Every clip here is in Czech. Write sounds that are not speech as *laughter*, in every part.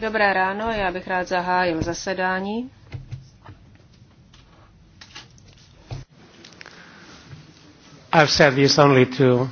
Dobré ráno, já bych rád zahájil zasedání. I've said this only to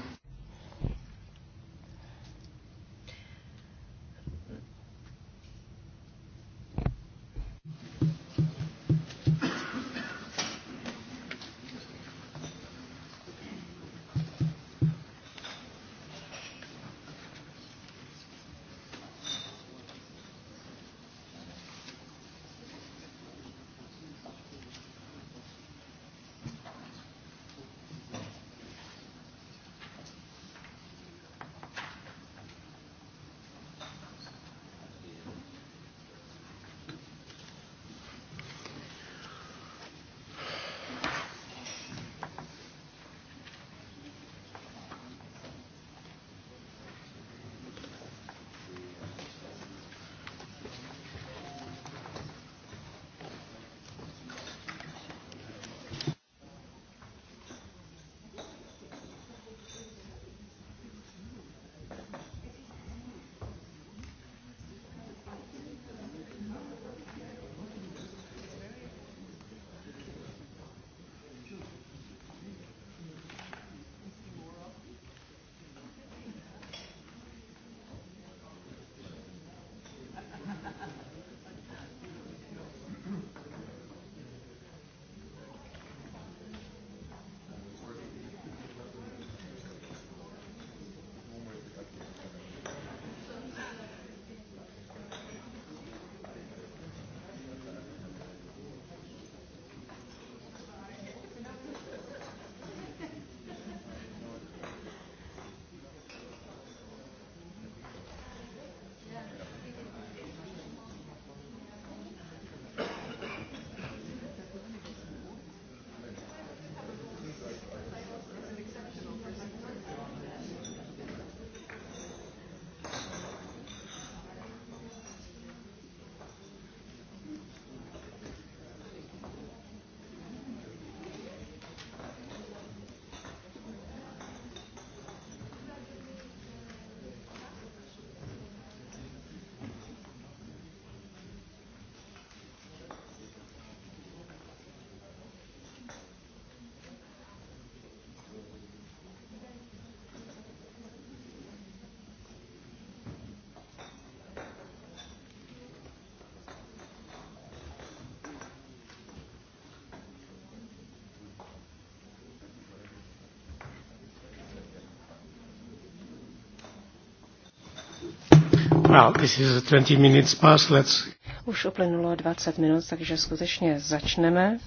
this is 20 minutes past, let's... Už uplynulo 20 minut, takže skutečně začneme.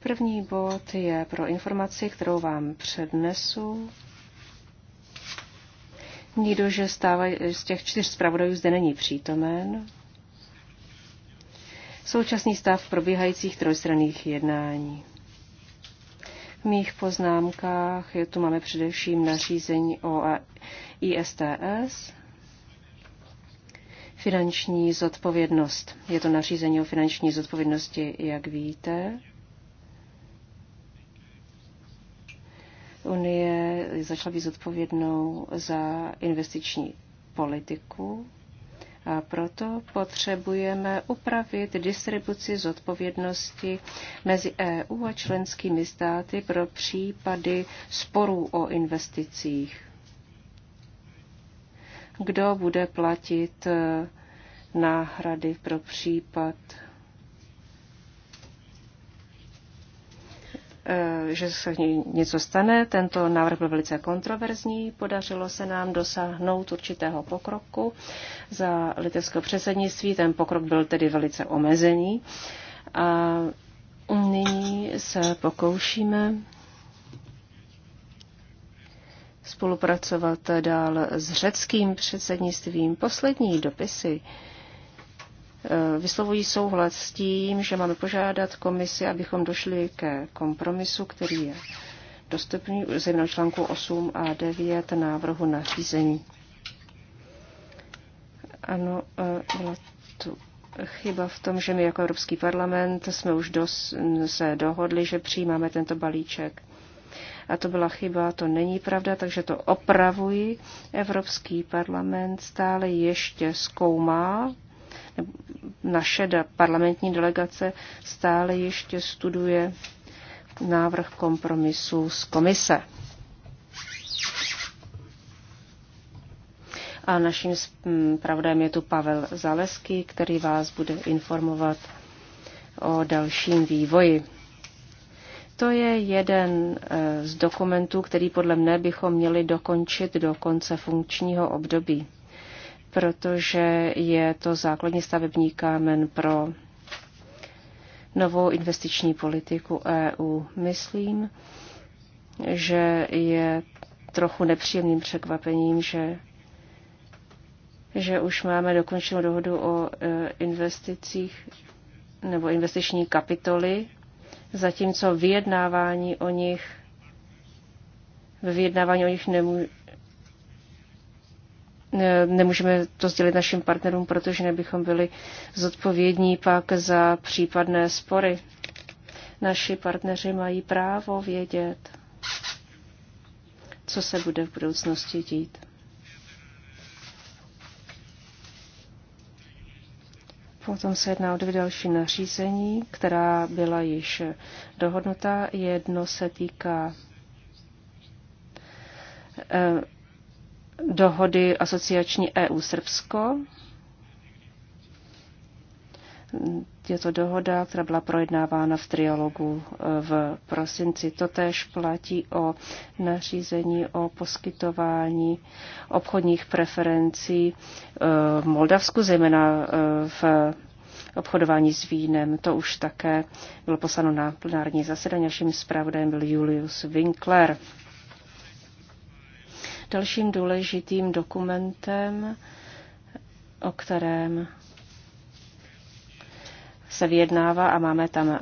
První bod je pro informaci, kterou vám přednesu. Nikdo, že stávaj, z těch čtyř zpravodajů zde není přítomen. Současný stav probíhajících trojstranných jednání. V mých poznámkách je, tu máme především nařízení o ISTS, finanční zodpovědnost. Je to nařízení o finanční zodpovědnosti, jak víte. Unie začala být zodpovědnou za investiční politiku a proto potřebujeme upravit distribuci zodpovědnosti mezi EU a členskými státy pro případy sporů o investicích kdo bude platit eh, náhrady pro případ, eh, že se něco stane. Tento návrh byl velice kontroverzní. Podařilo se nám dosáhnout určitého pokroku za litevského předsednictví. Ten pokrok byl tedy velice omezený. A nyní se pokoušíme spolupracovat dál s řeckým předsednictvím. Poslední dopisy eh, vyslovují souhlas s tím, že máme požádat komisi, abychom došli ke kompromisu, který je dostupný zejména článku 8 a 9 návrhu nařízení. Ano, eh, byla tu chyba v tom, že my jako Evropský parlament jsme už dos- se dohodli, že přijímáme tento balíček a to byla chyba, to není pravda, takže to opravuji. Evropský parlament stále ještě zkoumá, naše parlamentní delegace stále ještě studuje návrh kompromisu z komise. A naším pravdem je tu Pavel Zaleský, který vás bude informovat o dalším vývoji. To je jeden eh, z dokumentů, který podle mne bychom měli dokončit do konce funkčního období, protože je to základní stavební kámen pro novou investiční politiku EU. Myslím, že je trochu nepříjemným překvapením, že, že už máme dokončenou dohodu o eh, investicích nebo investiční kapitoly zatímco vyjednávání o nich ve vyjednávání o nich nemů, nemůžeme to sdělit našim partnerům, protože nebychom byli zodpovědní pak za případné spory. Naši partneři mají právo vědět, co se bude v budoucnosti dít. Potom se jedná o dvě další nařízení, která byla již dohodnuta. Jedno se týká eh, dohody asociační EU-Srbsko je to dohoda, která byla projednávána v trialogu eh, v prosinci. Totež platí o nařízení o poskytování obchodních preferencí eh, v Moldavsku, zejména eh, v obchodování s vínem. To už také bylo poslano na plenární zasedání. Naším zpravodajem byl Julius Winkler. Dalším důležitým dokumentem, o kterém se vyjednává a máme tam eh,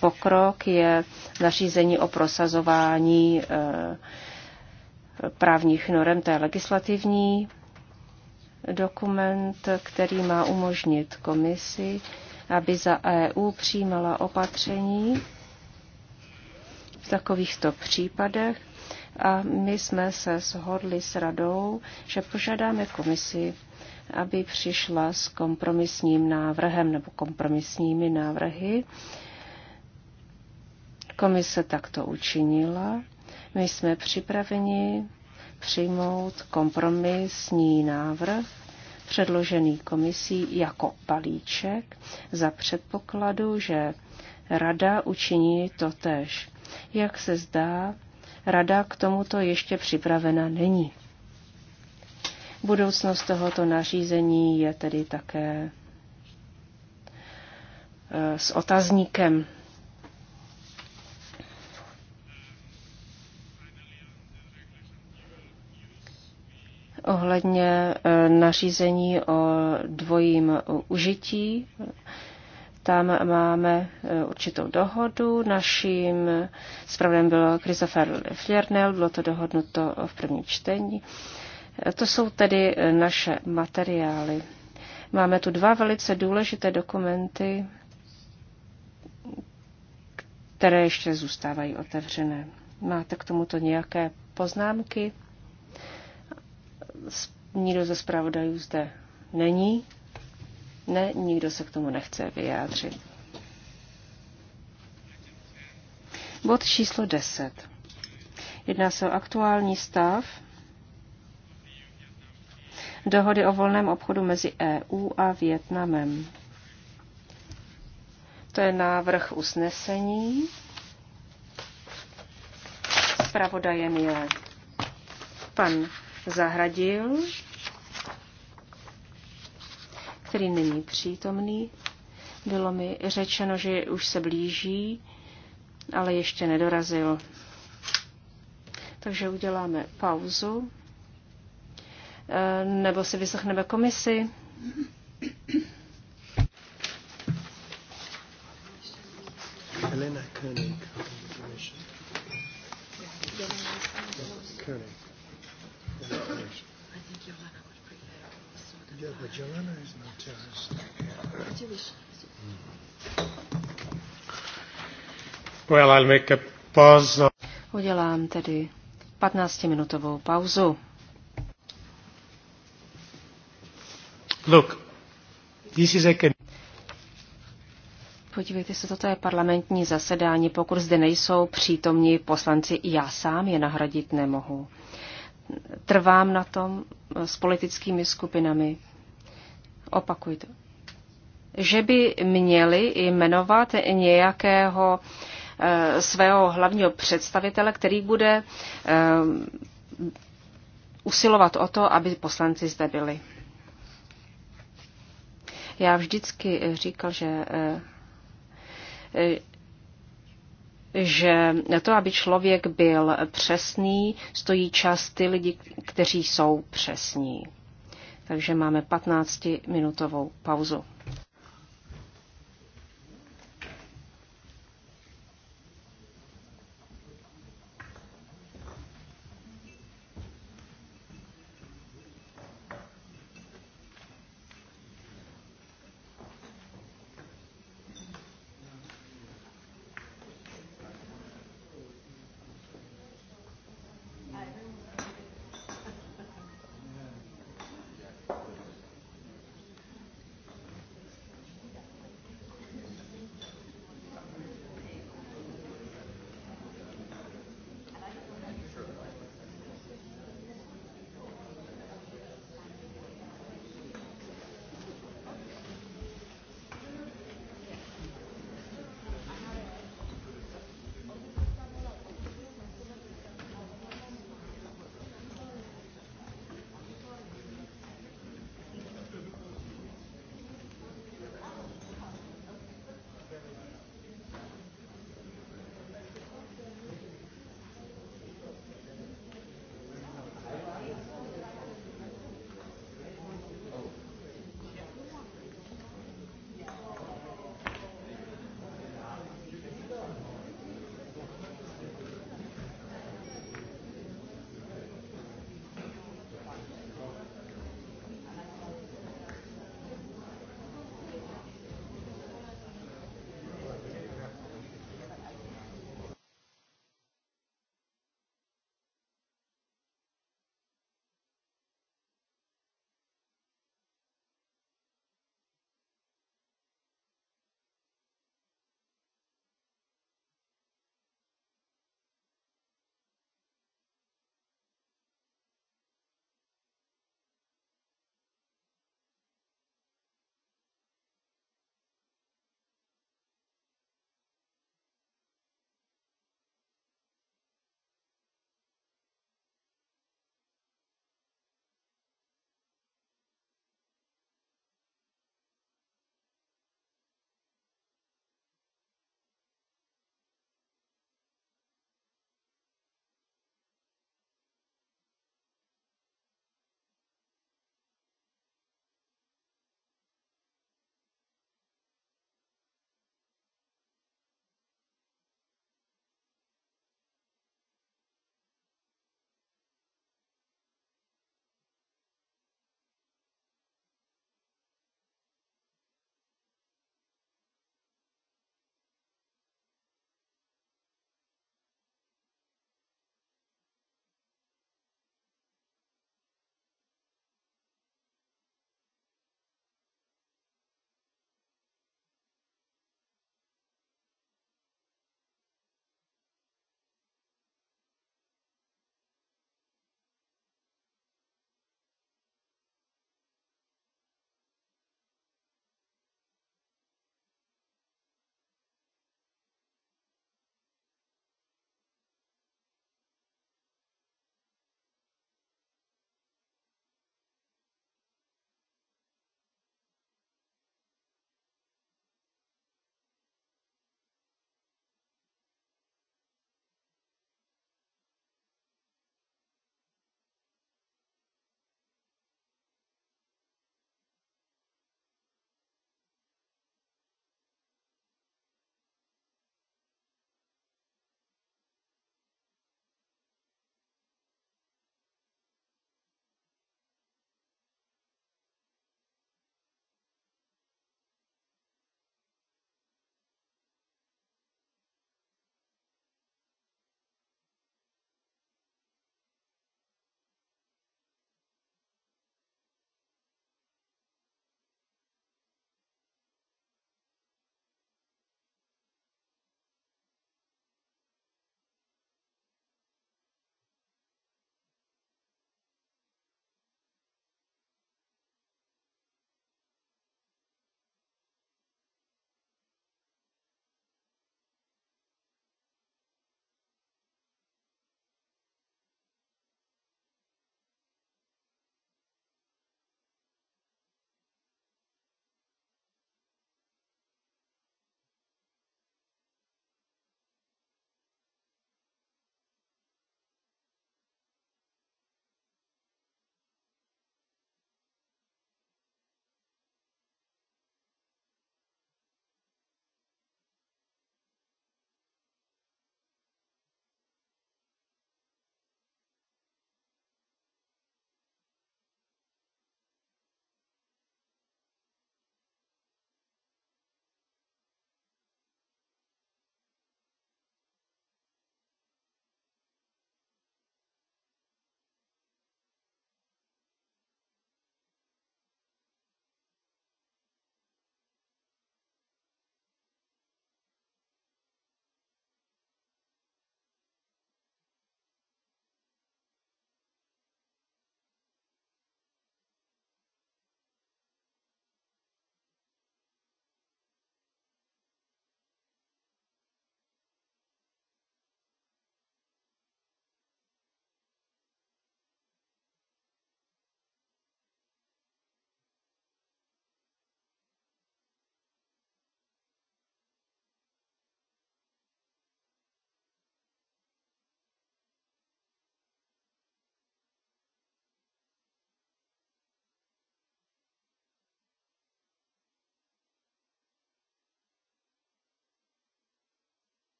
pokrok, je nařízení o prosazování eh, právních norem, to je legislativní dokument, který má umožnit komisi, aby za EU přijímala opatření v takovýchto případech. A my jsme se shodli s radou, že požádáme komisi aby přišla s kompromisním návrhem nebo kompromisními návrhy. Komise takto učinila. My jsme připraveni přijmout kompromisní návrh předložený komisí jako balíček za předpokladu, že Rada učiní totež. Jak se zdá, Rada k tomuto ještě připravena není. Budoucnost tohoto nařízení je tedy také eh, s otazníkem. Ohledně eh, nařízení o dvojím užití, tam máme eh, určitou dohodu. Naším zpravodajem byl Christopher Fliernel, bylo to dohodnuto v prvním čtení. To jsou tedy eh, naše materiály. Máme tu dva velice důležité dokumenty, které ještě zůstávají otevřené. Máte k tomuto nějaké poznámky? Nikdo ze zpravodajů zde není? Ne, nikdo se k tomu nechce vyjádřit. Bod číslo 10. Jedná se o aktuální stav dohody o volném obchodu mezi EU a Větnamem. To je návrh usnesení. Spravodajem je pan Zahradil, který není přítomný. Bylo mi řečeno, že už se blíží, ale ještě nedorazil. Takže uděláme pauzu. Eh, nebo si vyslechneme komisi. Elena Koenig. Well, I'll make a pause. Udělám tedy 15-minutovou pauzu. Look, this is a Podívejte se, toto je parlamentní zasedání. Pokud zde nejsou přítomní poslanci, já sám je nahradit nemohu. Trvám na tom eh, s politickými skupinami. Opakuj to. Že by měli jmenovat nějakého eh, svého hlavního představitele, který bude eh, usilovat o to, aby poslanci zde byli. Já vždycky eh, říkal, že eh, eh, že to, aby člověk byl přesný, stojí čas ty lidi, kteří jsou přesní. Takže máme 15-minutovou pauzu.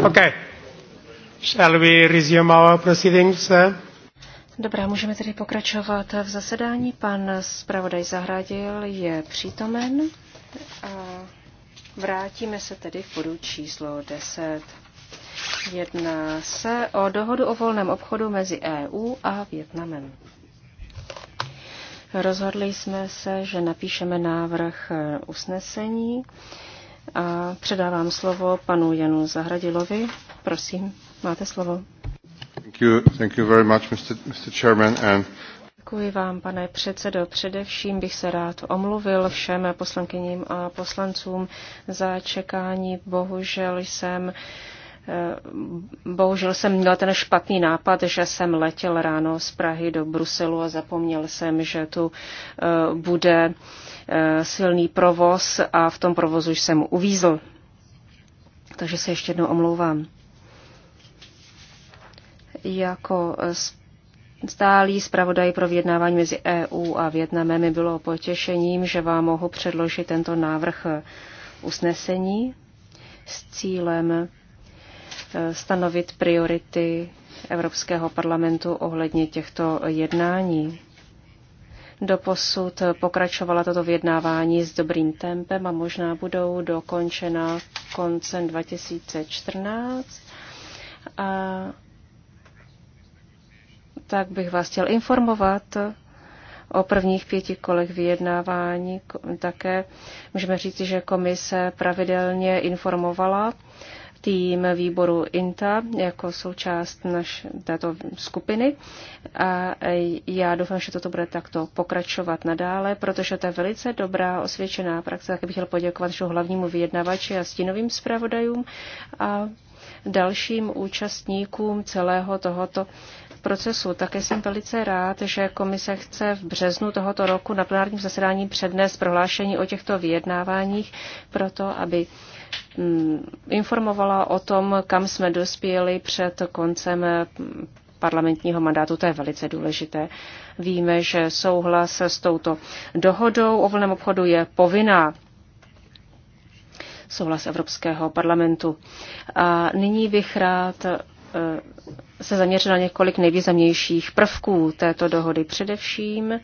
Okay. Shall we resume our proceedings? Dobrá, můžeme tedy pokračovat v zasedání. Pan zpravodaj Zahradil je přítomen a vrátíme se tedy k bodu číslo 10. Jedná se o dohodu o volném obchodu mezi EU a Větnamem. Rozhodli jsme se, že napíšeme návrh usnesení a předávám slovo panu Janu Zahradilovi. Prosím, máte slovo. Thank you, thank you very much, Mr. Mr. Chairman, and... Děkuji vám, pane předsedo. Především bych se rád omluvil všem poslankyním a poslancům za čekání. Bohužel jsem uh, Eh, bohužel jsem měl ten špatný nápad, že jsem letěl ráno z Prahy do Bruselu a zapomněl jsem, že tu eh, bude eh, silný provoz a v tom provozu jsem uvízl. Takže se ještě jednou omlouvám. Jako stálý zpravodaj pro vyjednávání mezi EU a Větnamem mi bylo potěšením, že vám mohu předložit tento návrh usnesení s cílem Eh, stanovit priority Evropského parlamentu ohledně těchto jednání. Doposud pokračovala toto vyjednávání s dobrým tempem a možná budou dokončena koncem 2014. A tak bych vás chtěl informovat o prvních pěti kolech vyjednávání. Také můžeme říct, že komise pravidelně informovala tým výboru INTA jako součást naš, této skupiny. A já doufám, že toto bude takto pokračovat nadále, protože to je velice dobrá osvědčená praxe. Tak bych chtěl poděkovat všemu hlavnímu vyjednavači a stínovým zpravodajům a dalším účastníkům celého tohoto procesu. Také jsem velice rád, že komise chce v březnu tohoto roku na plenárním zasedání přednést prohlášení o těchto vyjednáváních, proto aby Mm, informovala o tom, kam jsme dospěli před koncem parlamentního mandátu. To je velice důležité. Víme, že souhlas s touto dohodou o volném obchodu je povinná souhlas Evropského parlamentu. A nyní bych rád e, se zaměřil na několik nejvýznamnějších prvků této dohody. Především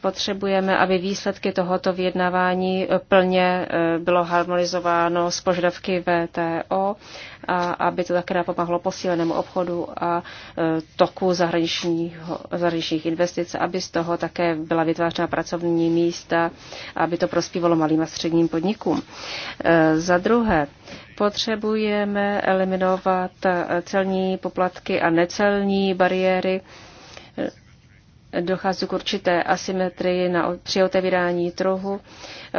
Potřebujeme, aby výsledky tohoto vyjednávání eh, plně eh, bylo harmonizováno s požadavky VTO, a aby to také napomáhlo posílenému obchodu a eh, toku zahraničních investic, aby z toho také byla vytvářena pracovní místa, aby to prospívalo malým a středním podnikům. Za druhé, potřebujeme eliminovat celní poplatky a necelní bariéry, dochází k určité asymetrii na, při otevírání trhu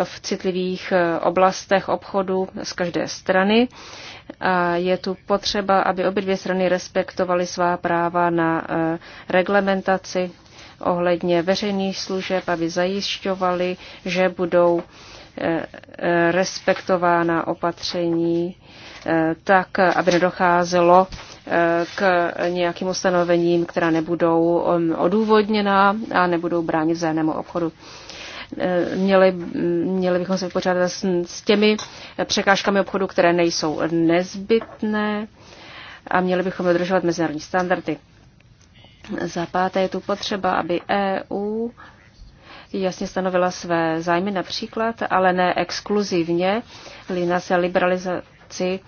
v citlivých eh, oblastech obchodu z každé strany. A je tu potřeba, aby obě dvě strany respektovaly svá práva na eh, reglementaci ohledně veřejných služeb, aby zajišťovali, že budou eh, respektována opatření tak, aby nedocházelo k nějakým ustanovením, která nebudou um, odůvodněná a nebudou bránit vzájemnému obchodu. Eh, měli, měli bychom se vypořádat s, s těmi překážkami obchodu, které nejsou nezbytné a měli bychom dodržovat mezinárodní standardy. Za páté je tu potřeba, aby EU jasně stanovila své zájmy například, ale ne exkluzivně, lina se liberalizaci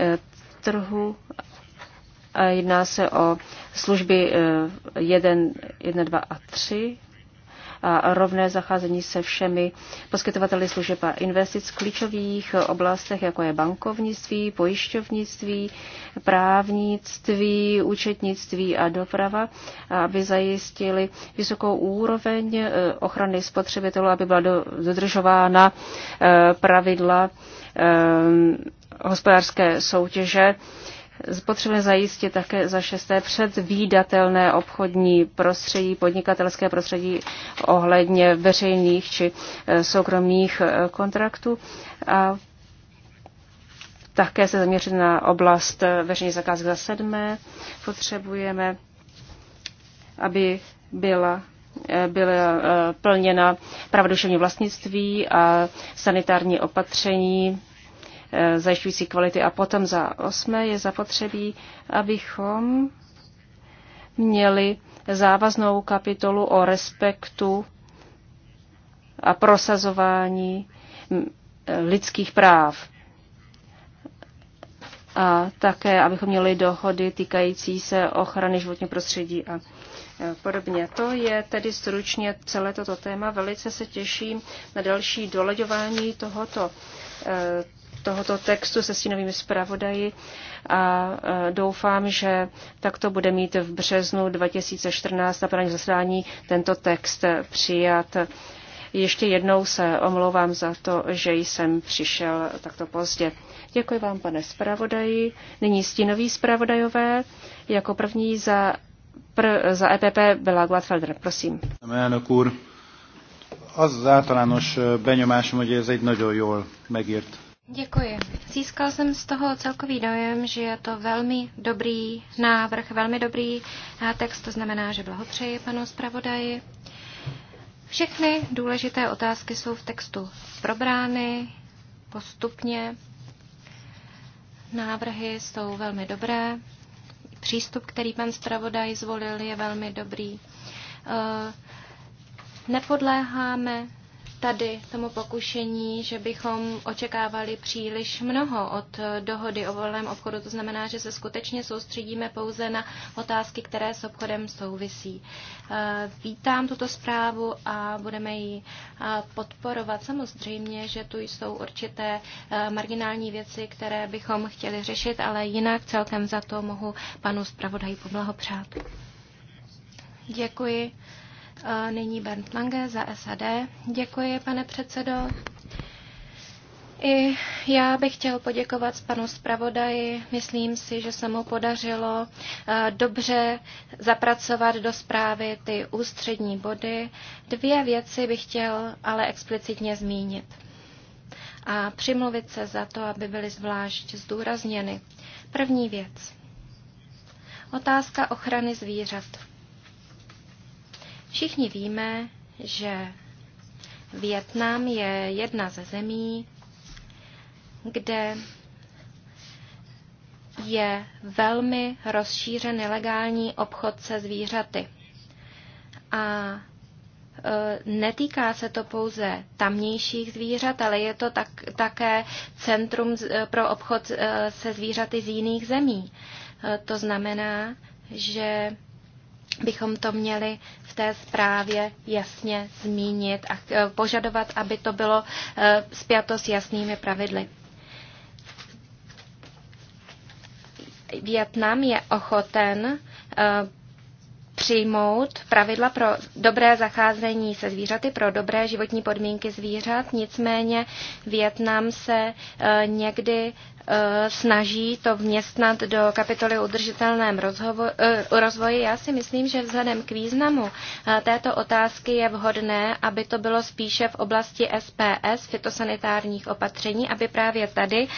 eh, trhu Jedná se o služby 1, 1 2 a 3 a rovné zacházení se všemi poskytovateli služeb a investic v klíčových oblastech, jako je bankovnictví, pojišťovnictví, právnictví, účetnictví a doprava, aby zajistili vysokou úroveň eh, ochrany spotřebitelů, aby byla dodržována eh, pravidla eh, hospodářské soutěže Potřebujeme zajistit také za šesté předvídatelné obchodní prostředí, podnikatelské prostředí ohledně veřejných či eh, soukromých eh, kontraktů. A také se zaměřit na oblast eh, veřejných zakázek za sedmé. Potřebujeme, aby byla byla plněna pravdušení vlastnictví a sanitární opatření Eh, zajišťující kvality. A potom za osmé je zapotřebí, abychom měli závaznou kapitolu o respektu a prosazování eh, lidských práv. A také, abychom měli dohody týkající se ochrany životního prostředí a eh, podobně. To je tedy stručně celé toto téma. Velice se těším na další doleďování tohoto tohoto textu se stínovými zpravodaji a doufám, že takto bude mít v březnu 2014 na první zasedání tento text přijat. Ještě jednou se omlouvám za to, že jsem přišel takto pozdě. Děkuji vám, pane zpravodaji. Nyní stínoví zpravodajové. Jako první za, pr, za EPP byla Gladfelder. Prosím. az általános eh, benyomásom, hogy ez egy nagyon jól megírt Děkuji. Získal jsem z toho celkový dojem, že je to velmi dobrý návrh, velmi dobrý eh, text, to znamená, že blahopřeji panu zpravodaji. Všechny důležité otázky jsou v textu probrány postupně. Návrhy jsou velmi dobré. Přístup, který pan zpravodaj zvolil, je velmi dobrý. Eh, nepodléháme tady tomu pokušení, že bychom očekávali příliš mnoho od eh, dohody o volném obchodu. To znamená, že se skutečně soustředíme pouze na otázky, které s obchodem souvisí. Eh, vítám tuto zprávu a budeme ji eh, podporovat. Samozřejmě, že tu jsou určité marginální věci, které bychom chtěli řešit, ale jinak celkem za to mohu panu zpravodaji poblahopřát. Děkuji. Nyní Bernd Lange za SAD. Děkuji, pane předsedo. I já bych chtěl poděkovat panu zpravodaji. Myslím si, že se mu podařilo eh, dobře zapracovat do zprávy ty ústřední body. Dvě věci bych chtěl ale explicitně zmínit a přimluvit se za to, aby byly zvlášť zdůrazněny. První věc. Otázka ochrany zvířat v Všichni víme, že Větnam je jedna ze zemí, kde je velmi rozšířen nelegální obchod se zvířaty. A e, netýká se to pouze tamnějších zvířat, ale je to tak, také centrum e, pro obchod e, se zvířaty z jiných zemí. To znamená, že bychom to měli té zprávě jasně zmínit a eh, požadovat, aby to bylo eh, spjato s jasnými pravidly. Větnam je ochoten eh, přijmout pravidla pro dobré zacházení se zvířaty, pro dobré životní podmínky zvířat. Nicméně Větnam se někdy Eh, snaží to vměstnat do kapitoly o udržitelném eh, rozvoji. Já si myslím, že vzhledem k významu eh, této otázky je vhodné, aby to bylo spíše v oblasti SPS, fitosanitárních opatření, aby právě tady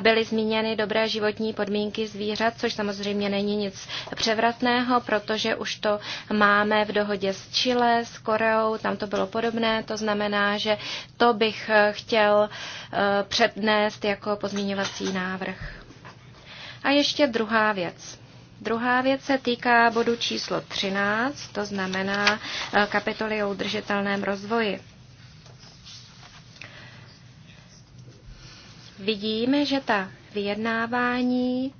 byly zmíněny dobré životní podmínky zvířat, což samozřejmě není nic převratného, protože už to máme v dohodě s Chile, s Koreou, tam to bylo podobné, to znamená, že to bych chtěl přednést jako pozměňovací návrh. A ještě druhá věc. Druhá věc se týká bodu číslo 13, to znamená eh, kapitoly o udržitelném rozvoji. Vidíme, že ta vyjednávání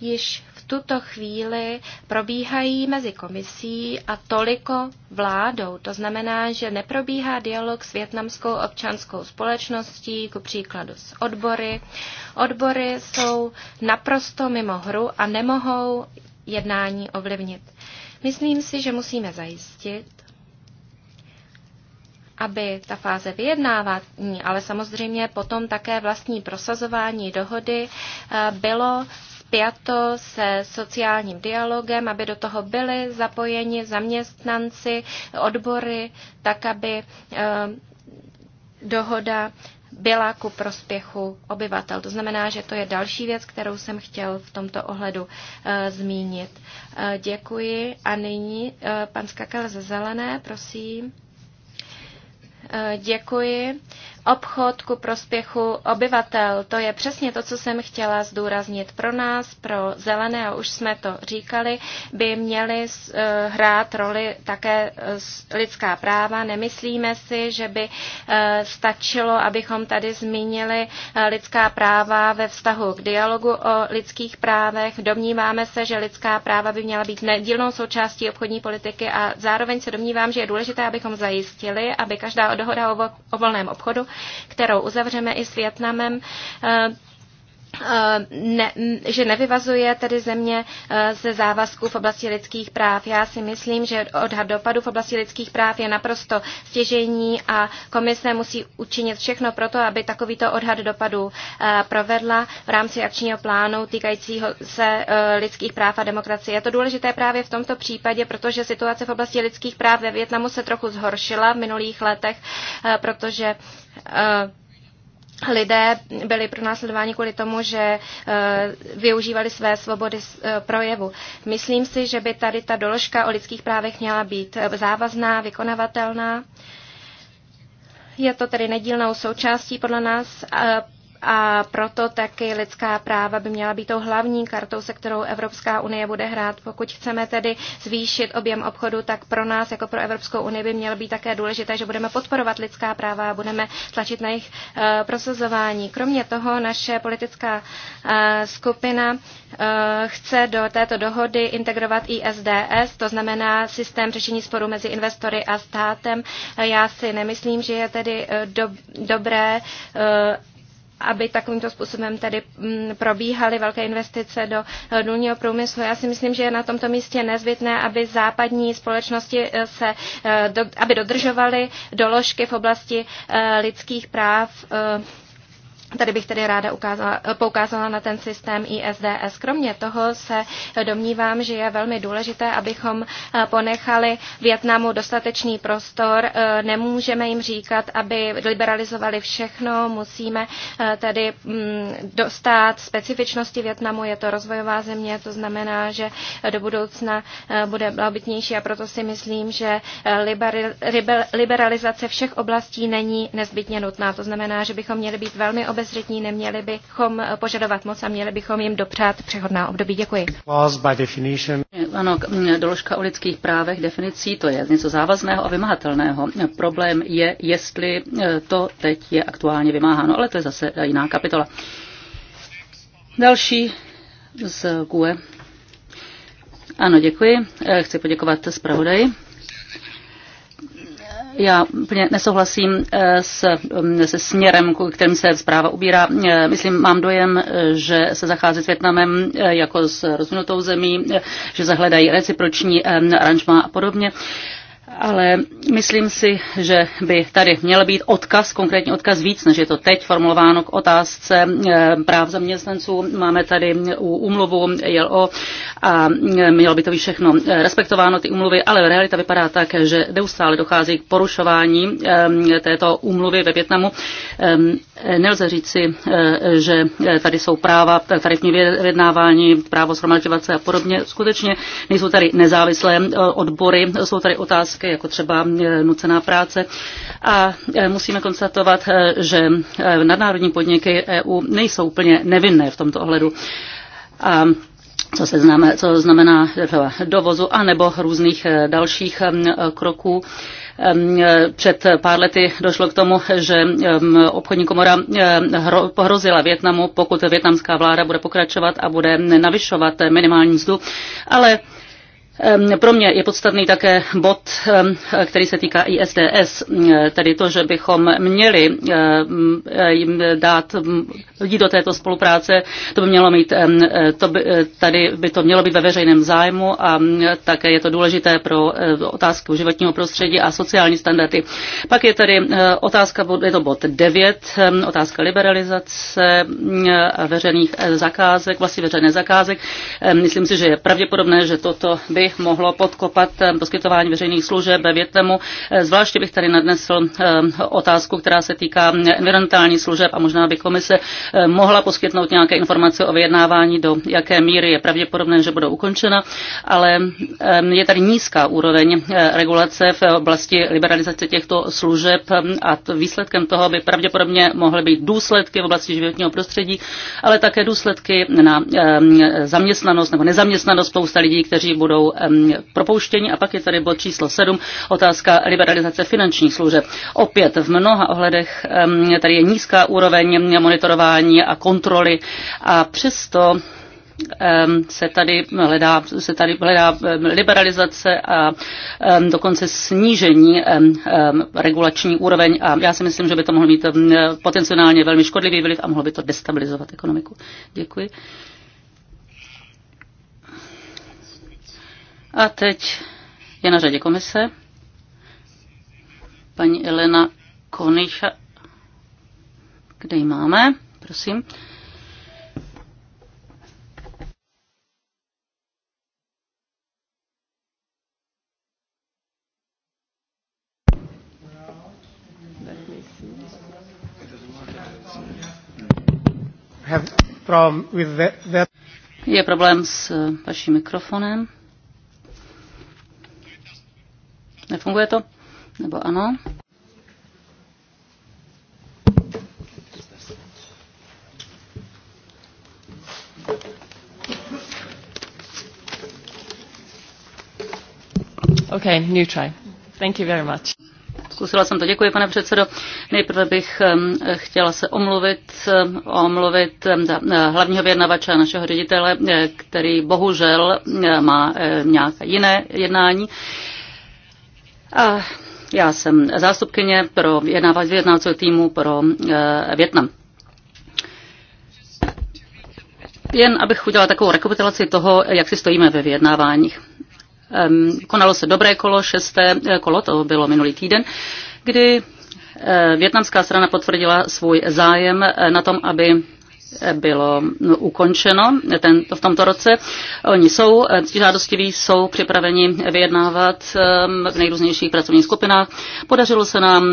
již tuto chvíli probíhají mezi komisí a toliko vládou. To znamená, že neprobíhá dialog s větnamskou občanskou společností, ku příkladu s odbory. Odbory jsou naprosto mimo hru a nemohou jednání ovlivnit. Myslím si, že musíme zajistit, aby ta fáze vyjednávání, ale samozřejmě potom také vlastní prosazování dohody eh, bylo spjato se sociálním dialogem, aby do toho byli zapojeni zaměstnanci, odbory, tak aby eh, dohoda byla ku prospěchu obyvatel. To znamená, že to je další věc, kterou jsem chtěl v tomto ohledu e, zmínit. E, děkuji. A nyní e, pan Skakal ze Zelené, prosím. E, děkuji obchod ku prospěchu obyvatel. To je přesně to, co jsem chtěla zdůraznit. Pro nás, pro zelené, a už jsme to říkali, by měly eh, hrát roli také eh, lidská práva. Nemyslíme si, že by eh, stačilo, abychom tady zmínili lidská práva ve vztahu k dialogu o lidských právech. Domníváme se, že lidská práva by měla být nedílnou součástí obchodní politiky a zároveň se domnívám, že je důležité, abychom zajistili, aby každá dohoda o volném obchodu kterou uzavřeme i s Větnamem, eh, Eh, ne, že nevyvazuje tedy země eh, ze závazků v oblasti lidských práv. Já si myslím, že odhad dopadu v oblasti lidských práv je naprosto stěžení a komise musí učinit všechno pro to, aby takovýto odhad dopadu eh, provedla v rámci akčního plánu týkajícího se lidských práv a demokracie. Je to důležité právě v tomto případě, protože situace v oblasti lidských práv ve Větnamu se trochu zhoršila v minulých letech, protože lidé byli pronásledováni kvůli tomu, že eh, využívali své svobody eh, projevu. Myslím si, že by tady ta doložka o lidských právech měla být eh, závazná, vykonavatelná. Je to tedy nedílnou součástí podle nás a proto taky lidská práva by měla být tou hlavní kartou, se kterou Evropská unie bude hrát. Pokud chceme tedy zvýšit objem obchodu, tak pro nás jako pro Evropskou unii by mělo být také důležité, že budeme podporovat lidská práva a budeme tlačit na jejich eh, prosazování. Kromě toho naše politická eh, skupina eh, chce do této dohody integrovat ISDS, to znamená systém řešení sporu mezi investory a státem. Já si nemyslím, že je tedy do, dobré aby takovýmto způsobem tady mm, probíhaly velké investice do eh, důlního průmyslu. Já si myslím, že je na tomto místě nezbytné, aby západní společnosti eh, se, eh, aby dodržovaly doložky v oblasti lidských práv Tady bych tedy ráda ukázala, poukázala na ten systém ISDS. Kromě toho se domnívám, že je velmi důležité, abychom eh, ponechali Větnamu dostatečný prostor. Eh, nemůžeme jim říkat, aby liberalizovali všechno, musíme eh, tedy mm, dostat specifičnosti Větnamu. Je to rozvojová země, to znamená, že do budoucna bude blahobytnější a proto si myslím, že liberalizace všech oblastí není nezbytně nutná. To znamená, že bychom měli být velmi obecní obezřetní, neměli bychom požadovat moc a měli bychom jim dopřát přehodná období. Děkuji. Ano, doložka o lidských právech definicí, to je něco závazného a vymahatelného. Problém je, jestli eh, to teď je aktuálně vymáháno, ale to je zase jiná kapitola. Další z GUE. Ano, děkuji. Eh, chci poděkovat zpravodaji. Já úplně nesouhlasím eh, s, mm, se směrem, kterým se zpráva ubírá. Eh, myslím, mám dojem, eh, že se zachází s Větnamem jako s rozvinutou zemí, že zahledají reciproční aranžma a podobně ale myslím si, že by tady měl být odkaz, konkrétní odkaz víc, než je to teď formulováno k otázce eh, práv zaměstnanců. Máme tady u umluvu JLO a eh, mělo by to být všechno eh, respektováno, ty umluvy, ale realita vypadá tak, že neustále dochází k porušování této umluvy ve Větnamu. Nelze říci, že tady jsou práva tarifní vyjednávání, právo shromažďovat se a podobně. Skutečně nejsou tady nezávislé odbory, jsou tady otázky otázky, jako třeba eh, nucená práce. A eh, musíme konstatovat, eh, že nadnárodní podniky EU nejsou úplně nevinné v tomto ohledu. A co, se znamená, co znamená dovozu nebo různých dalších kroků. Před pár lety došlo k tomu, že obchodní komora pohrozila Větnamu, pokud větnamská vláda bude pokračovat a bude navyšovat minimální mzdu, ale Ehm, pro mě je podstatný také bod, ehm, který se týká ISDS, ehm, tedy to, že bychom měli jim dát lidi do této spolupráce, to by mělo mít, eh, to by, eh, tady by to mělo být ve veřejném zájmu a mm, také je to důležité pro eh, otázku životního prostředí a sociální standardy. Pak je tady otázka, je to bod 9, otázka liberalizace mm, veřejných zakázek, vlastně veřejné zakázek. Myslím si, že je pravděpodobné, že toto by bych mohlo podkopat eh, poskytování veřejných služeb ve Větnamu. Eh, Zvláště bych tady nadnesl eh, otázku, která se týká environmentální služeb a možná by komise mohla poskytnout nějaké informace o vyjednávání, do jaké míry je pravděpodobné, že budou ukončena, ale je tady nízká úroveň regulace v oblasti liberalizace těchto služeb a výsledkem toho by pravděpodobně mohly být důsledky v oblasti životního prostředí, ale také důsledky na zaměstnanost nebo nezaměstnanost spousta lidí, kteří budou um, propouštění. A pak je tady bod číslo 7, otázka liberalizace finančních služeb. Opět v mnoha ohledech tady je nízká úroveň monitorování a kontroly a přesto se tady hledá, se tady hledá liberalizace a dokonce snížení regulační úroveň a já si myslím, že by to mohlo mít potenciálně velmi škodlivý vliv a mohlo by to destabilizovat ekonomiku. Děkuji. A teď je na řadě komise. Paní Elena Koniša. Kde ji máme? Prosím. Je problém s vaším mikrofonem. Nefunguje to? Nebo ano? Okay, new try. Thank you very much. Zkusila jsem to. Děkuji, pane předsedo. Nejprve bych chtěla se omluvit, omluvit eh, hlavního vyjednavače našeho ředitele, eh, který bohužel eh, má nějaké jiné jednání. A já jsem zástupkyně pro vyjednávacího týmu pro uh, eh, Větnam. Jen abych udělala takovou rekapitulaci toho, jak si stojíme ve vyjednáváních. Konalo se dobré kolo, šesté eh, kolo, to bylo minulý týden, kdy eh, větnamská strana potvrdila svůj zájem na tom, aby bylo ukončeno ten, v tomto roce. Oni jsou žádostiví, jsou připraveni vyjednávat um, v nejrůznějších pracovních skupinách. Podařilo se nám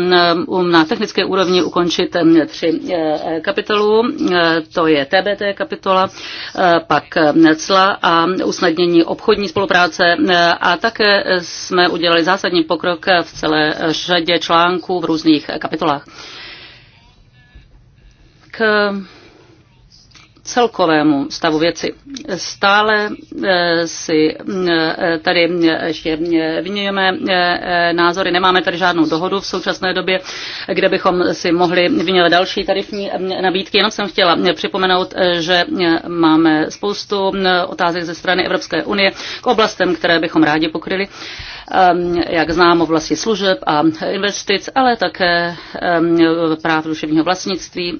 um, na technické úrovni ukončit um, tři uh, kapitolu, uh, to je TBT kapitola, uh, pak cla a usnadnění obchodní spolupráce a také jsme udělali zásadní pokrok v celé řadě článků v různých kapitolách. K celkovému stavu věci. Stále eh, si eh, tady ještě vyměňujeme eh, názory, nemáme tady žádnou dohodu v současné době, kde bychom si mohli vyměnit další tarifní nabídky. Jenom jsem chtěla připomenout, že máme spoustu otázek ze strany Evropské unie k oblastem, které bychom rádi pokryli jak znám, oblasti služeb a investic, ale také práv duševního vlastnictví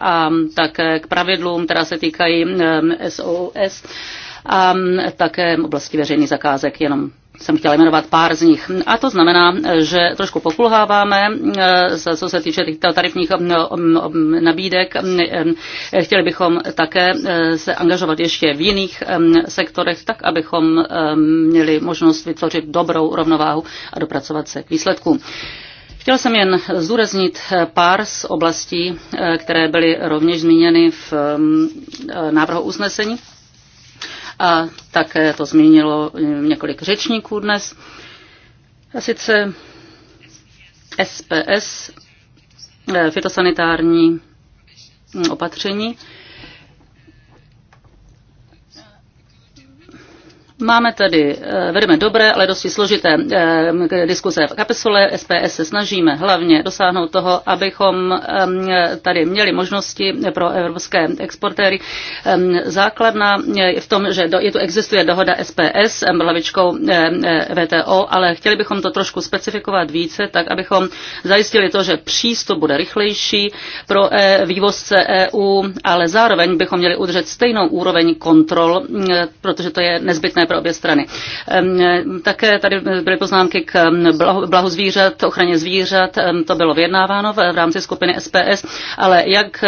a také k pravidlům, která která se týkají SOS a také oblasti veřejných zakázek, jenom jsem chtěla jmenovat pár z nich. A to znamená, že trošku pokulháváme, eh, co se týče tarifních nabídek. Chtěli bychom také eh, se angažovat ještě v jiných sektorech, tak abychom měli možnost vytvořit dobrou rovnováhu a dopracovat se k výsledkům. Chtěl jsem jen zúraznit pár z oblastí, eh, které byly rovněž zmíněny v mm, eh, návrhu usnesení. A také to zmínilo mm, několik řečníků dnes. A sice SPS, eh, fitosanitární mm, opatření. Máme tedy, eh, vedeme dobré, ale dosti složité eh, diskuze. v kapesole. SPS se snažíme hlavně dosáhnout toho, abychom eh, tady měli možnosti pro evropské exportéry. Základna je v tom, že je tu existuje dohoda SPS hlavičkou VTO, ale chtěli bychom to trošku specifikovat více, tak abychom zajistili to, že přístup bude rychlejší pro vývozce EU, ale zároveň bychom měli udržet stejnou úroveň kontrol, protože to je nezbytné pro obě strany. Také tady byly poznámky k blahu zvířat, ochraně zvířat, to bylo vyjednáváno v rámci skupiny SPS, ale jak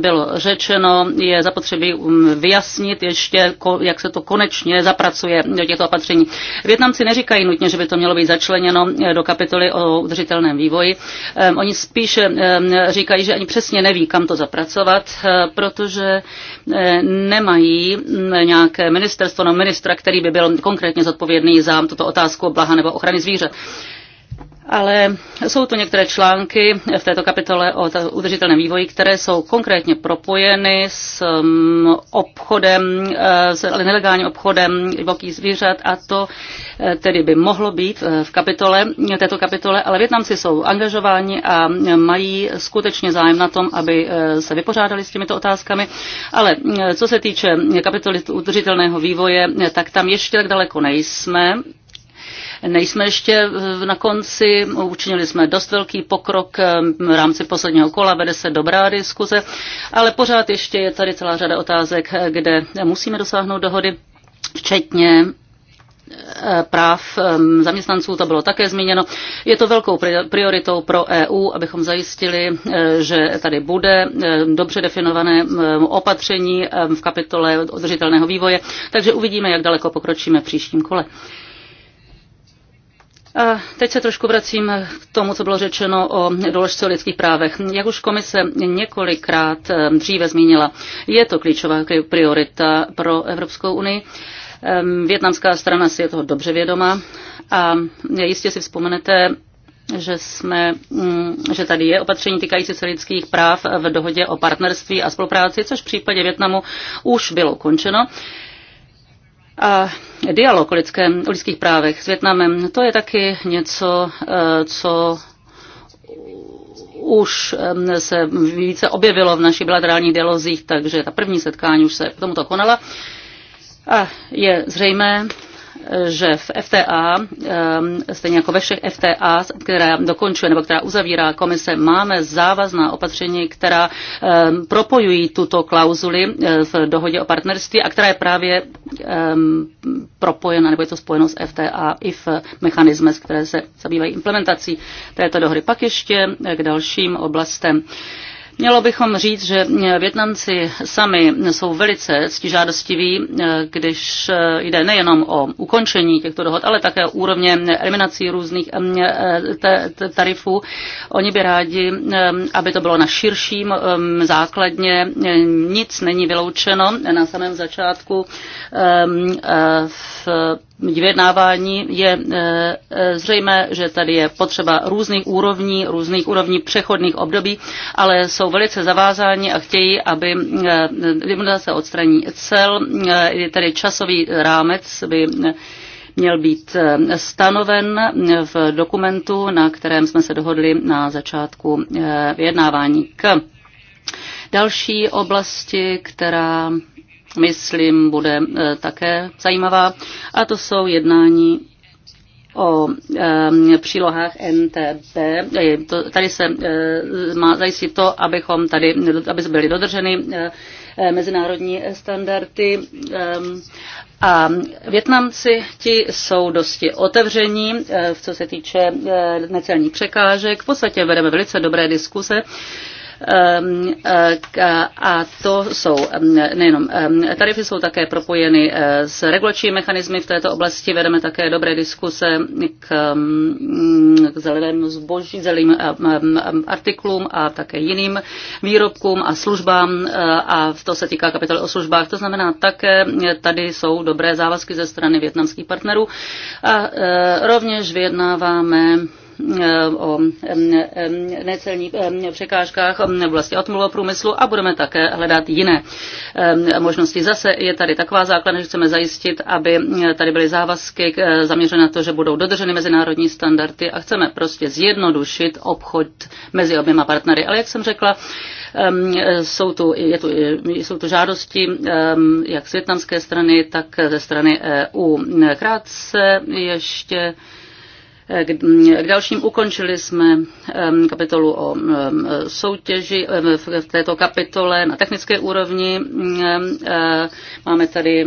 bylo řečeno, je zapotřebí um, vyjasnit ještě, jak se to konečně zapracuje do těchto opatření. Větnamci neříkají nutně, že by to mělo být začleněno do kapitoly o udržitelném vývoji. Oni spíše říkají, že ani přesně neví, kam to zapracovat, eh, protože eh, nemají mm, nějaké ministerstvo nebo ministra, který by by byl konkrétně zodpovědný za tuto otázku blaha nebo ochrany zvířat ale jsou tu některé články v této kapitole o udržitelném vývoji, které jsou konkrétně propojeny s um, obchodem, eh, s nelegálním obchodem divokých zvířat a to eh, tedy by mohlo být eh, v kapitole, této kapitole, ale Větnamci jsou angažováni a mají skutečně zájem na tom, aby se vypořádali s těmito otázkami, ale co se týče kapitoly udržitelného vývoje, tak tam ještě tak daleko nejsme Nejsme ještě na konci, učinili jsme dost velký pokrok v rámci posledního kola, vede se dobrá diskuze, ale pořád ještě je tady celá řada otázek, kde musíme dosáhnout dohody, včetně eh, práv eh, zaměstnanců, to bylo také zmíněno. Je to velkou prioritou pro EU, abychom zajistili, eh, že tady bude dobře definované opatření v kapitole udržitelného vývoje, takže uvidíme, jak daleko pokročíme v příštím kole teď se trošku vracím k tomu, co bylo řečeno o doložce o lidských právech. Jak už komise několikrát eh, dříve zmínila, je to klíčová priorita pro Evropskou unii. Větnamská strana si je toho dobře vědoma a jistě si vzpomenete, že, jsme, mm, že tady je opatření týkající se lidských práv v dohodě o partnerství a spolupráci, což v případě Větnamu už bylo ukončeno. A dialog o, lidské, o lidských právech s Větnamem, to je taky něco, e, co už e, se více objevilo v našich bilaterálních dialozích, takže ta první setkání už se k tomuto konala. A je zřejmé, že v FTA, eh, stejně jako ve všech FTA, která dokončuje nebo která uzavírá komise, máme závazná opatření, která eh, propojují tuto klauzuli eh, v dohodě o partnerství a která je právě propojena, nebo je to spojeno s FTA i v mechanismech, které se zabývají implementací této dohody. Pak ještě k dalším oblastem. Mělo bychom říct, že Větnamci sami jsou velice ctižádostiví, eh, když eh, jde nejenom o ukončení těchto dohod, ale také o úrovně eliminací různých eh, tarifů. Oni by rádi, aby to bylo na širším základně. Nic není vyloučeno na samém začátku v vyjednávání je eh, eh, zřejmé, že tady je potřeba různých úrovní, různých úrovní přechodných období, ale jsou velice zavázáni a chtějí, aby eh, se odstraní cel, je tady časový rámec, by měl být stanoven v dokumentu, na kterém jsme se dohodli na začátku vyjednávání k další oblasti, která myslím, bude eh, také zajímavá. A to jsou jednání o e, přílohách NTB. To, tady se e, má zajistit to, abychom tady, aby byly dodrženy e, mezinárodní standardy. E, a Větnamci ti jsou dosti otevření, e, co se týče e, necelních překážek. V podstatě vedeme velice dobré diskuse. E, Ehm, eh, a to jsou ehm, nejenom ehm, tarify, jsou také propojeny eh, s regulačními mechanismy v této oblasti. Vedeme také dobré diskuse k, k zeleným zboží, zeleným artiklům a také jiným výrobkům a službám eh, a to se týká kapitoly o službách. To znamená také, tady jsou dobré závazky ze strany větnamských partnerů a rovněž vyjednáváme Eh, o necelních překážkách v oblasti automobilového průmyslu a budeme také hledat jiné možnosti. Zase je tady taková základna, že chceme zajistit, aby eh, tady byly závazky eh, zaměřené na to, že budou dodrženy mezinárodní standardy a chceme prostě zjednodušit obchod mezi oběma partnery. Ale jak jsem řekla, jsou tu, je tu, jsou tu žádosti jak z větnamské strany, tak ze strany EU. Krátce ještě k dalším ukončili jsme kapitolu o soutěži v této kapitole na technické úrovni. E, máme tady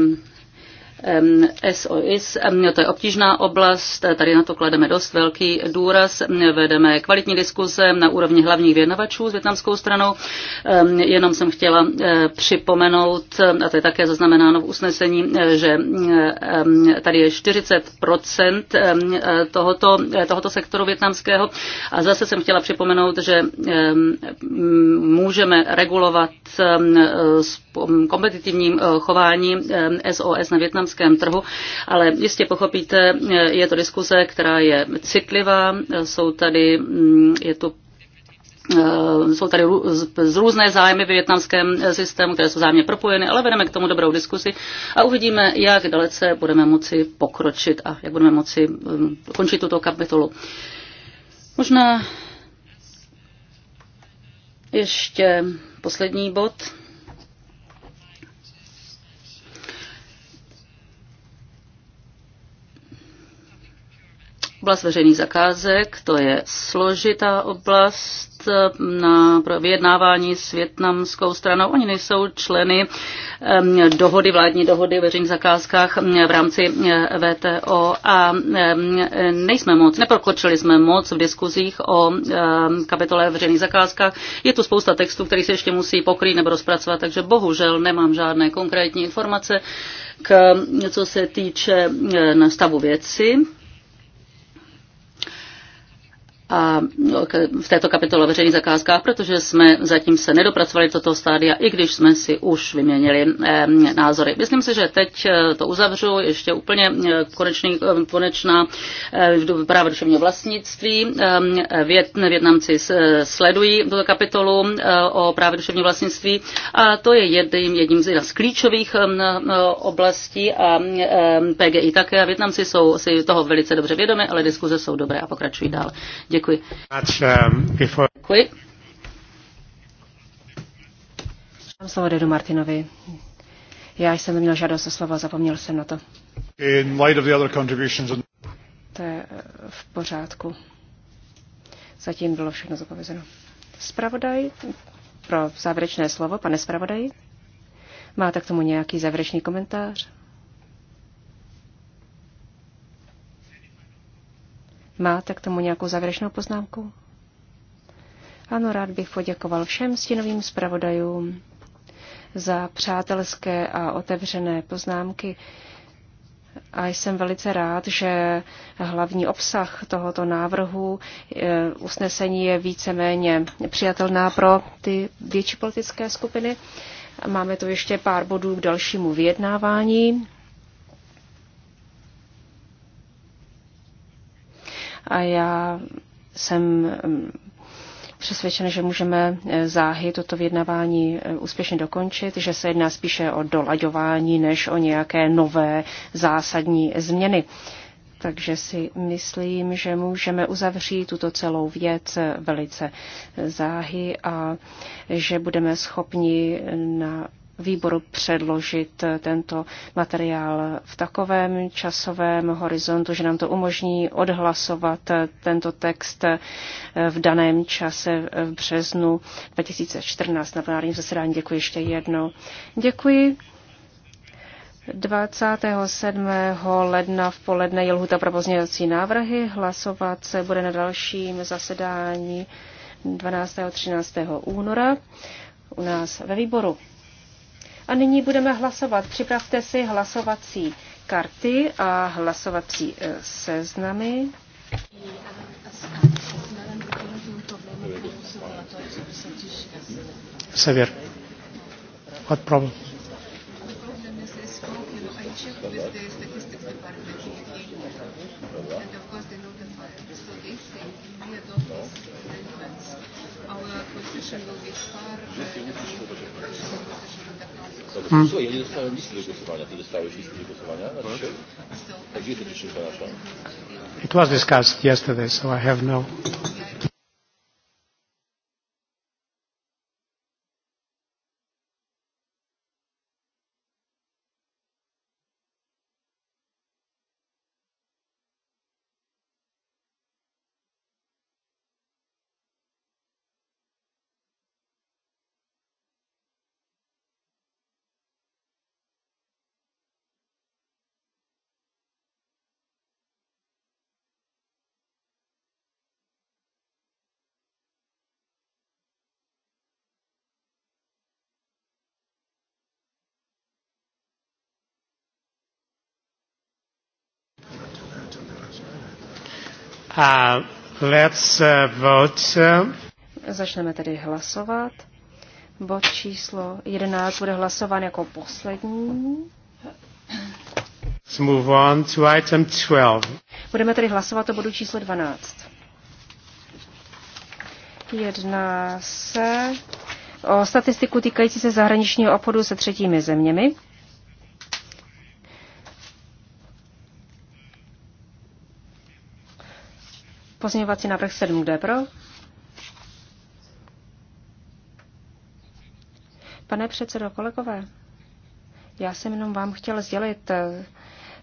SOIS, to je obtížná oblast, tady na to klademe dost velký důraz, vedeme kvalitní diskuze na úrovni hlavních vědnavačů s větnamskou stranou. Jenom jsem chtěla eh, připomenout, a to je také zaznamenáno v usnesení, eh, že tady je 40 eh, tohoto, tohoto sektoru větnamského a zase jsem chtěla připomenout, že můžeme regulovat kompetitivním chováním SOS na větnamském občanském trhu, ale jistě pochopíte, je to diskuze, která je citlivá, jsou tady, mm, je tu eh, jsou tady z různé zájmy v větnamském systému, které jsou zájemně propojeny, ale vedeme k tomu dobrou diskusi a uvidíme, jak dalece budeme moci pokročit a jak budeme moci eh, končit tuto kapitolu. Možná ještě poslední bod. Oblast veřejných zakázek, to je složitá oblast eh, na vyjednávání s větnamskou stranou. Oni nejsou členy ehm, dohody, vládní dohody o veřejných zakázkách ehm, v rámci eh, VTO a ehm, nejsme moc, neprokočili jsme moc v diskuzích o kapitole o veřejných zakázkách. Je tu spousta textů, který se ještě musí pokrýt nebo rozpracovat, takže bohužel nemám žádné konkrétní informace, k, co se týče eh, stavu věci a v této kapitole veřejných zakázkách, protože jsme zatím se nedopracovali do toho stádia, i když jsme si už vyměnili názory. Myslím si, že teď eh, to uzavřu, ještě úplně eh, konečný, eh, konečná právě duševního vlastnictví. Vět, Větnamci sledují tuto kapitolu o právě duševního vlastnictví a to je jedním, jedním z klíčových oblastí a PGI také. Větnamci jsou si toho velice dobře vědomi, ale diskuze jsou dobré a pokračují dál. Děkuji. Děkuji. Děkuji. Mám slovo Dedu Martinovi. Já jsem neměl žádost o slovo, zapomněl jsem na to. In light of the other contributions To je eh, v pořádku. Zatím bylo všechno zapovězeno. Spravodaj, pro závěrečné slovo, pane spravodaj, Máte k tomu nějaký závěrečný komentář? Máte k tomu nějakou závěrečnou poznámku? Ano, rád bych poděkoval všem stinovým zpravodajům za přátelské a otevřené poznámky. A jsem velice rád, že hlavní obsah tohoto návrhu e, usnesení je víceméně přijatelná pro ty větší politické skupiny. Máme tu ještě pár bodů k dalšímu vyjednávání a já jsem mm, přesvědčena, že můžeme e, záhy toto vyjednávání e, úspěšně dokončit, že se jedná spíše o dolaďování než o nějaké nové zásadní změny. Takže si myslím, že můžeme uzavřít tuto celou věc e, velice záhy a že budeme schopni na výboru předložit eh, tento materiál v takovém časovém horizontu, že nám to umožní odhlasovat eh, tento text eh, v daném čase v březnu 2014 na plenárním zasedání. Děkuji ještě jednou. Děkuji. 27. ledna v poledne je lhuta pro pozměňovací návrhy. Hlasovat se bude na dalším zasedání 12. a 13. února u nás ve výboru. A nyní budeme hlasovat. Připravte si hlasovací karty a hlasovací eh, seznamy. Sever. What problem? Hmm. Słuchaj, ja nie dostałem listy do głosowania. Ty dostałeś listy do głosowania gdzie dzisiaj, It was discussed yesterday, so I have no... Uh, let's uh, vote. Uh. Začneme tedy hlasovat. Bod číslo 11 bude hlasován jako poslední. Let's move on to item 12. Budeme tedy hlasovat o bodu číslo 12. Jedná se o statistiku týkající se zahraničního obchodu se třetími zeměmi. Pozměňovací návrh 7, kdo je pro? Pane předsedo, kolegové, já jsem jenom vám chtěl sdělit eh,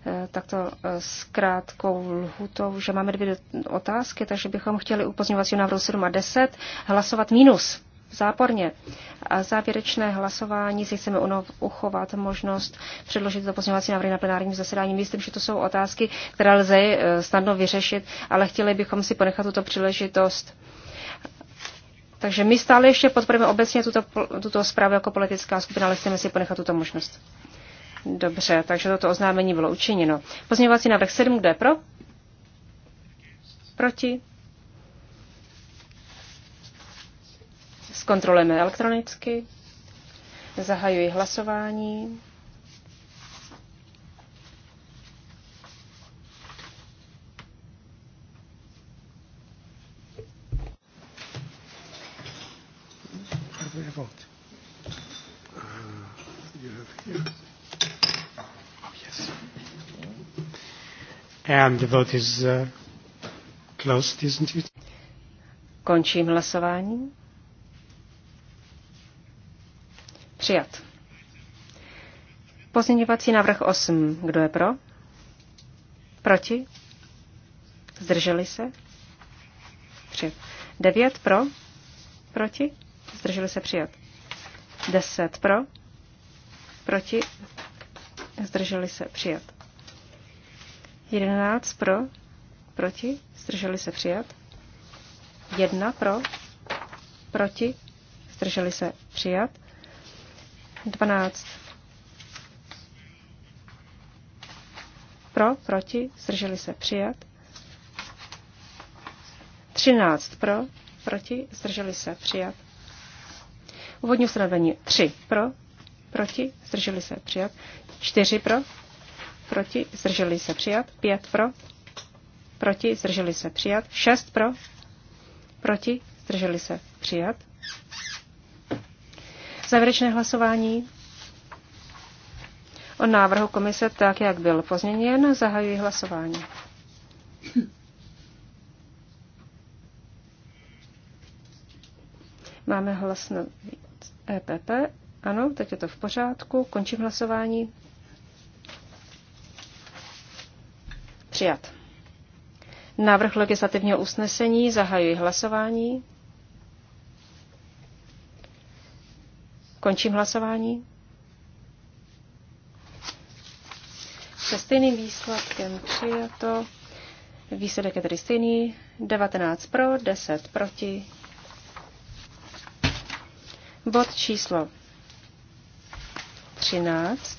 eh, takto eh, s krátkou lhutou, že máme dvě otázky, takže bychom chtěli u pozměňovacího návrhu 7 a 10 hlasovat minus záporně. A závěrečné hlasování si chceme uchovat možnost předložit to pozměňovací návrhy na plenárním zasedání. Myslím, že to jsou otázky, které lze eh, snadno vyřešit, ale chtěli bychom si ponechat tuto příležitost. Takže my stále ještě podporujeme obecně tuto, tuto zprávu jako politická skupina, ale chceme si ponechat tuto možnost. Dobře, takže toto oznámení bylo učiněno. Pozměňovací návrh 7, kdo je pro? Proti? Zkontrolujeme elektronicky. Zahajuji hlasování. And the vote is uh, closed, isn't it? Končím hlasování. Přijat. Pozměňovací návrh 8. Kdo je pro? Proti? Zdrželi se? Přijat. 9 pro? Proti? Zdrželi se přijat. 10 pro? Proti? Zdrželi se přijat. 11 pro? Proti? Zdrželi se přijat. 1 pro? Proti? Zdrželi se přijat. 12. Pro, proti, zdrželi se přijat. 13 pro, proti, zdrželi se přijat. Úvodní ustanovení 3 pro, proti, zdrželi se přijat. 4 pro, proti, zdrželi se přijat. 5 pro, proti, zdrželi se přijat. 6 pro, proti, zdrželi se přijat. Závěrečné hlasování o návrhu komise tak, jak byl pozměněn. Zahajuji hlasování. Máme hlas na EPP. Ano, teď je to v pořádku. Končím hlasování. Přijat. Návrh legislativního usnesení. Zahajuji hlasování. Končím hlasování. Se stejným výsledkem přijato. Výsledek je tedy stejný. 19 pro, 10 proti. Bod číslo 13.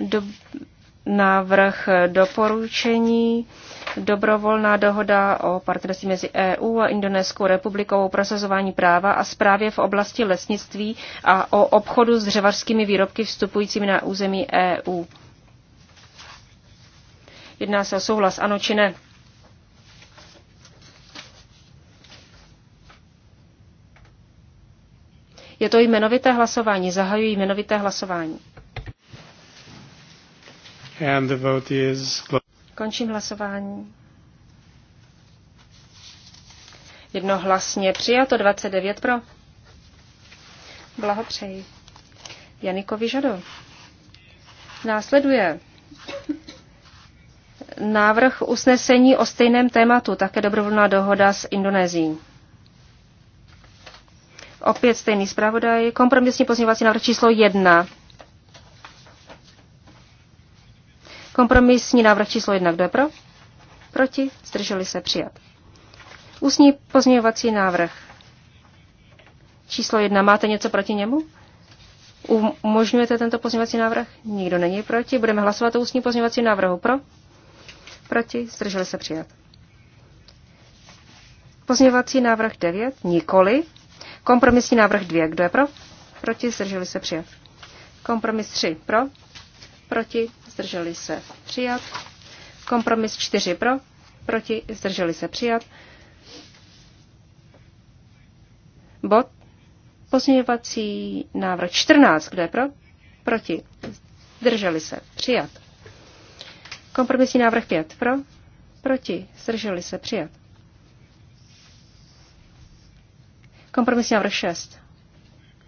Do, návrh doporučení dobrovolná dohoda o partnerství mezi EU a Indonéskou republikou o prosazování práva a správě v oblasti lesnictví a o obchodu s dřevařskými výrobky vstupujícími na území EU. Jedná se o souhlas, ano či ne? Je to jmenovité hlasování. Zahajuji jmenovité hlasování. And the vote is Končím hlasování. Jednohlasně přijato 29 pro. Blahopřeji. Janikovi Žado. Následuje návrh usnesení o stejném tématu, také dobrovolná dohoda s Indonésií. Opět stejný zpravodaj. Kompromisní pozměňovací návrh číslo 1. Kompromisní návrh číslo 1. Kdo je pro? Proti? Zdrželi se přijat. Ústní pozměňovací návrh číslo 1. Máte něco proti němu? Umožňujete tento pozměňovací návrh? Nikdo není proti. Budeme hlasovat o ústní pozměňovací návrhu. Pro? Proti? Zdrželi se přijat. Pozměňovací návrh 9? Nikoli. Kompromisní návrh 2. Kdo je pro? Proti? Zdrželi se přijat. Kompromis 3. Pro? Proti? zdrželi se přijat. Kompromis 4 pro, proti, zdrželi se přijat. Bod pozměňovací návrh 14, kde pro, proti, zdrželi se přijat. Kompromisní návrh 5 pro, proti, zdrželi se přijat. Kompromisní návrh 6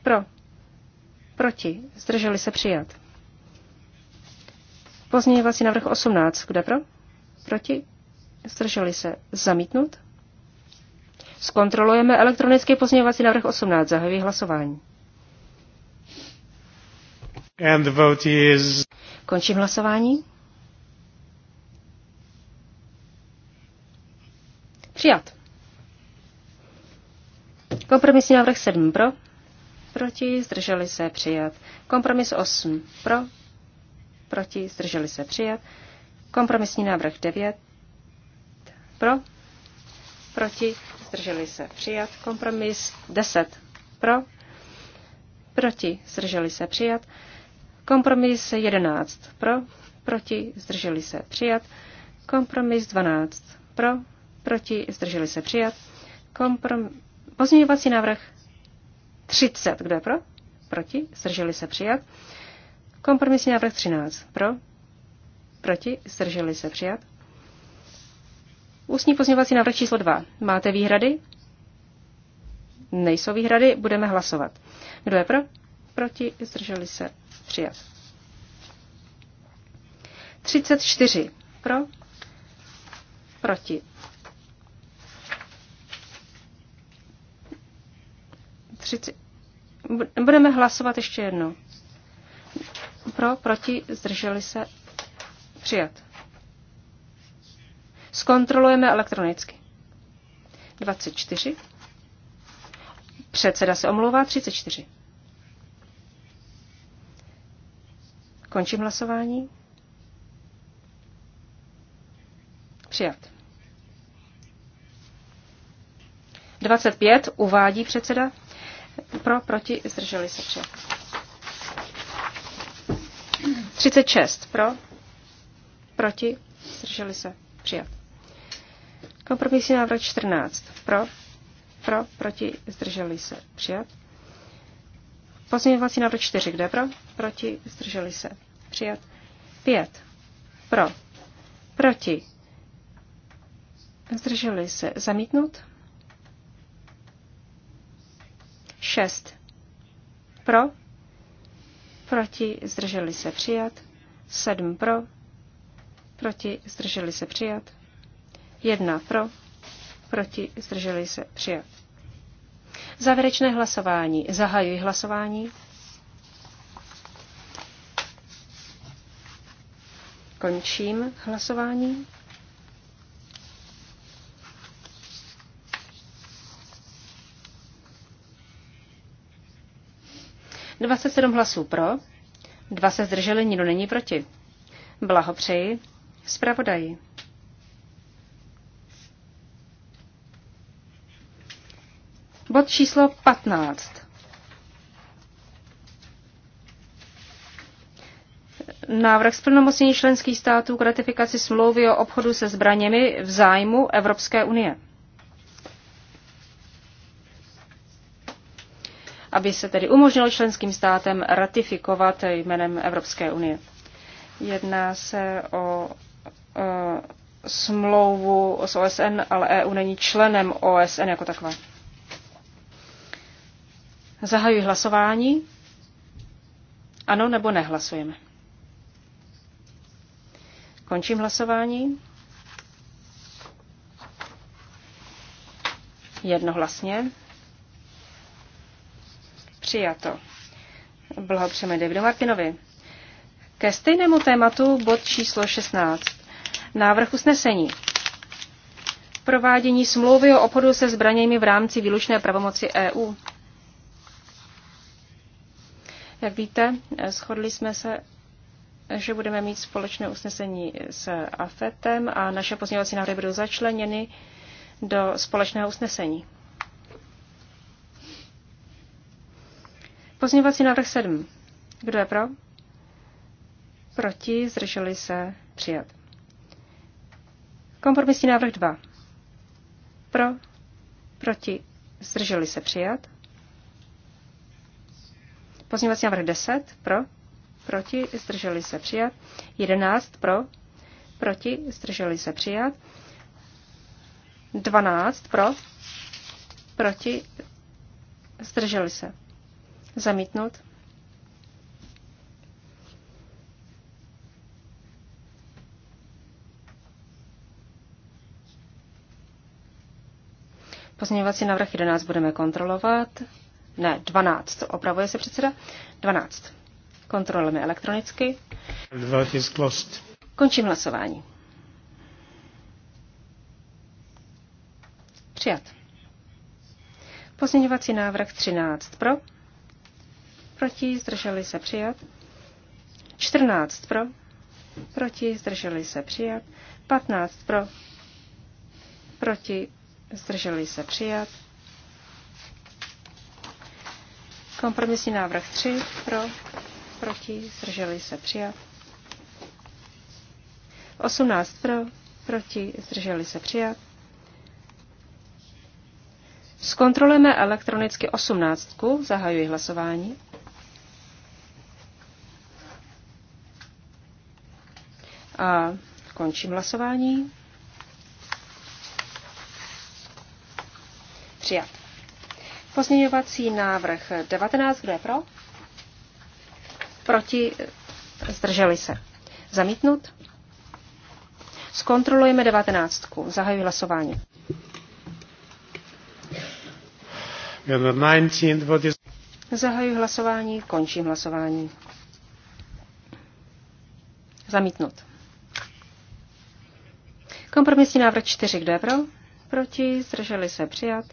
pro, proti, zdrželi se přijat. Pozměňovací návrh 18. Kdo pro? Proti? Zdrželi se. Zamítnut? Zkontrolujeme elektronický pozměňovací návrh 18. Zahajuji hlasování. And the vote is... Končím hlasování. Přijat. Kompromisní návrh 7 pro, proti, zdrželi se přijat. Kompromis 8 pro, proti, zdrželi se přijat. Kompromisní návrh 9, pro, proti, zdrželi se přijat. Kompromis 10, pro, proti, zdrželi se přijat. Kompromis 11, pro, proti, zdrželi se přijat. Kompromis 12, pro, proti, zdrželi se přijat. Komprom... Pozměňovací návrh 30, kdo je pro? Proti, zdrželi se přijat. Kompromisní návrh 13. Pro? Proti? Zdrželi se přijat? Ústní pozměňovací návrh číslo 2. Máte výhrady? Nejsou výhrady, budeme hlasovat. Kdo je pro? Proti? Zdrželi se přijat. 34. Pro? Proti? Budeme hlasovat ještě jednou. Pro, proti, zdrželi se, přijat. Zkontrolujeme elektronicky. 24. Předseda se omlouvá 34. Končím hlasování. Přijat. 25. Uvádí předseda. Pro, proti, zdrželi se přijat. 36 pro, proti, zdrželi se, přijat. Kompromisní návrh 14 pro, pro, proti, zdrželi se, přijat. Pozměňovací návrh 4, kde pro, proti, zdrželi se, přijat. 5 pro, proti, zdrželi se, zamítnout. 6 pro, proti, zdrželi se přijat, sedm pro, proti, zdrželi se přijat, jedna pro, proti, zdrželi se přijat. Závěrečné hlasování. Zahajuji hlasování. Končím hlasování. 27 hlasů pro, dva se zdrželi, nikdo není proti. Blahopřeji zpravodaji. Bod číslo 15. Návrh splnomocnění členských států k ratifikaci smlouvy o obchodu se zbraněmi v zájmu Evropské unie. aby se tedy umožnilo členským státem ratifikovat jménem Evropské unie. Jedná se o e, smlouvu s OSN, ale EU není členem OSN jako taková. Zahajuji hlasování. Ano nebo nehlasujeme. Končím hlasování. Jednohlasně. Přijato. Blahopřejeme Davidu Martinovi. Ke stejnému tématu bod číslo 16. Návrh usnesení. Provádění smlouvy o obchodu se zbraněmi v rámci výlučné pravomoci EU. Jak víte, shodli jsme se, že budeme mít společné usnesení s AFETem a naše pozměňovací návrhy budou začleněny do společného usnesení. Pozměňovací návrh 7. Kdo je pro? Proti, zdrželi se, přijat. Kompromisní návrh 2. Pro, proti, zdrželi se, přijat. Pozměňovací návrh 10. Pro, proti, zdrželi se, přijat. 11. Pro, proti, zdrželi se, přijat. 12. Pro, proti, zdrželi se. Zamítnout. Pozměňovací návrh 11 budeme kontrolovat. Ne, 12. Opravuje se předseda. 12. Kontrolujeme elektronicky. Končím hlasování. Přijat. Pozměňovací návrh 13 pro proti, zdrželi se přijat. 14 pro, proti, zdrželi se přijat. 15 pro, proti, zdrželi se přijat. Kompromisní návrh 3 pro, proti, zdrželi se přijat. 18 pro, proti, zdrželi se přijat. Zkontrolujeme elektronicky 18. Zahajuji hlasování. A končím hlasování. Přijat. Pozměňovací návrh 19, kdo je pro? Proti, zdrželi se. Zamítnut? Zkontrolujeme 19. Zahajuji hlasování. Zahajuji hlasování, končím hlasování. Zamítnut. Kompromisní návrh 4, kdo je pro? Proti, zdrželi se přijat.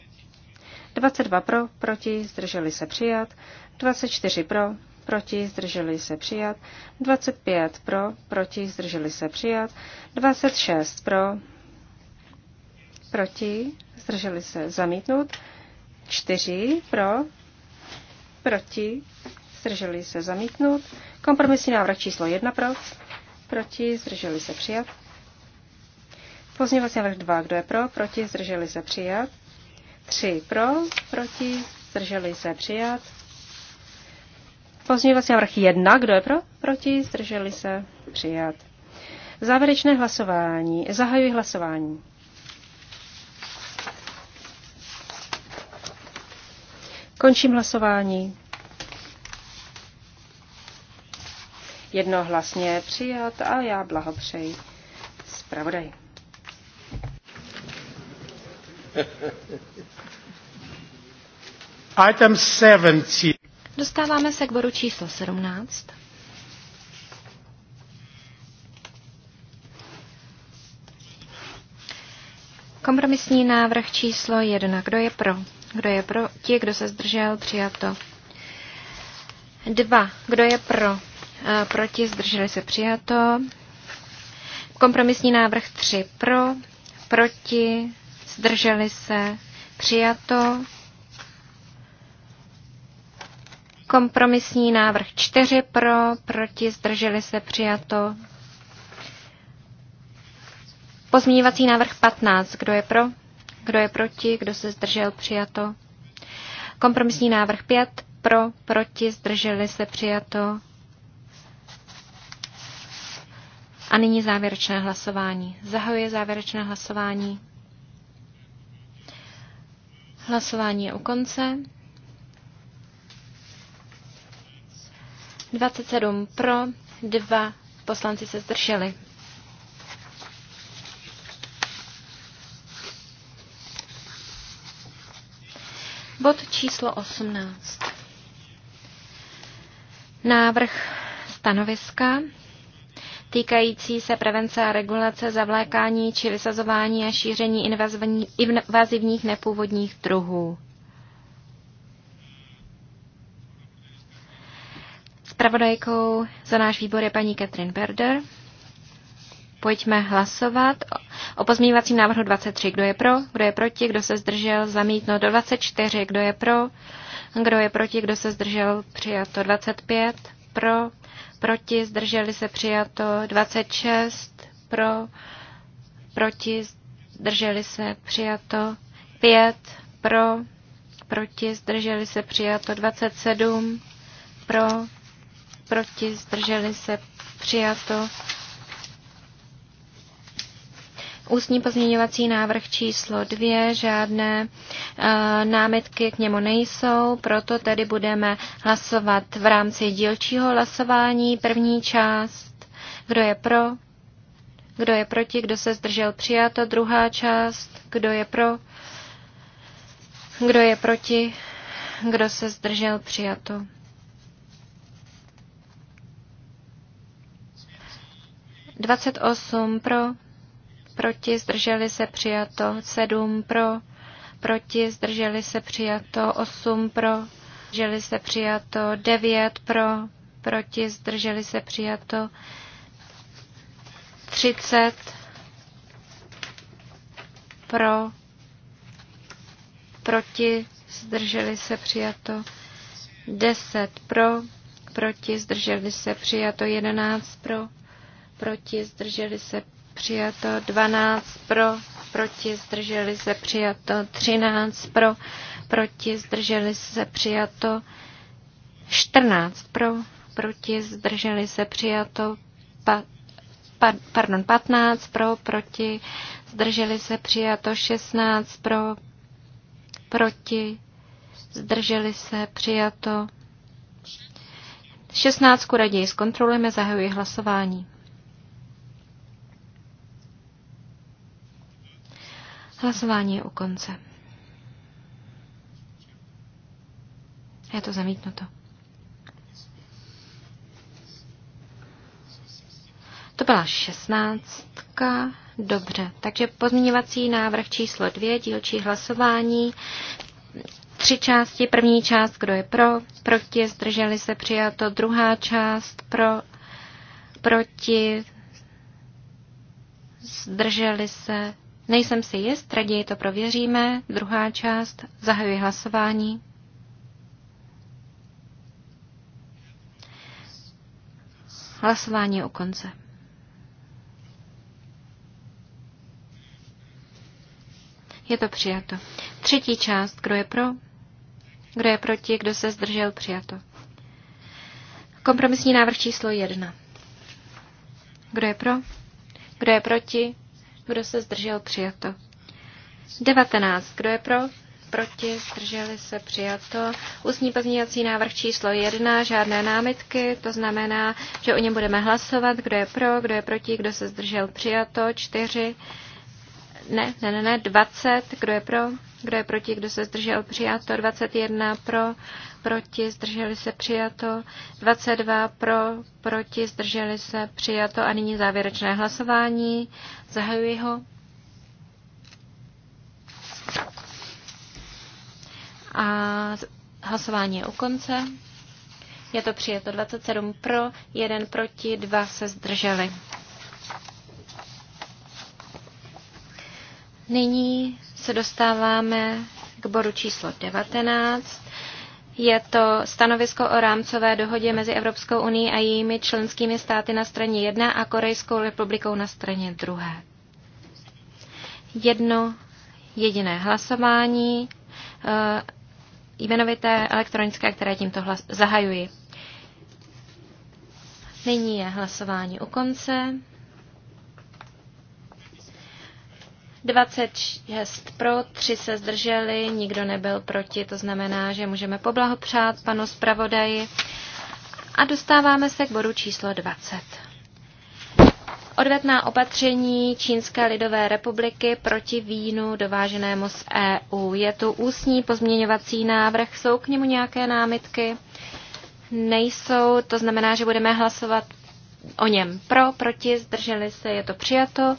22 pro, proti, zdrželi se přijat. 24 pro, proti, zdrželi se přijat. 25 pro, proti, zdrželi se přijat. 26 pro, proti, zdrželi se zamítnout. 4 pro, proti, zdrželi se zamítnout. Kompromisní návrh číslo 1 pro, proti, zdrželi se přijat. Pozměňovací návrh 2. Kdo je pro? Proti? Zdrželi se přijat. 3. Pro? Proti? Zdrželi se přijat. Pozměňovací návrh 1. Kdo je pro? Proti? Zdrželi se přijat. Závěrečné hlasování. Zahajuji hlasování. Končím hlasování. Jednohlasně přijat a já blahopřeji zpravodaj. *laughs* Item 17. Dostáváme se k bodu číslo 17. Kompromisní návrh číslo 1. Kdo je pro? Kdo je pro? Ti, kdo se zdržel, přijato. 2. Kdo je pro? Eh, proti, zdrželi se, přijato. Kompromisní návrh 3. Pro, proti, zdrželi se, přijato. Kompromisní návrh 4 pro, proti, zdrželi se, přijato. Pozměňovací návrh 15. Kdo je pro? Kdo je proti? Kdo se zdržel? Přijato. Kompromisní návrh 5. Pro, proti, zdrželi se, přijato. A nyní závěrečné hlasování. Zahajuje závěrečné hlasování. Hlasování je u konce. 27 pro, 2 poslanci se zdrželi. Bod číslo 18. Návrh stanoviska týkající se prevence a regulace zavlékání či vysazování a šíření invazivních nepůvodních druhů. Spravodajkou za náš výbor je paní Katrin Berder. Pojďme hlasovat o pozměňovacím návrhu 23. Kdo je pro? Kdo je proti? Kdo se zdržel? Zamítno do 24. Kdo je pro? Kdo je proti? Kdo se zdržel? Přijato 25. Pro? proti, zdrželi se přijato 26, pro, proti, zdrželi se přijato 5, pro, proti, zdrželi se přijato 27, pro, proti, zdrželi se přijato Ústní pozměňovací návrh číslo dvě žádné eh, námitky k němu nejsou, proto tedy budeme hlasovat v rámci dílčího hlasování. První část, kdo je pro, kdo je proti, kdo se zdržel přijato, druhá část, kdo je pro, kdo je proti, kdo se zdržel přijato. Dvacet osm pro, proti, zdrželi se přijato, 7 pro, proti, zdrželi se přijato, 8 pro, zdrželi se přijato, 9 pro, proti, zdrželi se přijato, 30 pro, proti, zdrželi se přijato, 10 pro, proti, zdrželi se přijato, 11 pro, proti, zdrželi se přijato 12 pro, proti zdrželi se přijato 13 pro, proti zdrželi se přijato 14 pro, proti zdrželi se přijato pa, pa, pardon, 15 pro, proti zdrželi se přijato 16 pro, proti zdrželi se přijato 16 raději zkontrolujeme, zahajuji hlasování. Hlasování je u konce. Je to zamítnuto. To byla šestnáctka. Dobře, takže pozměňovací návrh číslo dvě, dílčí hlasování. Tři části. První část, kdo je pro, proti, zdrželi se přijato. Druhá část, pro, proti, zdrželi se Nejsem si jist, raději to prověříme. Druhá část, zahajuji hlasování. Hlasování je u konce. Je to přijato. Třetí část, kdo je pro, kdo je proti, kdo se zdržel, přijato. Kompromisní návrh číslo jedna. Kdo je pro? Kdo je proti? Kdo se zdržel? Přijato. 19. Kdo je pro? Proti? Zdrželi se? Přijato. Ústní pozměňovací návrh číslo 1. Žádné námitky. To znamená, že o něm budeme hlasovat. Kdo je pro? Kdo je proti? Kdo se zdržel? Přijato. 4 ne, ne, ne, ne, 20, kdo je pro, kdo je proti, kdo se zdržel přijato, 21 pro, proti, zdrželi se přijato, 22 pro, proti, zdrželi se přijato a nyní závěrečné hlasování. Zahajuji ho. A hlasování je u konce. Je to přijeto 27 pro, 1 proti, 2 se zdrželi. Nyní se dostáváme k bodu číslo 19. Je to stanovisko o rámcové dohodě mezi Evropskou unii a jejími členskými státy na straně 1 a Korejskou republikou na straně 2. Jedno jediné hlasování, eh, jmenovité elektronické, které tímto hlas- zahajuji. Nyní je hlasování u konce. 26 pro, 3 se zdrželi, nikdo nebyl proti, to znamená, že můžeme poblahopřát panu zpravodaji. A dostáváme se k bodu číslo 20. Odvetná opatření Čínské lidové republiky proti vínu dováženému z EU. Je tu ústní pozměňovací návrh, jsou k němu nějaké námitky? Nejsou, to znamená, že budeme hlasovat o něm pro, proti, zdrželi se, je to přijato.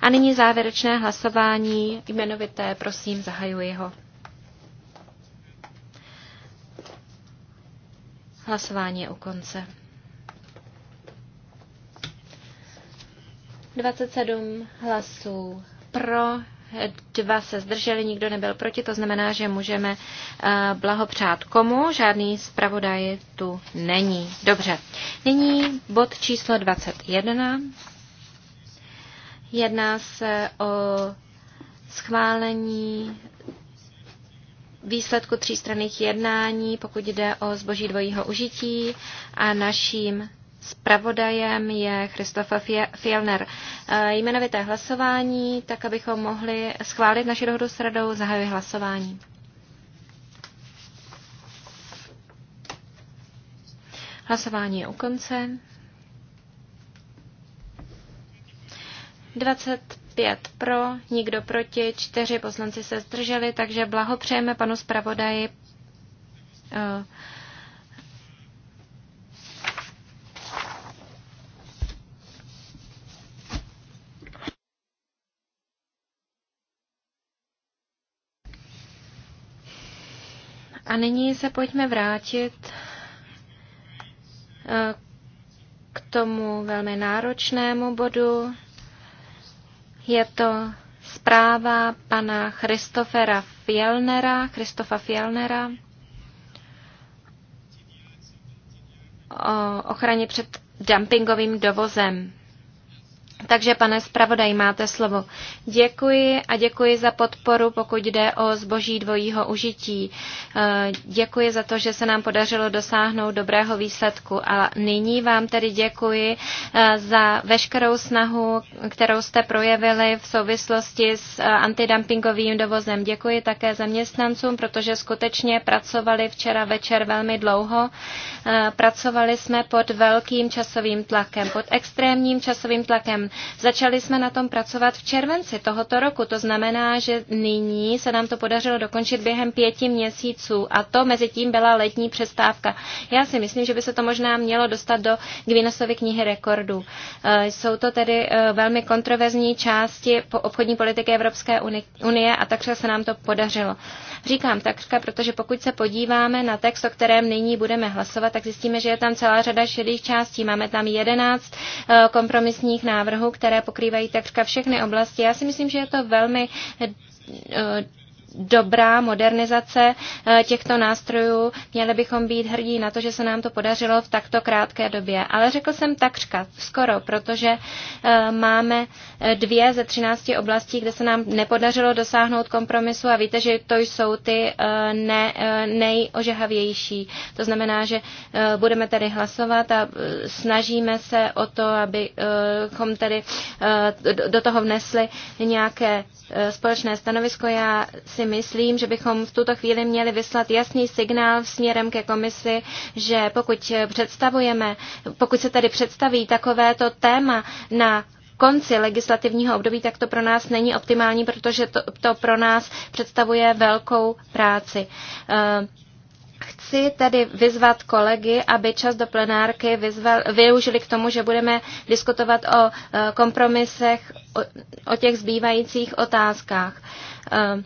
A nyní závěrečné hlasování jmenovité, prosím, zahajuji ho. Hlasování je u konce. 27 hlasů pro, dva se zdrželi, nikdo nebyl proti, to znamená, že můžeme eh, blahopřát komu, žádný zpravodaj tu není. Dobře, nyní bod číslo 21. Jedná se o schválení výsledku třístranných jednání, pokud jde o zboží dvojího užití a naším Spravodajem je Christofa Fielner. E, jmenovité hlasování, tak abychom mohli schválit naši dohodu s radou, zahajuji hlasování. Hlasování je u konce. 25 pro, nikdo proti, čtyři poslanci se zdrželi, takže blahopřejeme panu zpravodaji. Uh, A nyní se pojďme vrátit eh, k tomu velmi náročnému bodu. Je to zpráva pana Christofera Fjellnera, Christofa Fjellnera o ochraně před dumpingovým dovozem takže pane zpravodaj, máte slovo. Děkuji a děkuji za podporu, pokud jde o zboží dvojího užití. Eh, děkuji za to, že se nám podařilo dosáhnout dobrého výsledku a nyní vám tedy děkuji eh, za veškerou snahu, kterou jste projevili v souvislosti s eh, antidumpingovým dovozem. Děkuji také zaměstnancům, protože skutečně pracovali včera večer velmi dlouho. Pracovali jsme pod velkým časovým tlakem, pod extrémním časovým tlakem. Začali jsme na tom pracovat v červenci tohoto roku, to znamená, že nyní se nám to podařilo dokončit během pěti měsíců a to mezi tím byla letní přestávka. Já si myslím, že by se to možná mělo dostat do Guinnessovy knihy rekordů. Eh, jsou to tedy eh, velmi kontroverzní části po obchodní politiky Evropské unie a takřka se nám to podařilo. Říkám takřka, protože pokud se podíváme na text, o kterém nyní budeme hlasovat, tak zjistíme, že je tam celá řada šedých částí. Máme tam jedenáct eh, kompromisních návrhů úvahu, které pokrývají takřka všechny oblasti. Já si myslím, že je to velmi eh, dobrá modernizace eh, těchto nástrojů. Měli bychom být hrdí na to, že se nám to podařilo v takto krátké době. Ale řekl jsem takřka, skoro, protože eh, máme eh, dvě ze třinácti oblastí, kde se nám nepodařilo dosáhnout kompromisu a víte, že to jsou ty ne, nejožehavější. To znamená, že budeme tedy hlasovat a snažíme se o to, abychom tedy do toho vnesli nějaké společné stanovisko. Já si si myslím, že bychom v tuto chvíli měli vyslat jasný signál směrem ke komisi, že pokud představujeme, pokud se tady představí takovéto téma na konci legislativního období, tak to pro nás není optimální, protože to, to pro nás představuje velkou práci. Eh, chci tedy vyzvat kolegy, aby čas do plenárky vyzval, využili k tomu, že budeme diskutovat o eh, kompromisech, o, o těch zbývajících otázkách. Eh,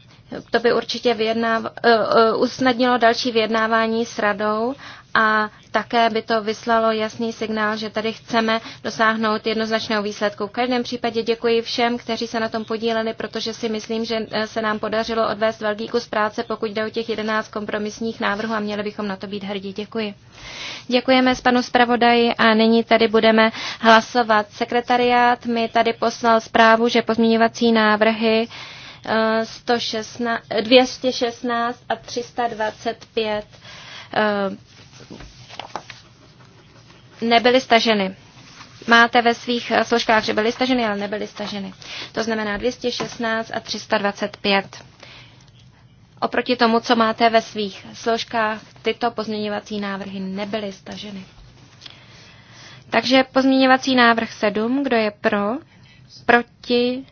to by určitě vyjednáv, eh, eh, usnadnilo další vyjednávání s radou a také by to vyslalo jasný signál, že tady chceme dosáhnout jednoznačného výsledku. V každém případě děkuji všem, kteří se na tom podíleli, protože si myslím, že eh, se nám podařilo odvést velký kus práce, pokud jde o těch 11 kompromisních návrhů a měli bychom na to být hrdí. Děkuji. Děkujeme s panu zpravodaji a nyní tady budeme hlasovat. Sekretariát mi tady poslal zprávu, že pozměňovací návrhy 216 a 325 eh, nebyly staženy. Máte ve svých eh, složkách, že byly staženy, ale nebyly staženy. To znamená 216 a 325. Oproti tomu, co máte ve svých složkách, tyto pozměňovací návrhy nebyly staženy. Takže pozměňovací návrh 7, kdo je pro, proti,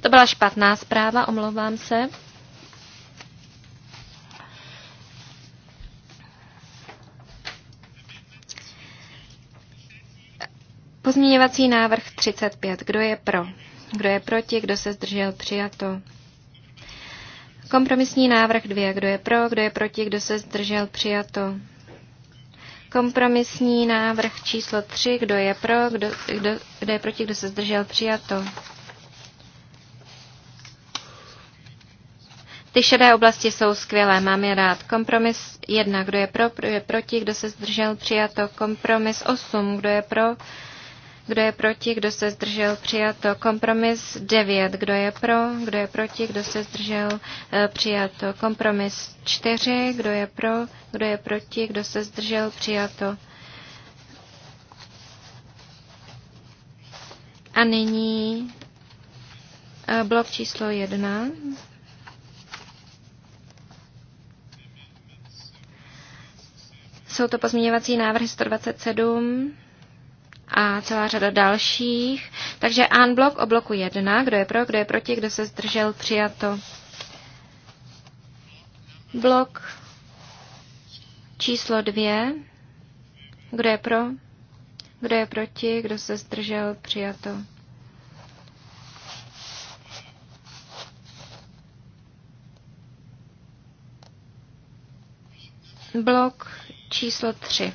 To byla špatná zpráva, omlouvám se. Pozměňovací návrh 35. Kdo je pro? Kdo je proti? Kdo se zdržel? Přijato. Kompromisní návrh 2. Kdo je pro? Kdo je proti? Kdo se zdržel? Přijato. Kompromisní návrh číslo 3. Kdo je pro? Kdo, kdo, kdo je proti? Kdo se zdržel? Přijato. Ty šedé oblasti jsou skvělé, mám je rád. Kompromis 1, kdo je pro, kdo je proti, kdo se zdržel, přijato. Kompromis 8, kdo je pro, kdo je proti, kdo se zdržel, přijato. Kompromis 9, kdo je pro, kdo je proti, kdo se zdržel, eh, přijato. Kompromis 4, kdo je pro, kdo je proti, kdo se zdržel, přijato. A nyní eh, blok číslo 1. Jsou to pozměňovací návrhy 127 a celá řada dalších. Takže unblock o bloku 1. Kdo je pro, kdo je proti, kdo se zdržel, přijato. Blok číslo 2. Kdo je pro, kdo je proti, kdo se zdržel, přijato. Blok číslo 3.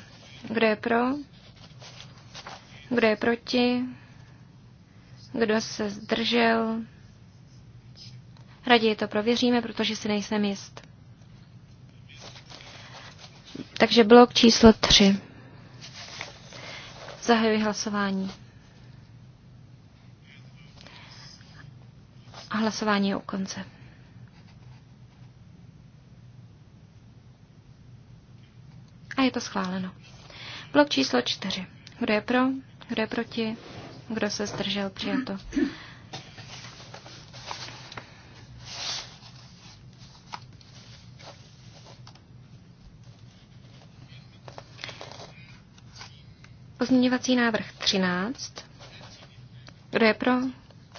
Kdo je pro? Kdo je proti? Kdo se zdržel? Raději to prověříme, protože si nejsem jist. Takže blok číslo 3. Zahajuji hlasování. A hlasování je u konce. A je to schváleno. Blok číslo čtyři. Kdo je pro? Kdo je proti? Kdo se zdržel? Přijato. Pozměňovací návrh 13. Kdo je pro?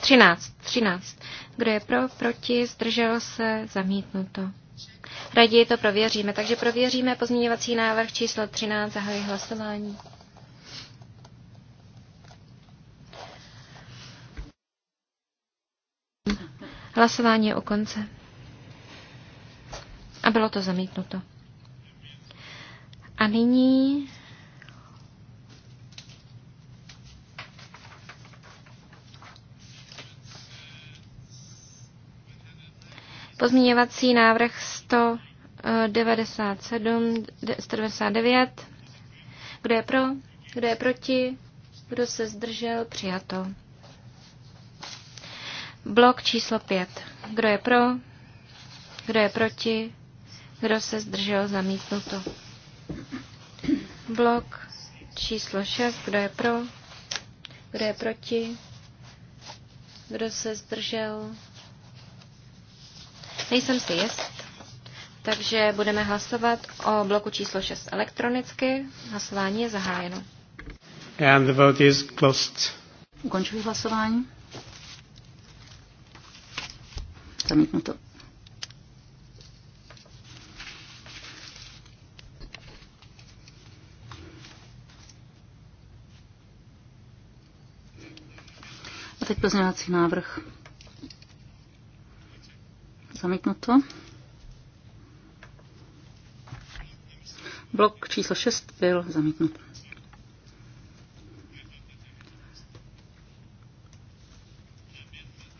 13. 13. Kdo je pro? Proti? Zdrželo se? Zamítnuto. Raději to prověříme. Takže prověříme pozměňovací návrh číslo 13. Zahajuji hlasování. Hlasování je o konce. A bylo to zamítnuto. A nyní Pozměňovací návrh 197, 199. Kdo je pro? Kdo je proti? Kdo se zdržel? Přijato. Blok číslo 5. Kdo je pro? Kdo je proti? Kdo se zdržel? Zamítnuto. Blok číslo 6. Kdo je pro? Kdo je proti? Kdo se zdržel? Nejsem si jist, takže budeme hlasovat o bloku číslo 6 elektronicky. Hlasování je zahájeno. And the vote is closed. Ukončuji hlasování. Zamítnuto. A teď pozměňovací návrh Zamítnuto. Blok číslo 6 byl zamítnut.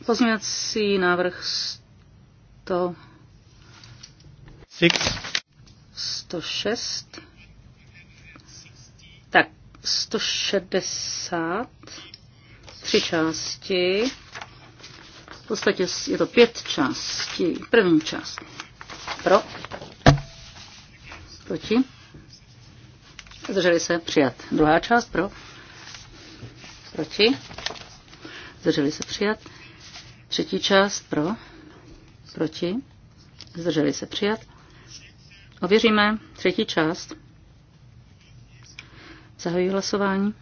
Pozměňovací návrh 100. 106. Tak, 160. Tři části. V podstatě je to pět částí. První část. Pro. Proti. Zdrželi se přijat. Druhá část pro. Proti. Zdrželi se přijat. Třetí část pro. Proti. Zdrželi se přijat. Ověříme třetí část. Zahajuji hlasování.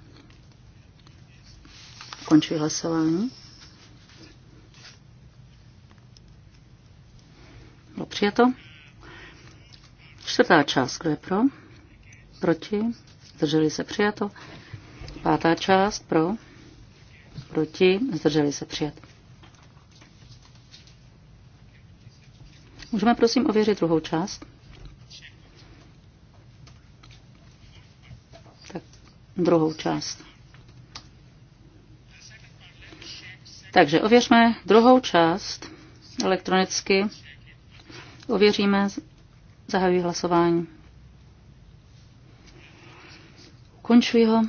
Končuji hlasování. Přijato. Čtvrtá část, kdo je pro? Proti? Zdrželi se přijato. Pátá část pro? Proti? Zdrželi se přijato. Můžeme prosím ověřit druhou část? Tak, druhou část. Takže ověřme druhou část elektronicky. Ověříme, zahajuji hlasování. Končuji ho.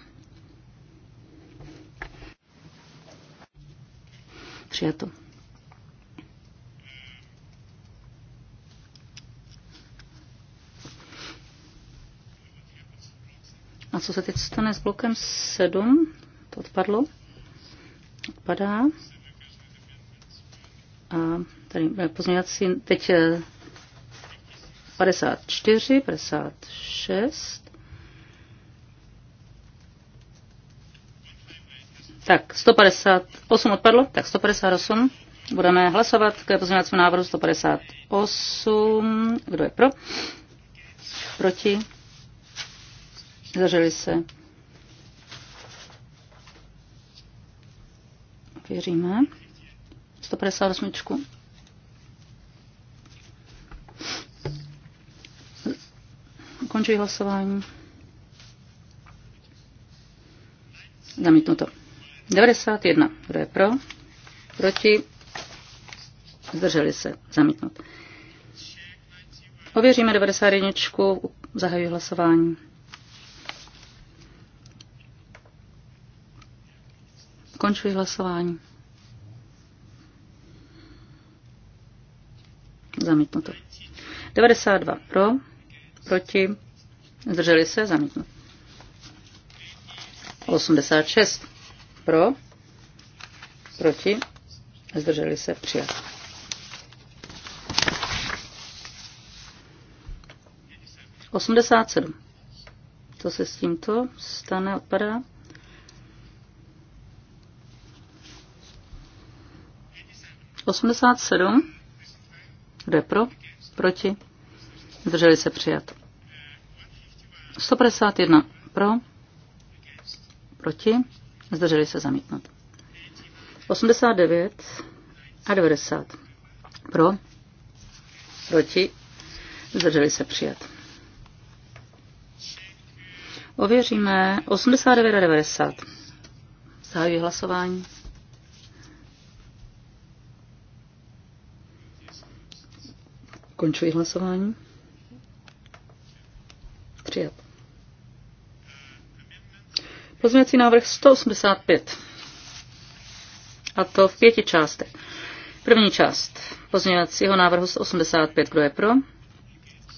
Přijato. A co se teď stane s blokem 7? To odpadlo. Odpadá. A tady eh, pozměňovací teď eh, 54, 56. Tak, 158 odpadlo, tak 158. Budeme hlasovat k pozměňovacímu návrhu 158. Kdo je pro? Proti? Zdrželi se? Věříme. 158. Končuji hlasování. Zamítnuto. 91. Kdo je pro? Proti? Zdrželi se. Zamítnut. Ověříme 91. Zahajuji hlasování. Končuji hlasování. Zamítnuto. 92 pro, proti, Zdrželi se? Zamítnu. 86. Pro? Proti? Zdrželi se? Přijat. Osmdesát sedm. Co se s tímto stane, odpadá? Osmdesát sedm. Kdo je pro? Proti? Zdrželi se přijat. 151 pro, proti, zdrželi se zamítnout. 89 a 90 pro, proti, zdrželi se přijat. Ověříme 89 a 90. Zahajuji hlasování. Končuji hlasování. Přijat. Pozměňovací návrh 185. A to v pěti částech. První část pozměňovacího návrhu 185. Kdo je pro?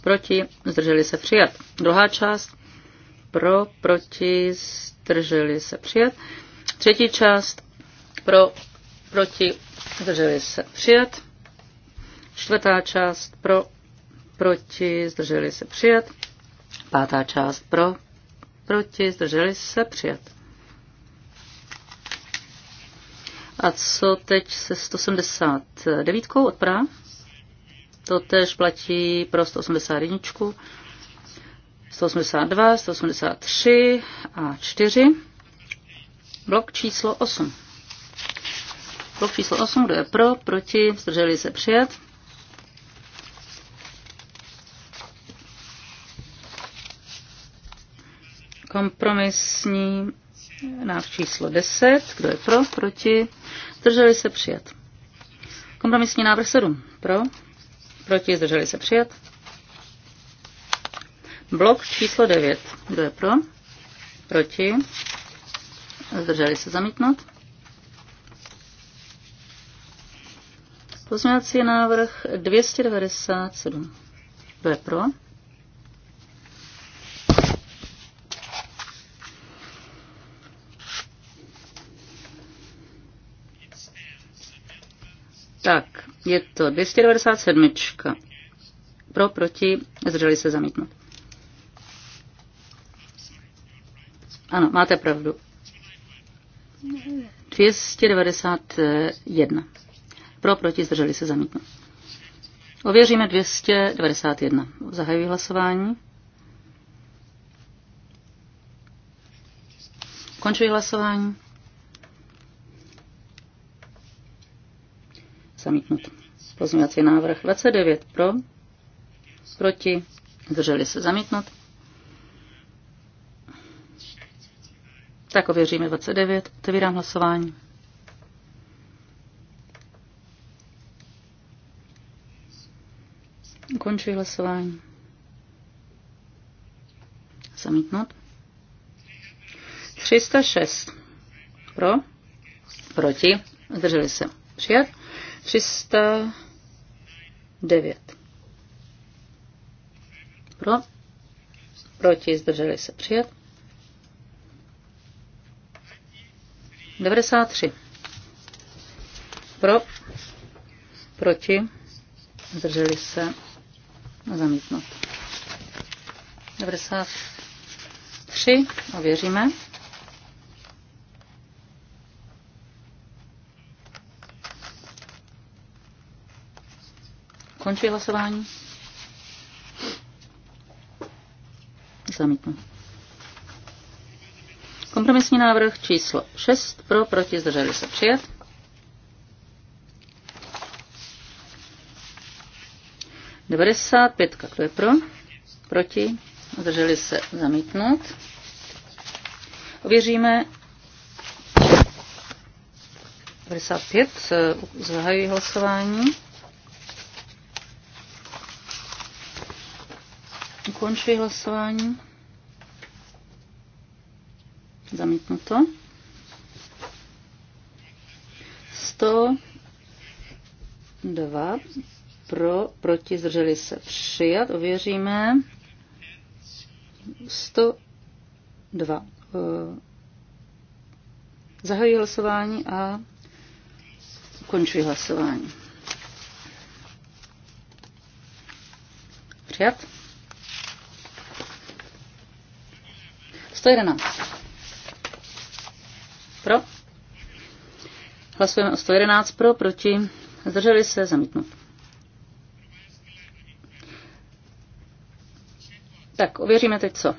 Proti? Zdrželi se přijat. Druhá část. Pro, proti, zdrželi se přijat. Třetí část. Pro, proti, zdrželi se přijat. Čtvrtá část. Pro, proti, zdrželi se přijat. Pátá část. Pro, proti, zdrželi se, přijat. A co teď se 179 odprá? To tež platí pro 181, 182, 183 a 4. Blok číslo 8. Blok číslo 8, kdo je pro, proti, zdrželi se, přijat. Kompromisní návrh číslo 10. Kdo je pro? Proti? Zdrželi se přijat. Kompromisní návrh 7. Pro? Proti? Zdrželi se přijat. Blok číslo 9. Kdo je pro? Proti? Zdrželi se zamítnout. Pozměňovací návrh 297. Kdo je pro? Tak, je to 297. Pro, proti, zdrželi se zamítnout. Ano, máte pravdu. 291. Pro, proti, zdrželi se zamítnout. Ověříme 291. Zahajuji hlasování. Končuji hlasování. Zamítnut. Pozměňovací návrh 29 pro, proti, zdrželi se zamítnut. Tak ověříme 29, otevírám hlasování. Končuji hlasování. Zamítnout. 306. Pro. Proti. Zdrželi se. Přijat. 309. Pro? Proti? Zdrželi se přijat. 93. Pro? Proti? Zdrželi se zamítnout. 93. věříme Končí hlasování. Zamítnu. Kompromisní návrh číslo 6 pro, proti, zdrželi se přijat. Devadesát pětka, kdo je pro? Proti, zdrželi se zamítnout. Ověříme 95, eh, zahajuji hlasování. Ukončuji hlasování. Zamítnuto. 102 pro, proti, zdrželi se přijat, ověříme. 102. Eh, zahajuji hlasování a ukončuji hlasování. Přijat. 111. Pro. Hlasujeme o 111 pro, proti. Zdrželi se, zamítnout. Tak, ověříme teď co?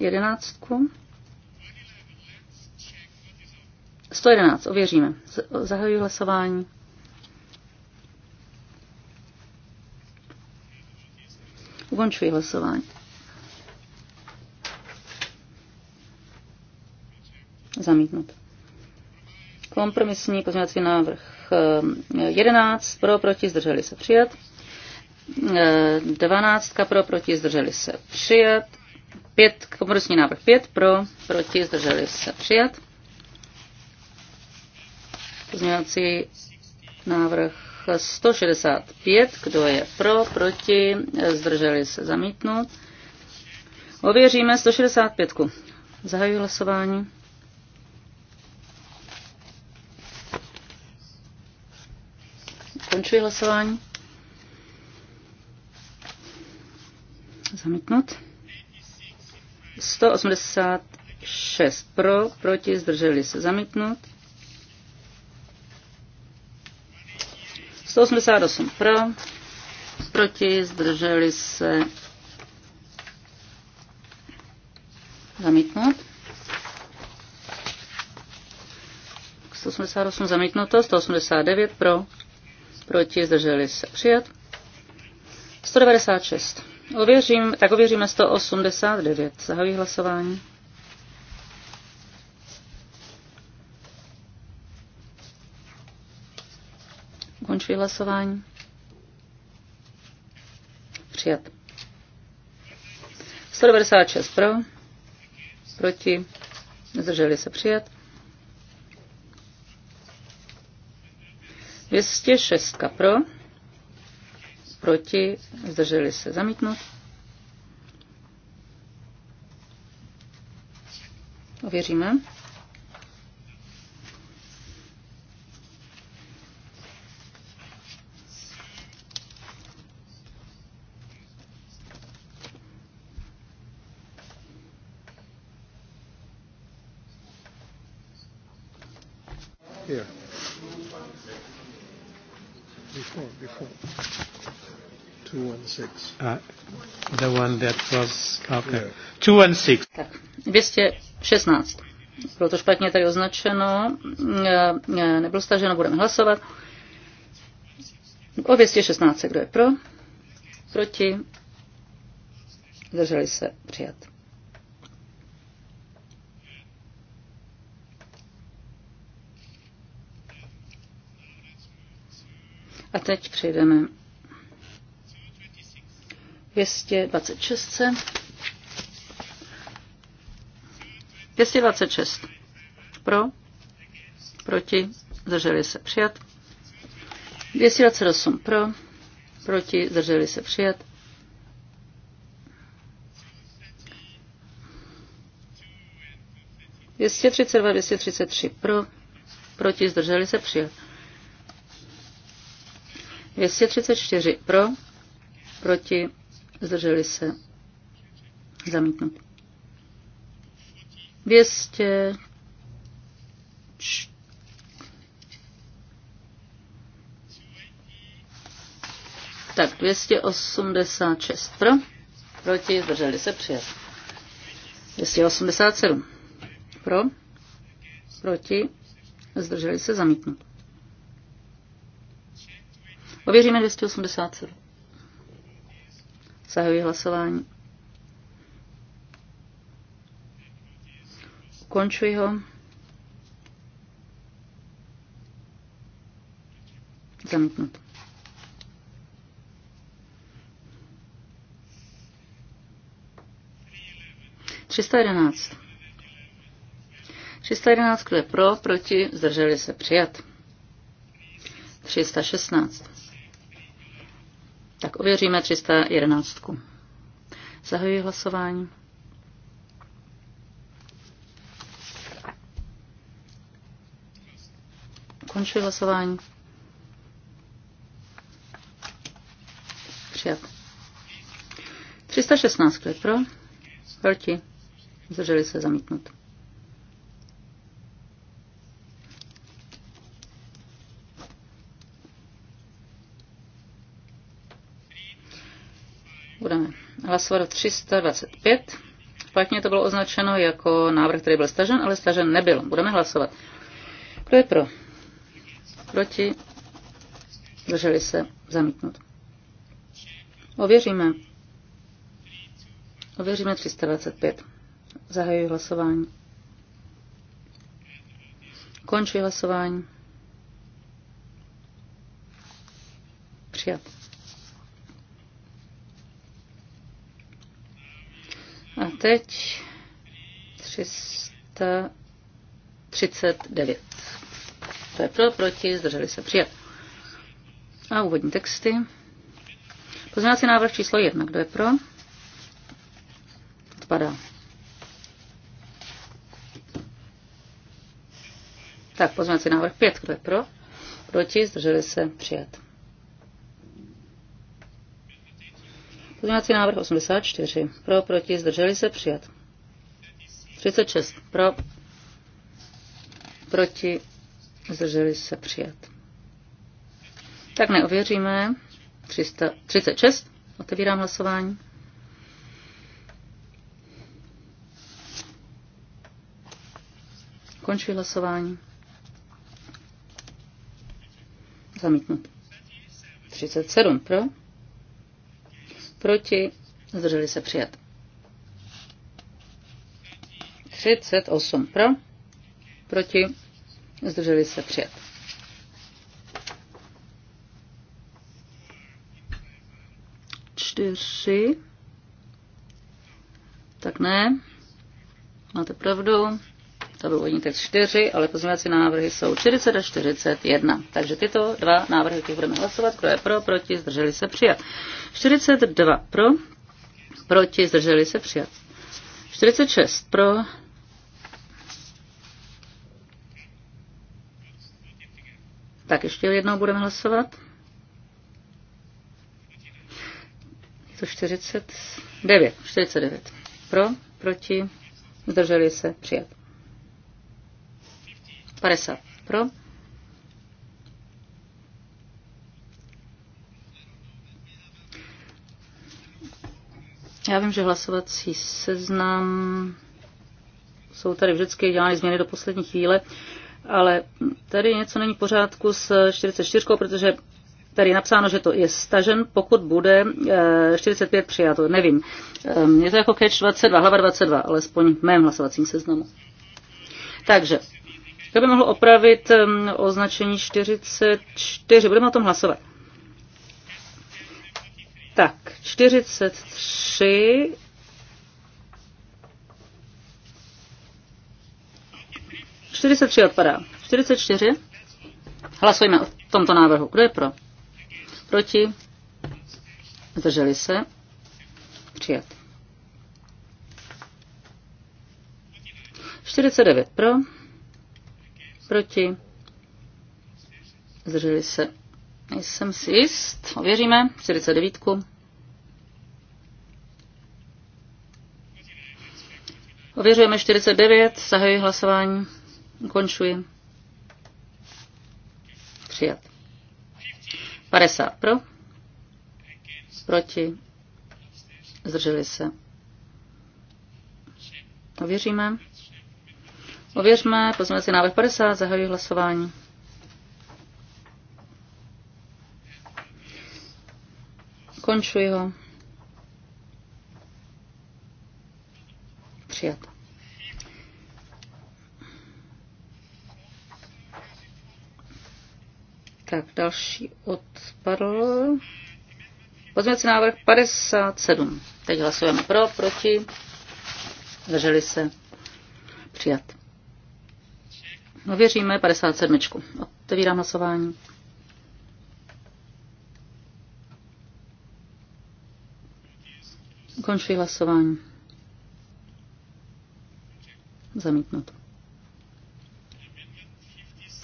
Jedenáctku. 111, ověříme. Zahajuji hlasování. Ukončuji hlasování. zamítnut. Kompromisní pozměňovací návrh 11 eh, pro, proti, zdrželi se přijat. 12 eh, pro, proti, zdrželi se přijat. 5, kompromisní návrh 5 pro, proti, zdrželi se přijat. Pozměňovací návrh 165. Kdo je pro, proti, zdrželi se zamítnout. Ověříme 165. Zahajuji hlasování. Ukončuji hlasování. Zamítnout. 186 pro, proti, zdrželi se zamítnout. 188 pro, proti, zdrželi se zamítnout. 188 zamítnuto, 189 pro, proti, zdrželi se přijat. 196. Ověřím, tak ověříme 189. Zahají hlasování. Končí hlasování. Přijat. 196 pro, proti, zdrželi se přijat. 206 pro, proti, zdrželi se zamítnout. Ověříme. six. Uh, the one that was, okay. Yeah. Two and six. Tak, 216. Bylo to špatně tady označeno, uh, uh, nebylo staženo, budeme hlasovat. O 216, kdo je pro? Proti? Zdrželi se přijat. A teď přejdeme 226. Pro, proti, zdrželi se přijat. 228 pro, proti, zdrželi se přijat. 232, 233 pro, proti, zdrželi se přijat. 234 pro, proti, zdrželi se, zamítnout. 200, tak 286 pro, proti, zdrželi se, přijat. 287 pro, proti, zdrželi se, zamítnout. Ověříme 287. Zahajuji hlasování. Ukončuji ho. Zamítnut. Třista jedenáct. 311, kdo je pro, proti, zdrželi se přijat. 316. Tak ověříme 311. Zahajuji hlasování. Končuji hlasování. Přijat. 316, pro? Proti. Zdrželi se zamítnout. hlasovat 325. Platně to bylo označeno jako návrh, který byl stažen, ale stažen nebyl. Budeme hlasovat. Kdo je pro? Proti? Drželi se zamítnout. Ověříme. Ověříme 325. Zahajuji hlasování. Končuji hlasování. Přijat. teď 339. To je pro, proti, zdrželi se přijat. A úvodní texty. Pozměňovací návrh číslo 1. Kdo je pro? Odpadá. Tak, pozměňovací návrh 5. Kdo je pro? Proti, zdrželi se přijat. Pozměňovací návrh 84. Pro, proti, zdrželi se, přijat. 36. Pro, proti, zdrželi se, přijat. Tak neověříme. 36. Otevírám hlasování. Končí hlasování. Zamítnut. 37 pro proti, zdrželi se přijat. 38 pro, proti, zdrželi se přijat. Čtyři. Tak ne. Máte pravdu to byl úvodní text 4, ale pozměňovací návrhy jsou 40 a 41. Takže tyto dva návrhy, které budeme hlasovat, kdo je pro, proti, zdrželi se přijat. 42 pro, proti, zdrželi se přijat. 46 pro, Tak ještě jednou budeme hlasovat. Je to 49. 49. Pro, proti, zdrželi se, přijat. 50 pro. Já vím, že hlasovací seznam jsou tady vždycky dělány změny do poslední chvíle, ale tady něco není v pořádku s 44, protože tady je napsáno, že to je stažen, pokud bude 45 eh, přijato. Nevím. Ehm, je to jako catch 22, hlava 22, alespoň v mém hlasovacím seznamu. Takže to by mohl opravit označení 44. Budeme o tom hlasovat. Tak, 43. Čtyřicet tři odpadá. 44. Hlasujeme o tomto návrhu. Kdo je pro? Proti? Zdrželi se? Přijat. 49 pro Proti? Zdrželi se. Nejsem si jist. Ověříme. 49. Ověřujeme 49. Zahajuji hlasování. Ukončuji. Přijat. 50 pro. Proti. Zdrželi se. Ověříme. Ověřme pozměňovací návrh 50, zahajuji hlasování. Končuji ho. Přijat. Tak, další odpadl. Pozměňovací návrh 57. Teď hlasujeme pro, proti. Zdrželi se. Přijat. Ověříme 57. Otevírám hlasování. Končuji hlasování. Zamítnuto.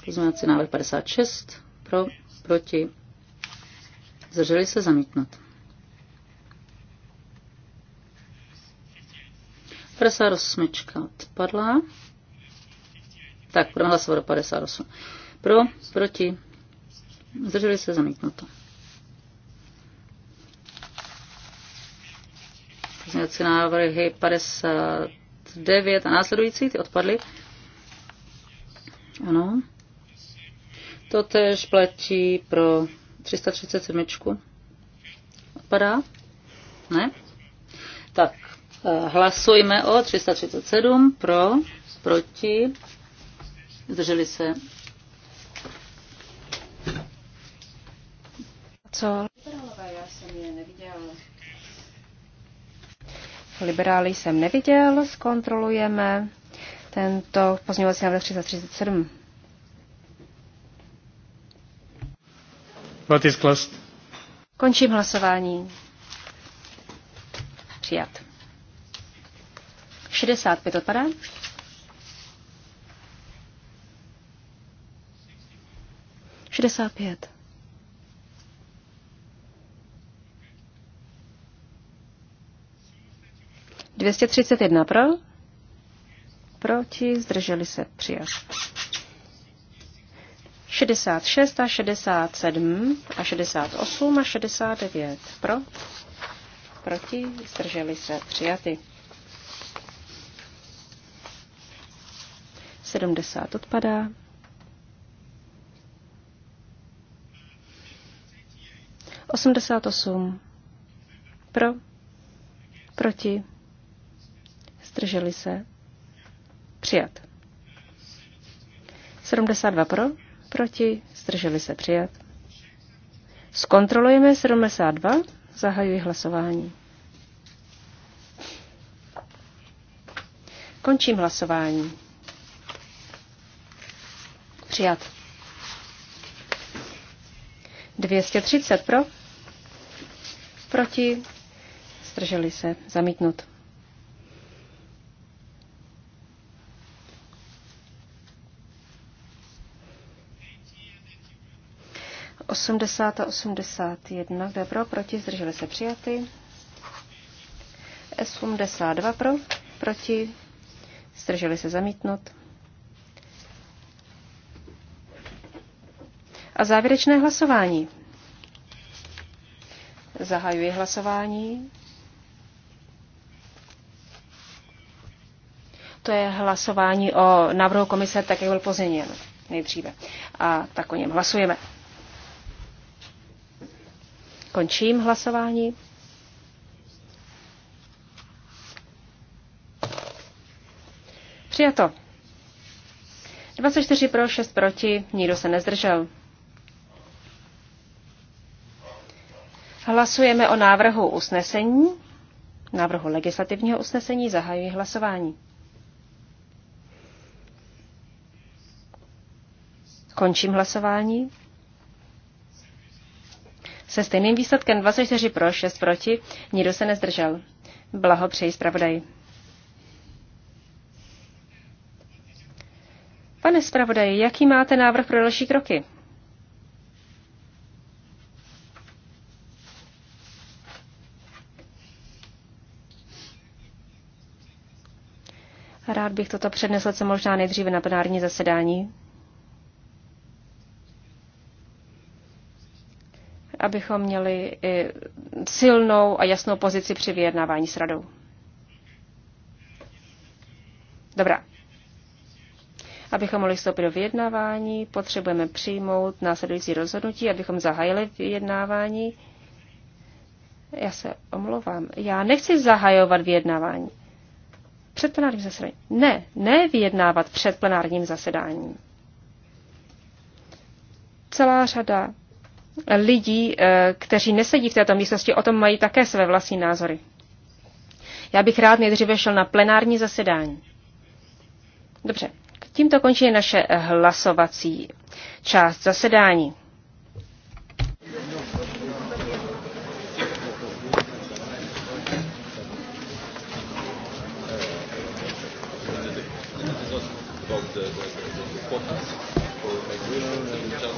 Pozměňovací návrh 56. Pro, proti. Zdrželi se zamítnout. 58. odpadla. Tak, budeme hlasovat do 58. Pro, proti, zdrželi se zamítnuto. Pozměňovací návrhy 59 a následující, ty odpadly. Ano. To tež platí pro 337. Odpadá? Ne? Tak, eh, hlasujme o 337 pro, proti, zdrželi se. Co? Liberály jsem neviděl, zkontrolujeme tento pozměňovací návrh 337. What is closed? Končím hlasování. Přijat. 65 odpadá. 65. Dvěstě třicet jedna pro, proti, zdrželi se přijat. 66 a 67 a 68 a 69 pro, proti, zdrželi se přijaty. 70 odpadá. 88. Pro. Proti. Zdrželi se. Přijat. 72 pro. Proti. Zdrželi se. Přijat. Zkontrolujeme 72. Zahajuji hlasování. Končím hlasování. Přijat. 230 pro Proti? Zdrželi se. Zamítnut. Osmdesát a osmdesát jedna, kde pro, proti, zdrželi se přijaty. S72 pro, proti, zdrželi se zamítnut. A závěrečné hlasování. Zahajuji hlasování. To je hlasování o návrhu komise, tak jak byl pozměněn nejdříve. A tak o něm hlasujeme. Končím hlasování. Přijato. 24 pro, 6 proti, nikdo se nezdržel. Hlasujeme o návrhu usnesení, návrhu legislativního usnesení, zahajuji hlasování. Končím hlasování. Se stejným výsledkem 24 pro, 6 proti, nikdo se nezdržel. Blahopřeji zpravodaji. Pane zpravodaji, jaký máte návrh pro další kroky? Rád bych toto přednesl co možná nejdříve na plenární zasedání, abychom měli silnou a jasnou pozici při vyjednávání s radou. Dobrá. Abychom mohli vstoupit do vyjednávání, potřebujeme přijmout následující rozhodnutí, abychom zahájili vyjednávání. Já se omlouvám. Já nechci zahajovat vyjednávání. Před plenárním zasedáním. Ne, ne vyjednávat před plenárním zasedáním. Celá řada lidí, eh, kteří nesedí v této místnosti, o tom mají také své vlastní názory. Já bych rád nejdříve šel na plenární zasedání. Dobře, tímto končí naše hlasovací část zasedání.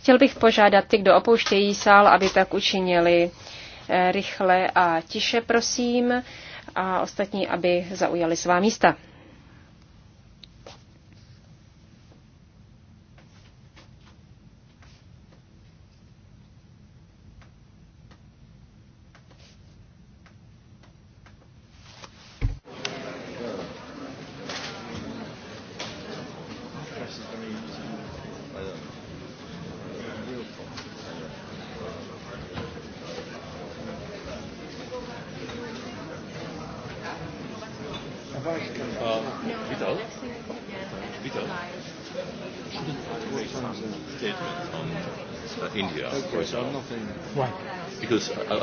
Chtěl bych požádat ty, kdo opouštějí sál, aby tak učinili eh, rychle a tiše, prosím, a ostatní, aby zaujali svá místa.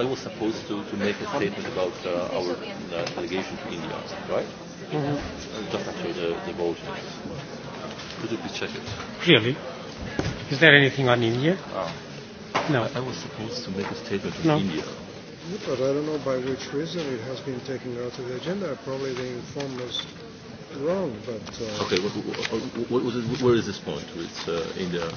I was supposed to, to make a statement about uh, our uh, delegation to India, right? Mm-hmm. Just after the, the vote. Could you please check it? Really? Is there anything on India? Uh, No. I, I was supposed to make a statement on no. India. Yeah, no, but I don't know by which reason it has been taken out of the agenda. Probably the informed was wrong, but... Uh, okay, what, what, what, what, where is this point? It's uh, in the...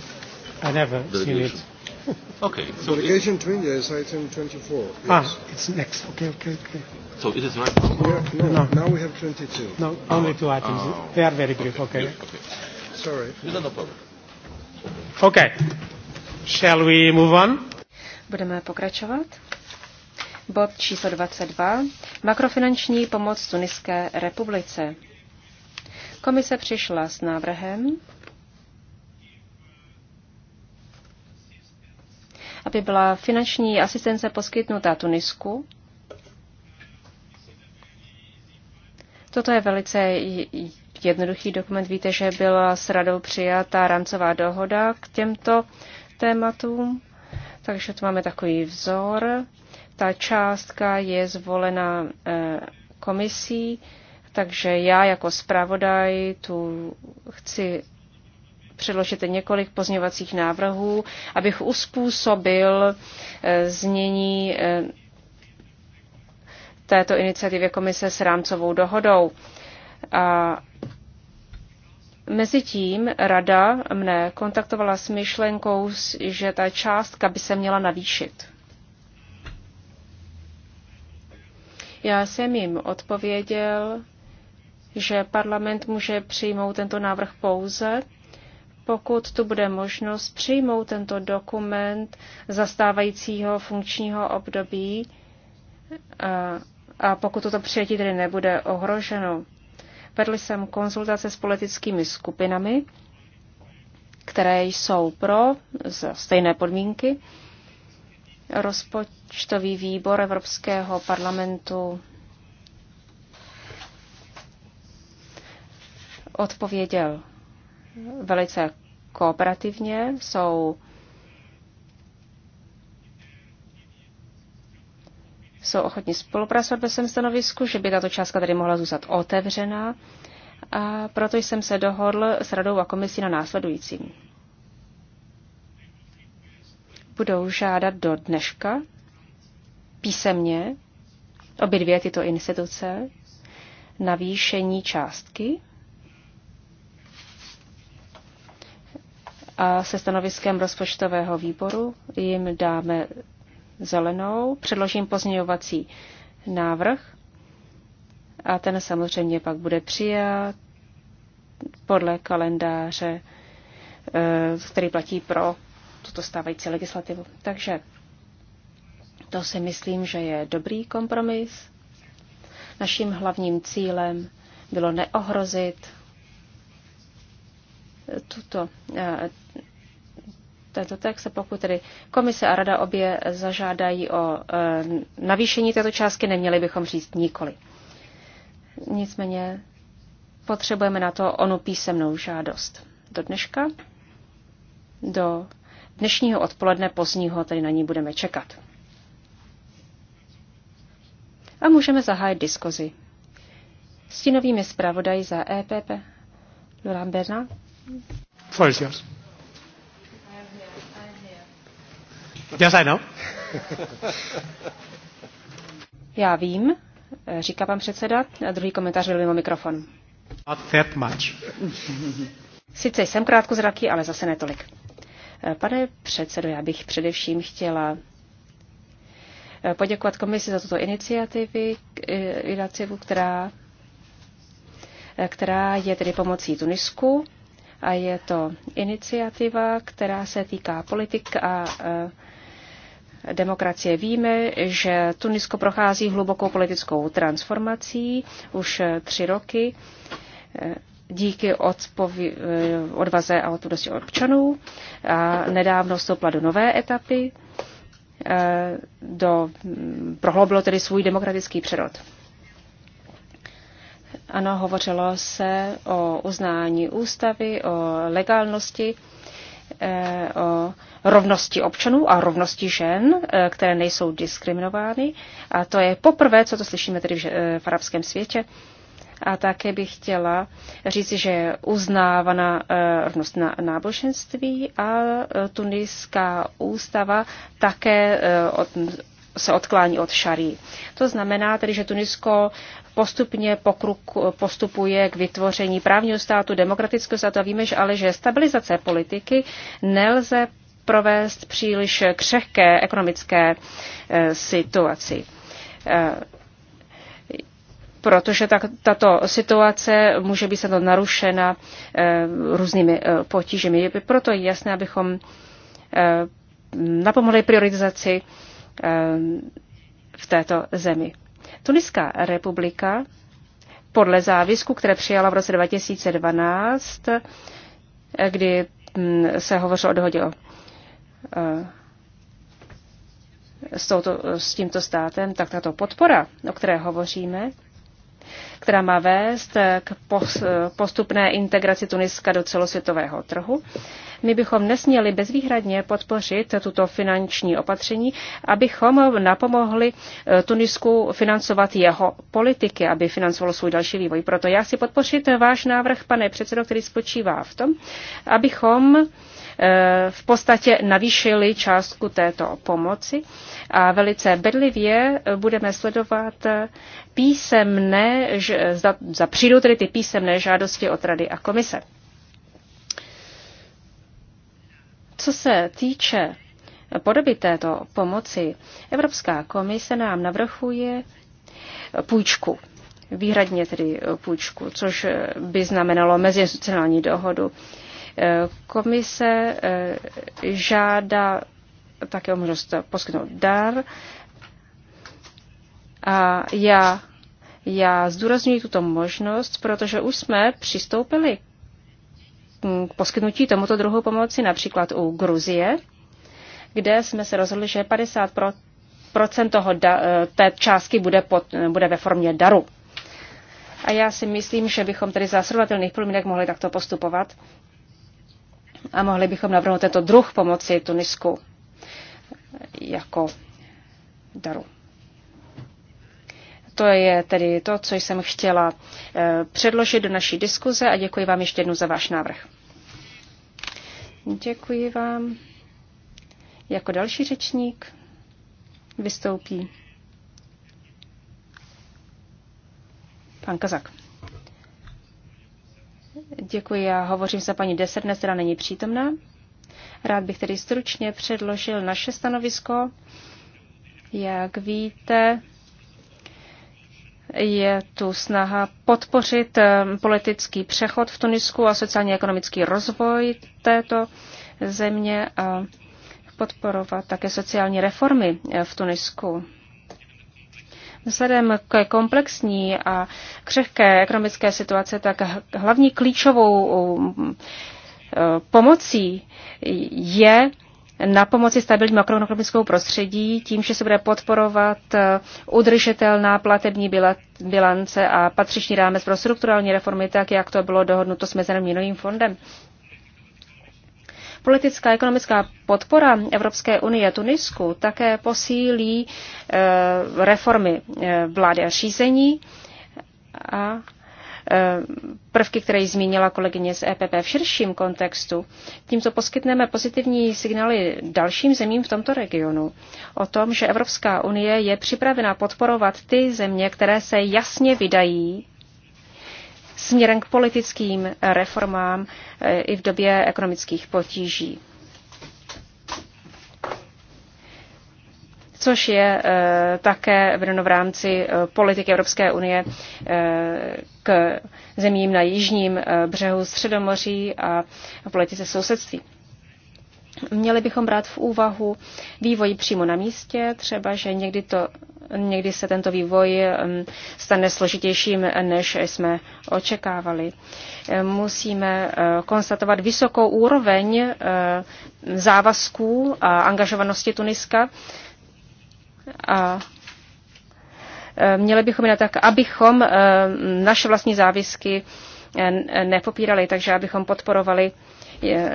I never delegation. seen it. okay. So delegation to India is item 24. Yes. Ah, it's next. Okay, okay, okay. So it is right now? Yeah, no, no, now we have 22. No, oh. only two oh. items. Oh. They are very brief. Okay. Okay. Yeah, okay. Sorry. No, no problem. Okay. Shall we move on? Budeme pokračovat. Bod číslo 22. Makrofinanční pomoc Tuniské republice. Komise přišla s návrhem aby byla finanční asistence poskytnuta Tunisku. Toto je velice jednoduchý dokument. Víte, že byla s radou přijata rámcová dohoda k těmto tématům, takže tu máme takový vzor. Ta částka je zvolena eh, komisí, takže já jako zpravodaj tu chci předložit několik pozměňovacích návrhů, abych uspůsobil eh, znění eh, této iniciativě komise s rámcovou dohodou. A Mezitím rada mne kontaktovala s myšlenkou, že ta částka by se měla navýšit. Já jsem jim odpověděl, že parlament může přijmout tento návrh pouze, pokud tu bude možnost přijmout tento dokument zastávajícího funkčního období a, a pokud toto přijetí tedy nebude ohroženo. Vedl jsem konzultace s politickými skupinami, které jsou pro za stejné podmínky. Rozpočtový výbor Evropského parlamentu odpověděl velice kooperativně, jsou, jsou ochotni spolupracovat ve svém stanovisku, že by tato částka tady mohla zůstat otevřená. A proto jsem se dohodl s radou a komisí na následujícím. Budou žádat do dneška písemně obě dvě tyto instituce navýšení částky a se stanoviskem rozpočtového výboru jim dáme zelenou, předložím pozměňovací návrh a ten samozřejmě pak bude přijat podle kalendáře, eh, který platí pro tuto stávající legislativu. Takže to si myslím, že je dobrý kompromis. Naším hlavním cílem bylo neohrozit tuto, eh, tento text, pokud tedy komise a rada obě zažádají o eh, navýšení této částky, neměli bychom říct nikoli. Nicméně potřebujeme na to onu písemnou žádost. Do dneška, do dnešního odpoledne pozdního, tedy na ní budeme čekat. A můžeme zahájit diskozi. S novými zpravodaji za EPP Laurent Bernard. Floor is yours. Yes, I know. *laughs* Já vím, říká pan předseda. A druhý komentář byl mimo mikrofon. Not that much. *laughs* Sice jsem krátko zraky, ale zase netolik. Pane předsedo, já bych především chtěla eh, poděkovat komisi za tuto iniciativu, eh, která, eh, která je tedy pomocí Tunisku a je to iniciativa, která se týká politik a e, demokracie. Víme, že Tunisko prochází hlubokou politickou transformací už e, tři roky e, díky odvaze a odpovědnosti občanů. A nedávno vstoupila do nové etapy, do, prohloubilo tedy svůj demokratický přerod. Ano, hovořilo se o uznání ústavy, o legálnosti, eh, o rovnosti občanů a rovnosti žen, eh, které nejsou diskriminovány. A to je poprvé, co to slyšíme tedy v eh, arabském světě. A také bych chtěla říci, že je uznávána rovnost na náboženství a tuniská ústava také se odklání od šarí. To znamená tedy, že Tunisko postupně pokruk, postupuje k vytvoření právního státu, demokratického státu a víme, že ale že stabilizace politiky nelze provést příliš křehké ekonomické eh, situaci eh, protože tak, tato situace může být to narušena e, různými e, potížemi. Proto je jasné, abychom e, napomohli prioritizaci Eh, v této zemi. Tuniská republika podle závisku, které přijala v roce 2012, eh, kdy hm, se hovořilo o dohodě eh, s, touto, s tímto státem, tak tato podpora, o které hovoříme, která má vést k postupné integraci Tuniska do celosvětového trhu. My bychom nesměli bezvýhradně podpořit tuto finanční opatření, abychom napomohli eh, Tunisku financovat jeho politiky, aby financoval svůj další vývoj. Proto já si podpořit váš návrh, pane předsedo, který spočívá v tom, abychom eh, v podstatě navýšili částku této pomoci a velice bedlivě budeme sledovat eh, písemné Eh, zda, zda přijdou tedy ty písemné žádosti od Rady a komise. Co se týče podoby této pomoci, Evropská komise nám navrhuje půjčku, výhradně tedy eh, půjčku, což eh, by znamenalo meziinstitucionální dohodu. Komise žádá také o možnost poskytnout dar a já já zdůraznuju tuto možnost, protože už jsme přistoupili k poskytnutí tomuto druhu pomoci například u Gruzie, kde jsme se rozhodli, že 50 procent toho da, eh, té částky bude, pod, eh, bude ve formě daru. A já si myslím, že bychom tedy za srovnatelných podmínek mohli takto postupovat a mohli bychom navrhnout tento druh pomoci Tunisku jako daru. To je tedy to, co jsem chtěla eh, předložit do naší diskuze a děkuji vám ještě jednou za váš návrh. Děkuji vám. Jako další řečník vystoupí pan Kazak. Děkuji, já hovořím za paní Desernes, která není přítomná. Rád bych tedy stručně předložil naše stanovisko. Jak víte, je tu snaha podpořit um, politický přechod v Tunisku a sociálně-ekonomický rozvoj této země a podporovat také sociální reformy eh, v Tunisku. Vzhledem k komplexní a křehké ekonomické situace, tak hlavní klíčovou um, eh, pomocí je na pomoci stabilní makroekonomickou prostředí tím, že se bude podporovat eh, udržitelná platební bilance a patřičný rámec pro strukturální reformy, tak jak to bylo dohodnuto s Mezinárodním měnovým fondem. Politická a ekonomická podpora Evropské unie Tunisku také posílí eh, reformy eh, vlády a řízení a Eh, prvky, které zmínila kolegyně z EPP v širším kontextu. Tímto poskytneme pozitivní signály dalším zemím v tomto regionu o tom, že Evropská unie je připravena podporovat ty země, které se jasně vydají směrem k politickým reformám eh, i v době ekonomických potíží. což je eh, také vedeno v rámci eh, politiky Evropské unie eh, k zemím na jižním břehu Středomoří a politice sousedství. Měli bychom brát v úvahu vývoj přímo na místě, třeba, že někdy, to, někdy se tento vývoj mm, stane složitějším, než jsme očekávali. Musíme konstatovat vysokou úroveň závazků a angažovanosti Tuniska, a e, měli bychom na tak, abychom e, naše vlastní závisky e, nepopírali, takže abychom podporovali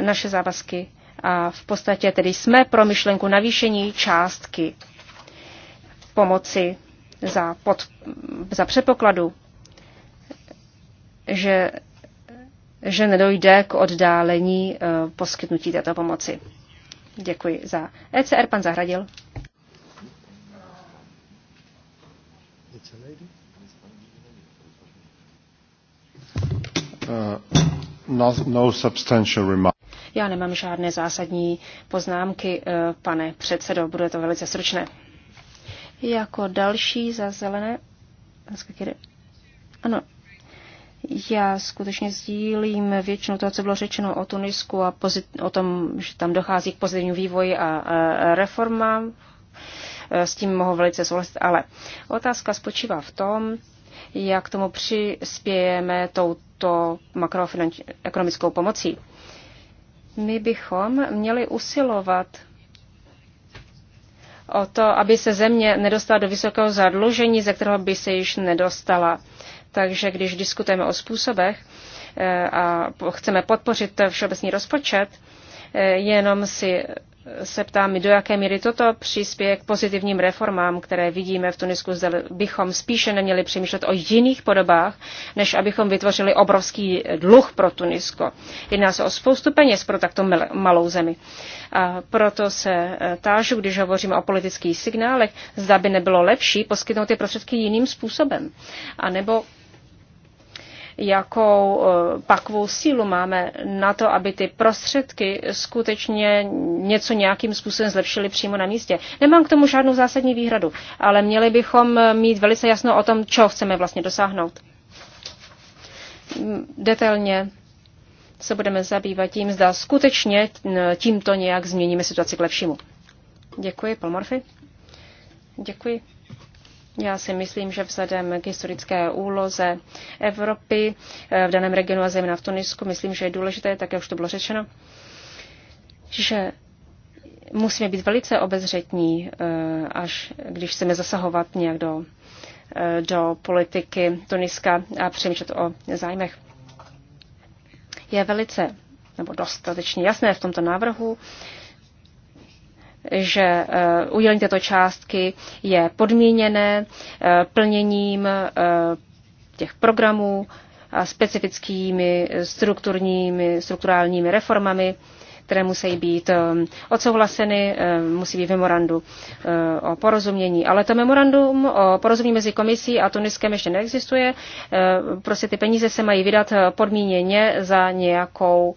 naše závazky. A v podstatě tedy jsme pro myšlenku navýšení částky pomoci za, pod, za předpokladu, že, že nedojde k oddálení poskytnutí této pomoci. Děkuji za ECR, pan Zahradil. Uh, no, no substantial remark. Já nemám žádné zásadní poznámky, uh, pane předsedo, bude to velice stručné. Jako další za zelené... Ano, já skutečně sdílím většinu toho, co bylo řečeno o Tunisku a pozit, o tom, že tam dochází k pozitivnímu vývoji a, a reformám. Eh, s tím mohu velice souhlasit, ale otázka spočívá v tom, jak tomu přispějeme tou touto makroekonomickou pomocí. My bychom měli usilovat o to, aby se země nedostala do vysokého zadlužení, ze kterého by se již nedostala. Takže když diskutujeme o způsobech eh, a chceme podpořit všeobecný rozpočet, eh, jenom si se ptám, do jaké míry toto přispěje k pozitivním reformám, které vidíme v Tunisku, zde bychom spíše neměli přemýšlet o jiných podobách, než abychom vytvořili obrovský dluh pro Tunisko. Jedná se o spoustu peněz pro takto malou zemi. A proto se e, tážu, když hovoříme o politických signálech, zda by nebylo lepší poskytnout ty prostředky jiným způsobem. A nebo jakou eh, pakovou sílu máme na to, aby ty prostředky skutečně něco nějakým způsobem zlepšily přímo na místě. Nemám k tomu žádnou zásadní výhradu, ale měli bychom mít velice jasno o tom, čeho chceme vlastně dosáhnout. Mm, detailně se budeme zabývat tím, zda skutečně tímto nějak změníme situaci k lepšímu. Děkuji, Paul Murphy. Děkuji. Já si myslím, že vzhledem k historické úloze Evropy eh, v daném regionu a zejména v Tunisku, myslím, že je důležité, tak jak už to bylo řečeno, že musíme být velice obezřetní, eh, až když chceme zasahovat nějak do, eh, do politiky Tuniska a přemýšlet o zájmech. Je velice nebo dostatečně jasné v tomto návrhu, že eh, udělení této částky je podmíněné eh, plněním eh, těch programů a specifickými strukturními, strukturálními reformami, které musí být odsouhlaseny, musí být memorandu o porozumění. Ale to memorandum o porozumění mezi komisí a Tuniskem ještě neexistuje. Prostě ty peníze se mají vydat podmíněně za, nějakou,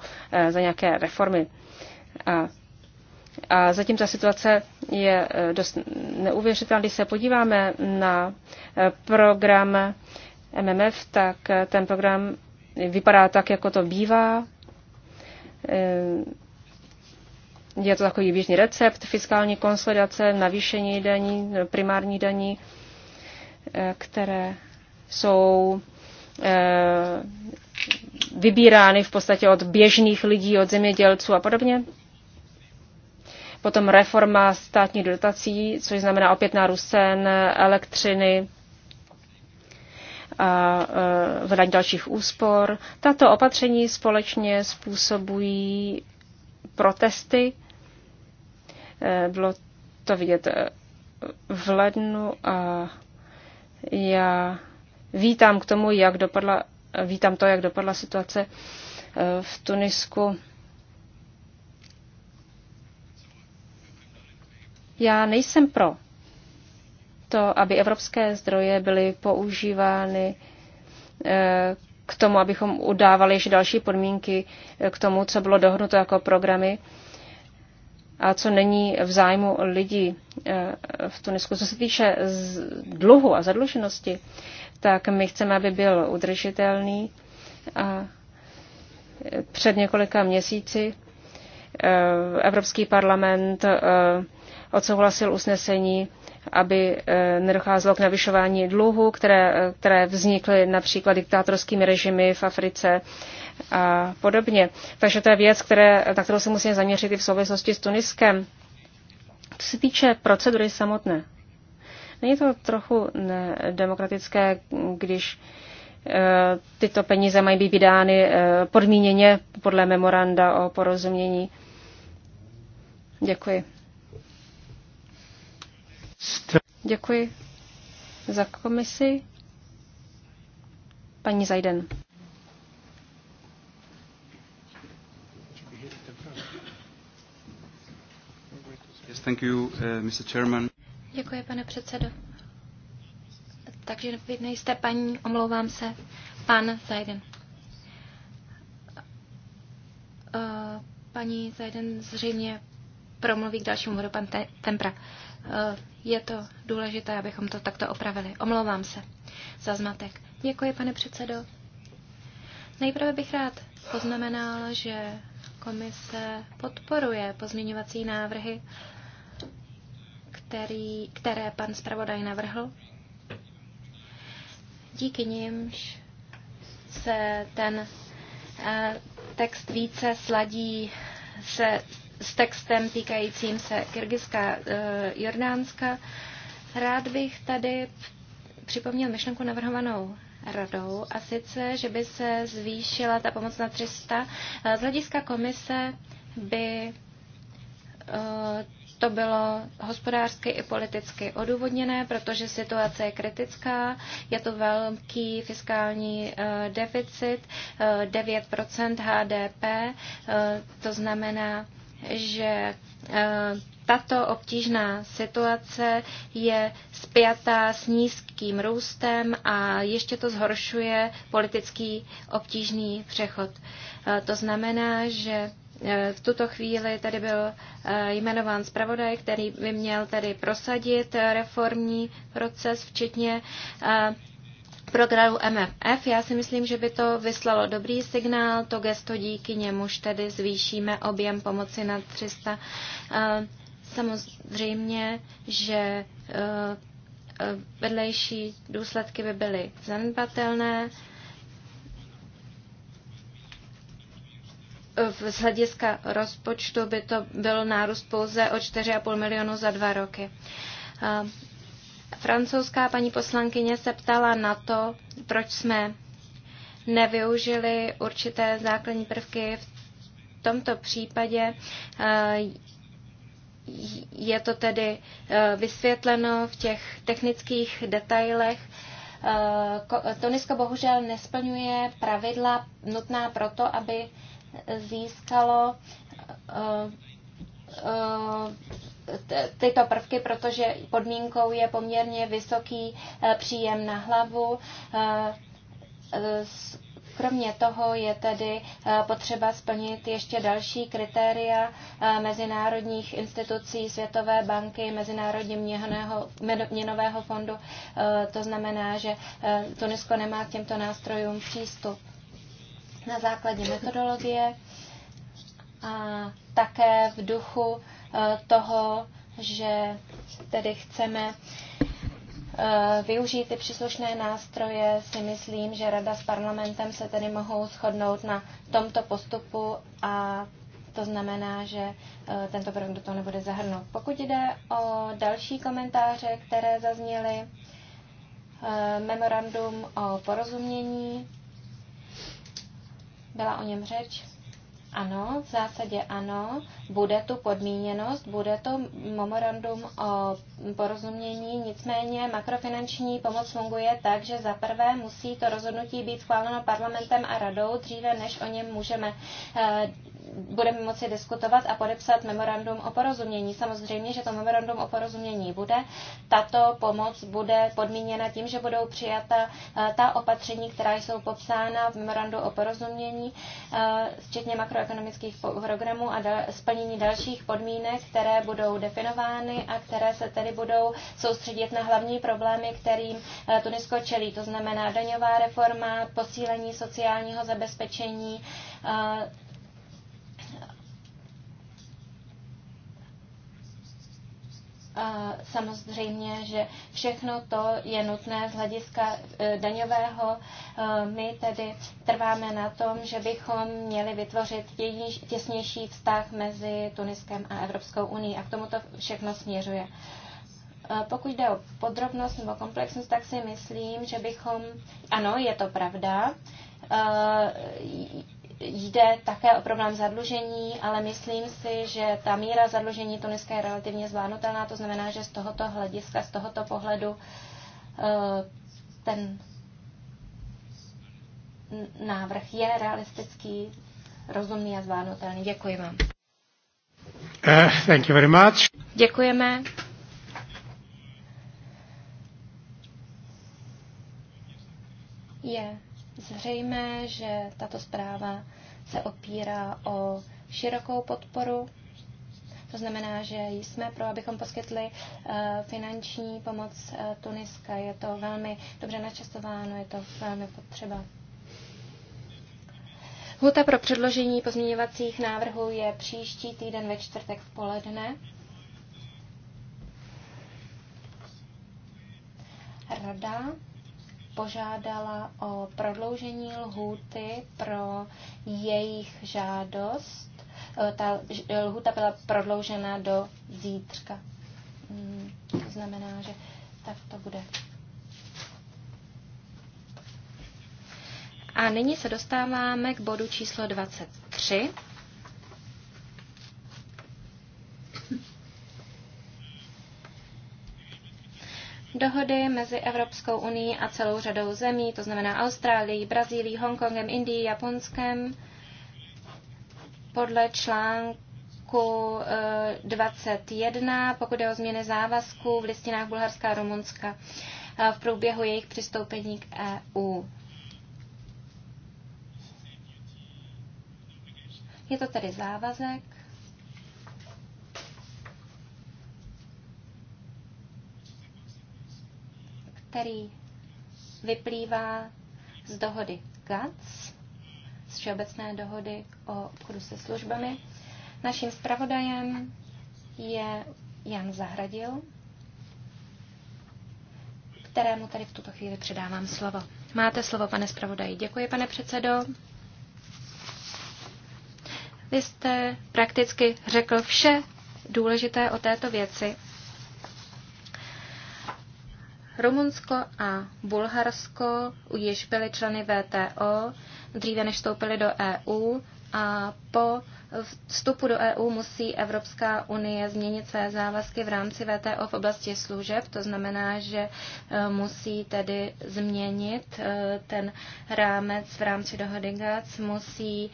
za nějaké reformy. A a zatím ta situace je eh, dost neuvěřitelná. Když se podíváme na eh, program MMF, tak eh, ten program vypadá tak, jako to bývá. Je to takový běžný recept fiskální konsolidace, navýšení daní, primární daní, které jsou vybírány v podstatě od běžných lidí, od zemědělců a podobně. Potom reforma státních dotací, což znamená opět nárůst cen elektřiny a hledání dalších úspor. Tato opatření společně způsobují protesty. E, bylo to vidět e, v lednu a já vítám k tomu, jak dopadla, vítám to, jak dopadla situace e, v Tunisku. Já nejsem pro to, aby evropské zdroje byly používány eh, k tomu, abychom udávali ještě další podmínky eh, k tomu, co bylo dohodnuto jako programy a co není v zájmu lidí eh, v Tunisku. Co se týče dluhu a zadluženosti, tak my chceme, aby byl udržitelný a před několika měsíci Evropský parlament odsouhlasil usnesení, aby eh, nedocházelo k navyšování dluhu, které, eh, které vznikly například diktátorskými režimy v Africe a podobně. Takže to je věc, které, na kterou se musíme zaměřit i v souvislosti s Tuniskem. Co se týče procedury samotné, není to trochu demokratické, když eh, tyto peníze mají být vydány podmíněně podle memoranda o porozumění. Děkuji. Děkuji za komisi. Paní Zajden. Yes, thank you, uh, Mr. Chairman. Děkuji, pane předsedo. Takže vy nejste paní, omlouvám se, pan Zajden. Uh, paní Zajden zřejmě promluví k dalšímu bodu pan Tempra. Uh, Eh, je to důležité, abychom to takto opravili. Omlouvám se za zmatek. Děkuji, pane předsedo. Nejprve bych rád poznamenal, že komise podporuje pozměňovací návrhy, který, které pan zpravodaj navrhl. Díky nimž se ten eh, text více sladí se s textem týkajícím se uh, Jordánska. Rád bych tady připomněl myšlenku navrhovanou radou, a sice, že by se zvýšila ta pomoc na 300. Eh, z hlediska komise by eh, to bylo hospodářsky i politicky odůvodněné, protože situace je kritická, je to velký fiskální deficit, 9 HDP, to znamená, že eh, tato obtížná situace je spjatá s nízkým růstem a ještě to zhoršuje politický obtížný přechod. Eh, to znamená, že eh, v tuto chvíli tady byl jmenován zpravodaj, který by měl tady prosadit reformní proces, včetně programu MFF. Já si myslím, že by to vyslalo dobrý signál, to gesto díky němuž tedy zvýšíme objem pomoci na 300. Eh, samozřejmě, že eh, vedlejší důsledky by byly zanedbatelné. Z hlediska rozpočtu by to byl nárůst pouze o 4,5 milionu za dva roky. Eh, francouzská paní poslankyně se ptala na to, proč jsme nevyužili určité základní prvky. V tomto případě eh, je to tedy eh, vysvětleno v těch technických detailech. Eh, Tonisko bohužel nesplňuje pravidla nutná proto, aby získalo tyto prvky, protože podmínkou je poměrně vysoký eh, příjem na hlavu. Eh, eh, kromě toho je tedy potřeba splnit ještě další kritéria mezinárodních institucí Světové banky, Mezinárodní měnového, fondu. To znamená, že Tunisko nemá k těmto nástrojům přístup na základě metodologie a také v duchu Eh, toho, že tedy chceme eh, využít ty příslušné nástroje, si myslím, že Rada s parlamentem se tedy mohou shodnout na tomto postupu a to znamená, že eh, tento prvek do toho nebude zahrnout. Pokud jde o další komentáře, které zazněly, memorandum o porozumění, byla o něm řeč. Ano, v zásadě ano, bude tu podmíněnost, bude to memorandum o porozumění, nicméně makrofinanční pomoc funguje tak, že za prvé musí to rozhodnutí být schváleno parlamentem a radou dříve, než o něm můžeme eh, budeme moci diskutovat a podepsat memorandum o porozumění. Samozřejmě, že to memorandum o porozumění bude. Tato pomoc bude podmíněna tím, že budou přijata eh, ta opatření, která jsou popsána v memorandu o porozumění, eh, včetně makroekonomických programů a splnění dalších podmínek, které budou definovány a které se tedy budou soustředit na hlavní problémy, kterým eh, Tunisko čelí. To znamená daňová reforma, posílení sociálního zabezpečení, samozřejmě, že všechno to je nutné z hlediska e, daňového. E, my tedy trváme na tom, že bychom měli vytvořit těsnější vztah mezi Tuniskem a Evropskou unii a k tomu to všechno směřuje. E, pokud jde o podrobnost nebo komplexnost, tak si myslím, že bychom, ano, je to pravda, jde také o problém zadlužení, ale myslím si, že ta míra zadlužení to dneska je relativně zvládnutelná. To znamená, že z tohoto hlediska, z tohoto pohledu eh, ten návrh je realistický, rozumný a zvládnutelný. Děkuji vám. Uh, thank you very much. Děkujeme. Yeah zřejmé, že tato zpráva se opírá o širokou podporu. To znamená, že jsme pro, abychom poskytli eh, finanční pomoc eh, Tuniska. Je to velmi dobře načasováno, je to velmi potřeba. Huta pro předložení pozměňovacích návrhů je příští týden ve čtvrtek v poledne. Rada požádala o prodloužení lhůty pro jejich žádost. Eh, ta lhůta byla prodloužena do zítřka. Mm, to znamená, že tak to bude. A nyní se dostáváme k bodu číslo 23. dohody mezi Evropskou unii a celou řadou zemí, to znamená Austrálií, Brazílií, Hongkongem, Indií, Japonskem, podle článku 21, eh, pokud je o změny závazků v listinách Bulharska a Rumunska eh, v průběhu jejich přistoupení k EU. Je to tedy závazek, který vyplývá z dohody GATS, z Všeobecné dohody o obchodu se službami. Naším zpravodajem je Jan Zahradil, kterému tady v tuto chvíli předávám slovo. Máte slovo, pane zpravodaji. Děkuji, pane předsedo. Vy jste prakticky řekl vše důležité o této věci. Rumunsko a Bulharsko již byly členy VTO dříve než vstoupili do EU a po vstupu do EU musí Evropská unie změnit své závazky v rámci VTO v oblasti služeb. To znamená, že e, musí tedy změnit e, ten rámec v rámci dohody GAC, musí e,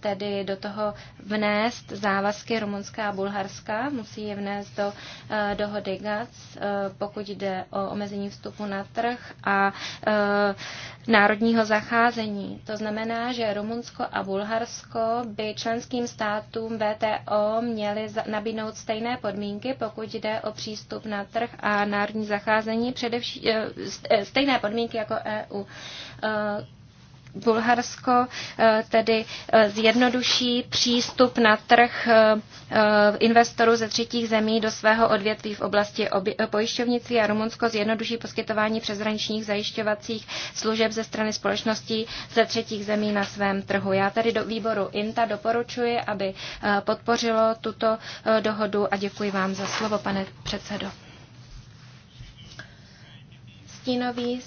tedy do toho vnést závazky Rumunská a Bulharska, musí je vnést do dohody GAC, pokud jde o omezení vstupu na trh a národního zacházení. To znamená, že Rumunsko a Bulharsko by členským členským státům VTO měly nabídnout stejné podmínky, pokud jde o přístup na trh a národní zacházení, především eh, eh, stejné podmínky jako EU. Eh, Bulharsko eh, tedy eh, zjednoduší přístup na trh eh, investorů ze třetích zemí do svého odvětví v oblasti pojišťovnictví a Rumunsko zjednoduší poskytování přezraničních zajišťovacích služeb ze strany společností ze třetích zemí na svém trhu. Já tady do výboru INTA doporučuji, aby podpořilo tuto dohodu a děkuji vám za slovo, pane předsedo. Stínový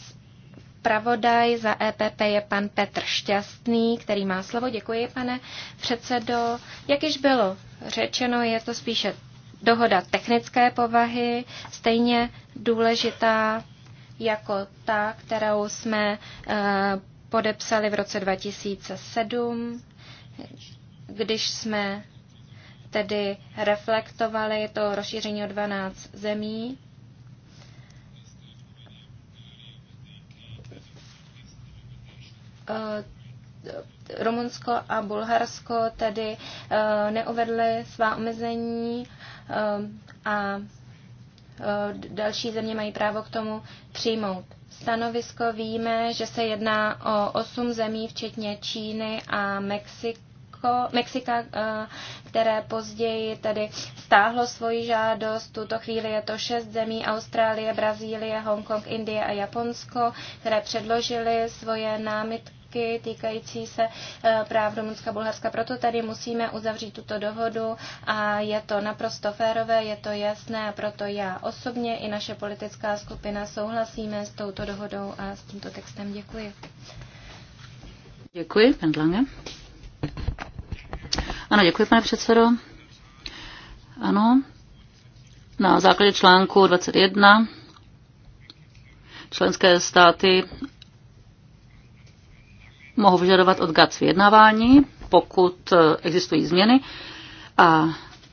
zpravodaj za EPP je pan Petr Šťastný, který má slovo. Děkuji, pane předsedo. Jak již bylo řečeno, je to spíše dohoda technické povahy, stejně důležitá jako ta, kterou jsme eh, podepsali v roce 2007, když jsme tedy reflektovali to rozšíření o 12 zemí. Eh, Rumunsko a Bulharsko tedy eh, neuvedly svá omezení eh, a další země mají právo k tomu přijmout stanovisko víme, že se jedná o osm zemí, včetně Číny a Mexiku. Mexiko, Mexika, eh, které později tedy stáhlo svoji žádost. Tuto chvíli je to šest zemí Austrálie, Brazílie, Hongkong, Indie a Japonsko, které předložily svoje námitky týkající se eh, práv Rumunska a Bulharska. Proto tady musíme uzavřít tuto dohodu a je to naprosto férové, je to jasné a proto já osobně i naše politická skupina souhlasíme s touto dohodou a s tímto textem. Děkuji. Děkuji, pan Lange. Ano, děkuji, pane předsedo. Ano. Na základě článku 21 členské státy mohou vyžadovat od GATS vyjednávání, pokud eh, existují změny. A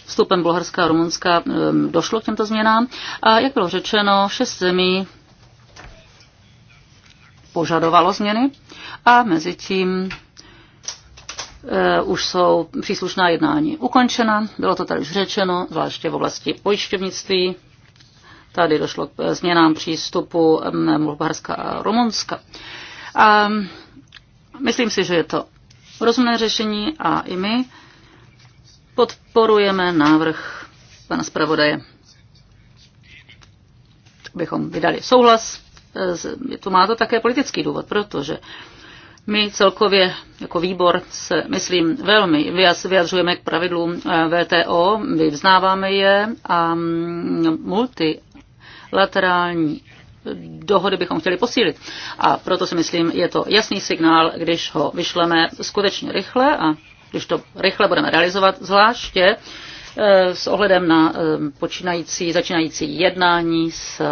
vstupem Bulharska a Rumunska ehm, došlo k těmto změnám. A jak bylo řečeno, šest zemí požadovalo změny a mezi tím Eh, už jsou příslušná jednání ukončena, bylo to tady už řečeno, zvláště v oblasti pojišťovnictví. Tady došlo k eh, změnám přístupu mm, Bulharska a Rumunska. A mm, myslím si, že je to rozumné řešení a i my podporujeme návrh pana zpravodaje, bychom vydali souhlas. Eh, to má to také politický důvod, protože my celkově jako výbor se, myslím, velmi vyjadřujeme k pravidlům eh, VTO, vznáváme je a mm, multilaterální dohody bychom chtěli posílit. A proto si myslím, je to jasný signál, když ho vyšleme skutečně rychle a když to rychle budeme realizovat, zvláště eh, s ohledem na eh, počínající, začínající jednání s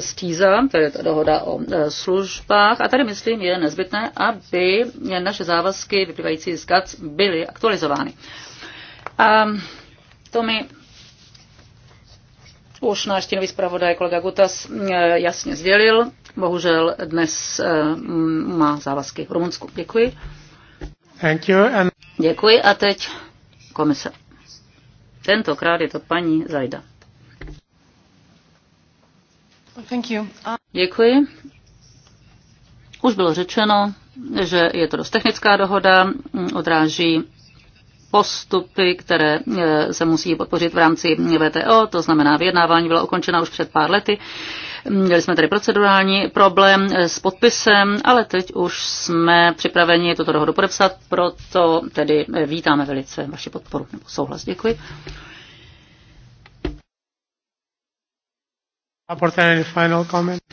stíza, to je ta dohoda o e, službách. A tady, myslím, je nezbytné, aby naše závazky vyplývající z GATS byly aktualizovány. A to mi už náš stínový zpravodaj kolega Gutas e, jasně sdělil. Bohužel dnes e, má závazky v Rumunsku. Děkuji. Thank you and... Děkuji a teď komise. Tentokrát je to paní Zajda. Uh, Děkuji. Už bylo řečeno, že je to dost technická dohoda, mm, odráží postupy, které eh, se musí podpořit v rámci VTO, to znamená vyjednávání byla ukončena už před pár lety. Mm, měli jsme tady procedurální problém eh, s podpisem, ale teď už jsme připraveni tuto dohodu podepsat, proto tedy eh, vítáme velice vaši podporu nebo souhlas. Děkuji.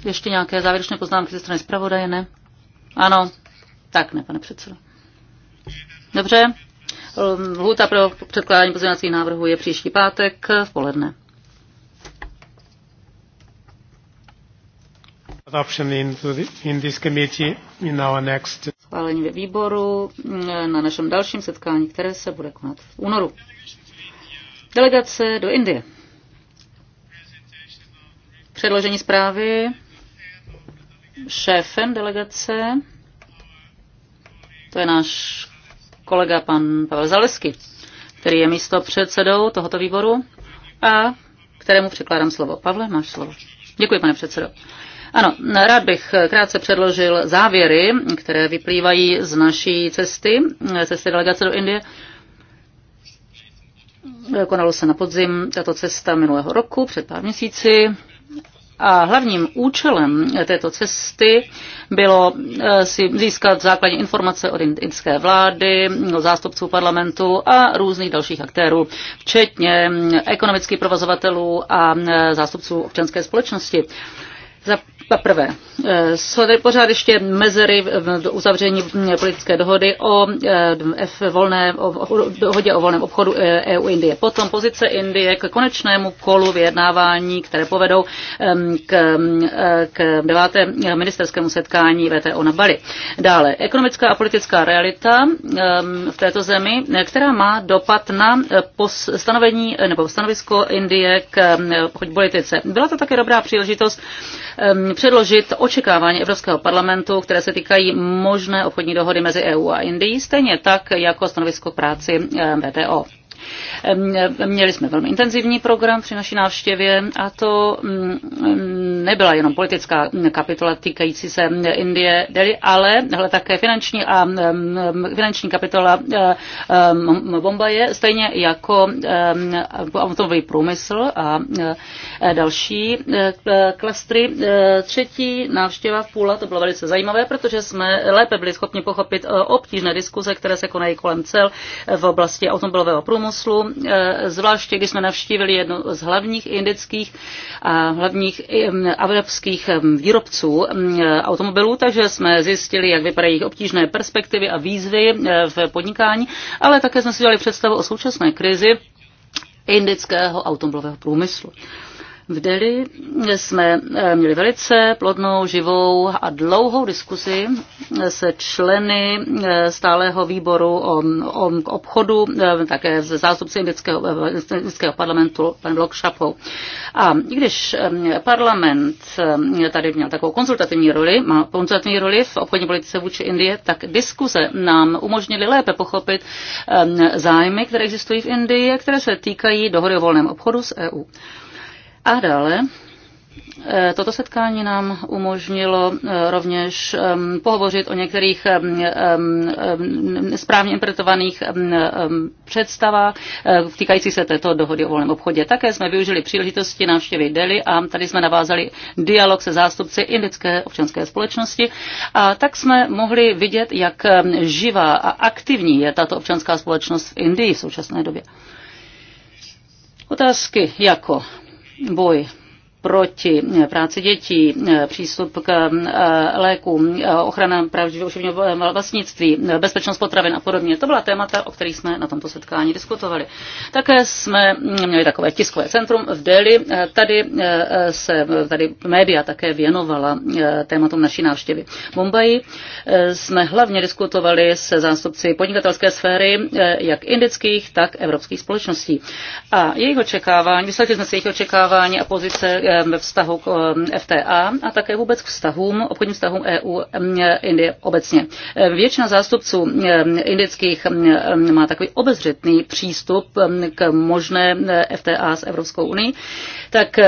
Ještě nějaké závěrečné poznámky ze strany zpravodaje, ne? Ano. Tak ne, pane předsedo. Dobře. Lhůta pro předkládání pozměňovacích návrhů je příští pátek v poledne. Schválení ve výboru na našem dalším setkání, které se bude konat v únoru. Delegace do Indie předložení zprávy šéfem delegace. To je náš kolega pan Pavel Zalesky, který je místo předsedou tohoto výboru a kterému překládám slovo. Pavle, máš slovo. Děkuji, pane předsedo. Ano, rád bych krátce předložil závěry, které vyplývají z naší cesty, cesty delegace do Indie. Konalo se na podzim tato cesta minulého roku, před pár měsíci. A hlavním účelem této cesty bylo eh, si získat základní informace od indické vlády, zástupců parlamentu a různých dalších aktérů, včetně mm, ekonomických provozovatelů a mm, zástupců občanské společnosti. Za za prvé, eh, jsou tady pořád ještě mezery v uzavření eh, politické dohody o, eh, F volné, o, o dohodě o volném obchodu EU-Indie. E Potom pozice Indie k konečnému kolu vyjednávání, které povedou k, k deváté ministerskému setkání VTO na Bali. Dále, ekonomická a politická realita v této zemi, která má dopad na stanovení nebo stanovisko Indie k politice. Byla to také dobrá příležitost předložit očekávání Evropského parlamentu, které se týkají možné obchodní dohody mezi EU a Indií, stejně tak jako stanovisko práci eh, VTO. Ehm, měli jsme velmi intenzivní program při naší návštěvě a to mm, nebyla jenom politická kapitola týkající se Indie, Delhi, ale také finanční a ehm, finanční kapitola ehm, Bombaje, stejně jako automobilový průmysl a e, další e, klastry. E, třetí návštěva v Půla, to bylo velice zajímavé, protože jsme lépe byli schopni pochopit obtížné diskuze, které se konají kolem cel v oblasti automobilového průmyslu průmyslu, eh, zvláště když jsme navštívili jednu z hlavních indických a hlavních eh, evropských eh, výrobců automobilů, takže jsme zjistili, jak vypadají jejich obtížné perspektivy a výzvy v podnikání, ale také jsme si dělali představu o současné krizi indického automobilového průmyslu. V Deli jsme eh, měli velice plodnou, živou a dlouhou diskusi se členy eh, stáleho výboru o, o obchodu, eh, také se zástupci indického, indického parlamentu, pan Lokšapou. A i když parlament tady měl takovou konzultativní roli, má konzultativní roli v obchodní politice vůči Indie, tak diskuze nám umožnily lépe pochopit zájmy, které existují v Indii, které se týkají dohody o volném obchodu s EU. A dále eh, Toto setkání nám umožnilo eh, rovněž ehm, pohovořit o některých ehm, ehm, správně interpretovaných představách eh, týkající se této dohody o volném obchodě. Také jsme využili příležitosti návštěvy Deli a tady jsme navázali dialog se zástupci indické občanské společnosti a tak jsme mohli vidět, jak živá a aktivní je tato občanská společnost v Indii v současné době. Otázky jako boj proti práci dětí, přístup k eh, lékům, eh, ochrana práv duševního vlastnictví, bezpečnost potravin a podobně. To byla témata, o kterých jsme na tomto setkání diskutovali. Také jsme měli takové tiskové centrum v Delhi. Eh, tady se tady média také věnovala tématům naší návštěvy. V Mumbai jsme hlavně diskutovali se zástupci podnikatelské sféry, jak indických, tak evropských společností. A jejich očekávání, vyslechli jsme si jejich očekávání a pozice ve vztahu k eh, FTA a také vůbec k vztahům, obchodním vztahům EU eh, Indie obecně. Eh, většina zástupců indických má takový obezřetný přístup k možné FTA s Evropskou unii, tak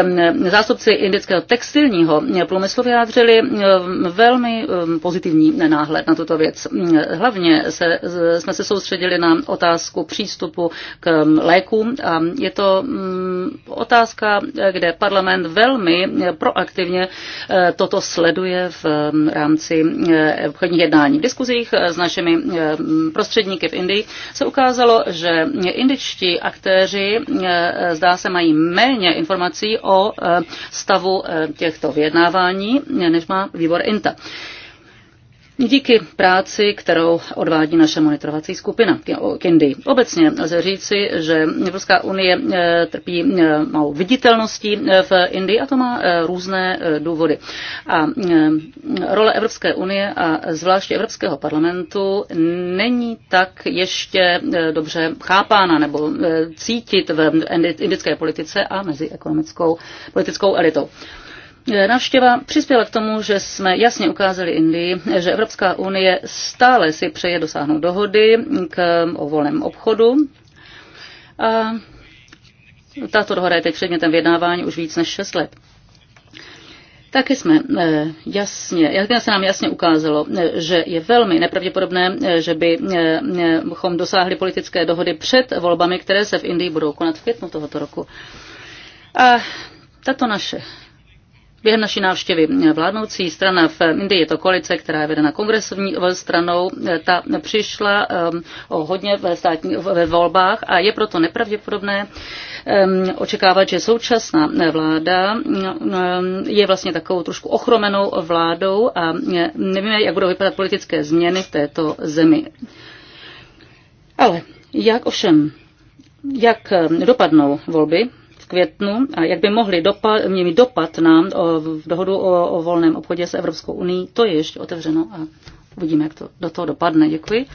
zástupci indického textilního průmyslu vyjádřili velmi pozitivní náhled na tuto věc. Hlavně se, jsme se soustředili na otázku přístupu k lékům a je to mm, otázka, kde parlament velmi proaktivně eh, toto sleduje v mm, rámci eh, obchodních jednání. V diskuzích eh, s našimi mm, prostředníky v Indii se ukázalo, že indičtí aktéři zdá se mají méně informací o stavu těchto vyjednávání, než má výbor INTA díky práci, kterou odvádí naše monitorovací skupina k Indii. Obecně lze říci, že Evropská unie eh, trpí eh, malou viditelností eh, v Indii a to má různé důvody. A role Evropské unie a zvláště Evropského parlamentu není tak ještě dobře chápána nebo cítit v indické politice a mezi ekonomickou politickou elitou. Návštěva přispěla k tomu, že jsme jasně ukázali Indii, že Evropská unie stále si přeje dosáhnout dohody k, o volném obchodu. A tato dohoda je teď předmětem vyjednávání už víc než 6 let. Taky jsme eh, jasně, jasně se nám jasně ukázalo, eh, že je velmi nepravděpodobné, eh, že bychom dosáhli politické dohody před volbami, které se v Indii budou konat v květnu tohoto roku. A tato naše Během naší návštěvy eh, vládnoucí strana v eh, Indii, je to koalice, která je vedena kongresovní stranou, eh, ta přišla ehm, o hodně ve, státní, ve volbách a je proto nepravděpodobné ehm, očekávat, že současná vláda mm, ehm, je vlastně takovou trošku ochromenou vládou a nevíme, jak budou vypadat politické změny v této zemi. Ale jak ovšem, jak dopadnou volby květnu a jak by mohly dopad, mít dopad nám v dohodu o, o volném obchodě s Evropskou uní, to je ještě otevřeno a uvidíme, jak to do toho dopadne. Děkuji.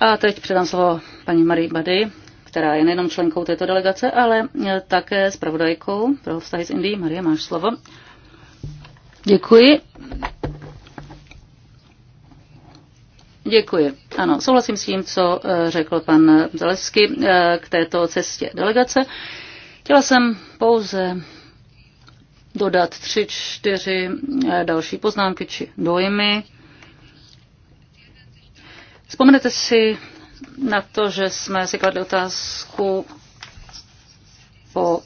A teď předám slovo paní Marie Bady, která je nejenom členkou této delegace, ale e, také zpravodajkou pro vztahy s Indií. Marie, máš slovo. Děkuji. Děkuji. Ano, souhlasím s tím, co eh, řekl pan Zalesky eh, k této cestě delegace. Chtěla jsem pouze dodat tři, čtyři eh, další poznámky či dojmy. Vzpomenete si na to, že jsme si kladli otázku po